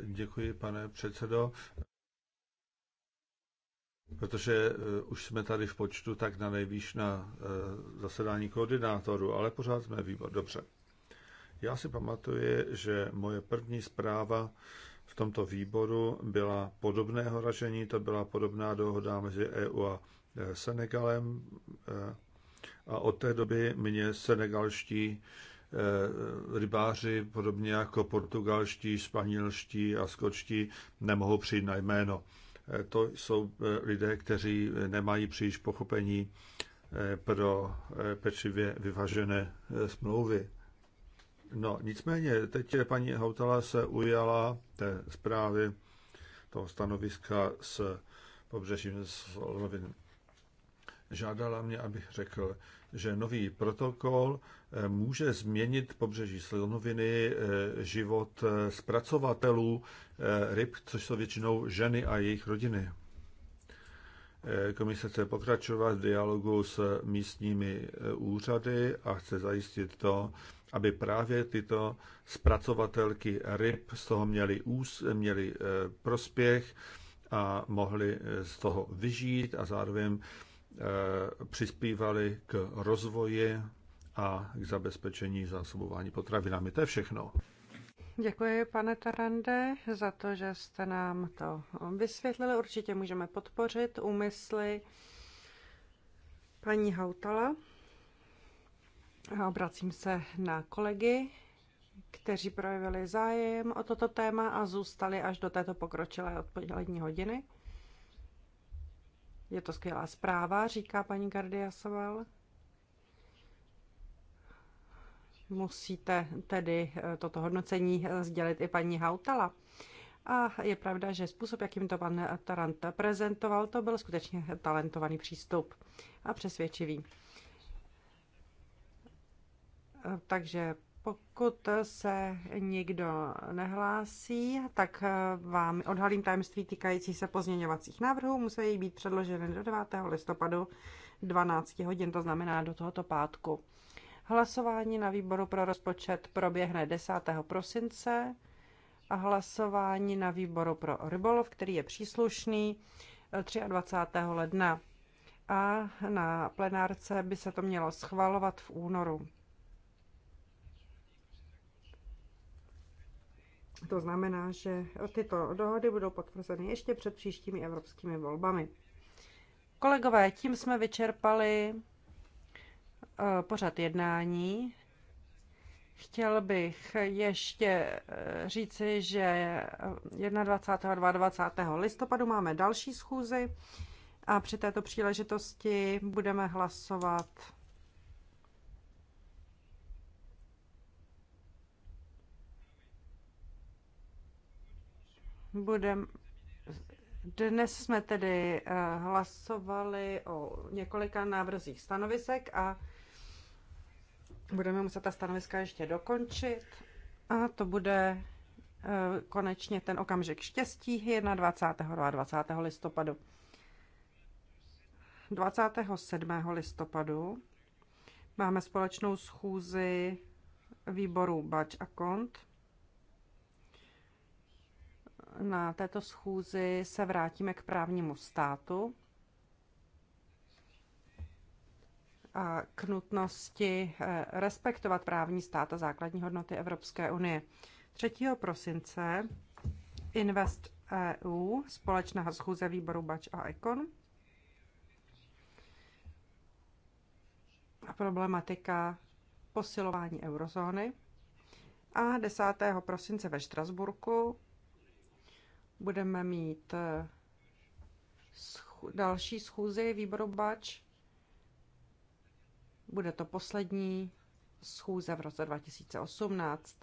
C: Děkuji, pane předsedo. Protože eh, už jsme tady v počtu tak na nejvýš na eh, zasedání koordinátorů, ale pořád jsme výbor. Dobře. Já si pamatuju, že moje první zpráva v tomto výboru byla podobného ražení, to byla podobná dohoda mezi EU a eh, Senegalem a od té doby mě senegalští Eh, rybáři, podobně jako portugalští, španělští a skočtí, nemohou přijít na jméno. Eh, to jsou eh, lidé, kteří nemají příliš pochopení pro pečlivě vyvažené smlouvy. No, nicméně, teď paní Hautala se ujala té zprávy, toho stanoviska s pobřežím Slovin. Žádala mě, abych řekl, že nový protokol může změnit pobřeží slonoviny, eh, život eh, zpracovatelů eh, ryb, což jsou většinou ženy a jejich rodiny. Komise chce pokračovat v dialogu s místními úřady a chce zajistit to, aby právě tyto zpracovatelky ryb z toho měly, ús, měly prospěch a mohly z toho vyžít a zároveň přispívali k rozvoji a k zabezpečení zásobování potravinami. To je všechno.
A: Děkuji, pane Tarande, za to, že jste nám to vysvětlili. Určitě můžeme podpořit úmysly paní Hautala. A obracím se na kolegy, kteří projevili zájem o toto téma a zůstali až do této pokročilé odpolední hodiny. Je to skvělá zpráva, říká paní Gardia Musíte tedy eh, toto hodnocení eh, sdělit i paní Hautala. A je pravda, že způsob, jakým to pan Tarant prezentoval, to byl skutečně talentovaný přístup a přesvědčivý. Eh, takže pokud se nikdo nehlásí, tak vám odhalím tajemství týkající se pozměňovacích návrhů. Musí být předloženy do 9. listopadu 12 hodin, to znamená do tohoto pátku. Hlasování na výboru pro rozpočet proběhne 10. prosince a hlasování na výboru pro rybolov, který je příslušný, 23. Eh, ledna. A na plenárce by se to mělo schvalovat v únoru. To znamená, že tyto dohody budou potvrzeny ještě před příštími evropskými volbami. Kolegové, tím jsme vyčerpali Eh, pořad jednání. Chtěl bych ještě eh, říci, že 21. a 22. listopadu máme další schůzi a při této příležitosti budeme hlasovat budem... Dnes jsme tedy eh, hlasovali o několika návrzích stanovisek a Budeme muset ta stanoviska ještě dokončit a to bude e, konečně ten okamžik štěstí 21. 22. listopadu. 27. listopadu máme společnou schůzi výboru Bač a Kont. Na této schůzi se vrátíme k právnímu státu a k nutnosti eh, respektovat právní stát a základní hodnoty Evropské unie. 3. prosince Invest EU, společná schůze výboru Bač a Econ. A problematika posilování eurozóny. A 10. prosince ve Štrasburku budeme mít eh, další schůzi výboru Bač bude to poslední schůze v roce 2018.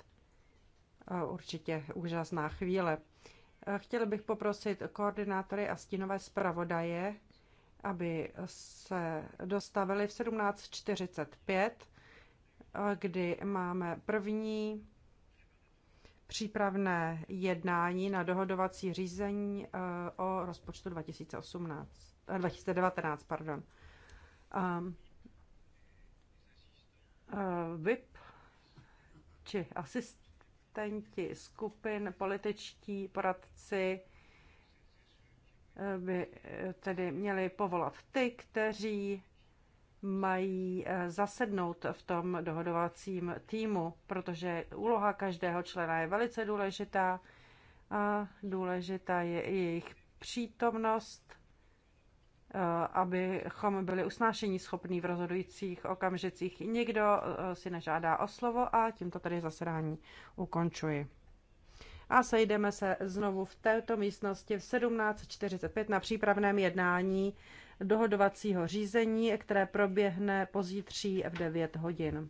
A: Eh, určitě úžasná chvíle. Eh, chtěl bych poprosit koordinátory a stínové zpravodaje, aby se dostavili v 17.45, eh, kdy máme první přípravné jednání na dohodovací řízení o rozpočtu 2018, 2019. Pardon. Ehm, Eh, VIP či asistenti skupin, političtí poradci eh, by eh, tedy měli povolat ty, kteří mají zasednout v tom dohodovacím týmu, protože úloha každého člena je velice důležitá a důležitá je i jejich přítomnost Eh, abychom byli usnášení schopní v rozhodujících okamžicích. Nikdo eh, si nežádá o slovo a tímto tady zasedání ukončuji. A sejdeme se znovu v této místnosti v 17.45 na přípravném jednání dohodovacího řízení, které proběhne pozítří v 9 hodin.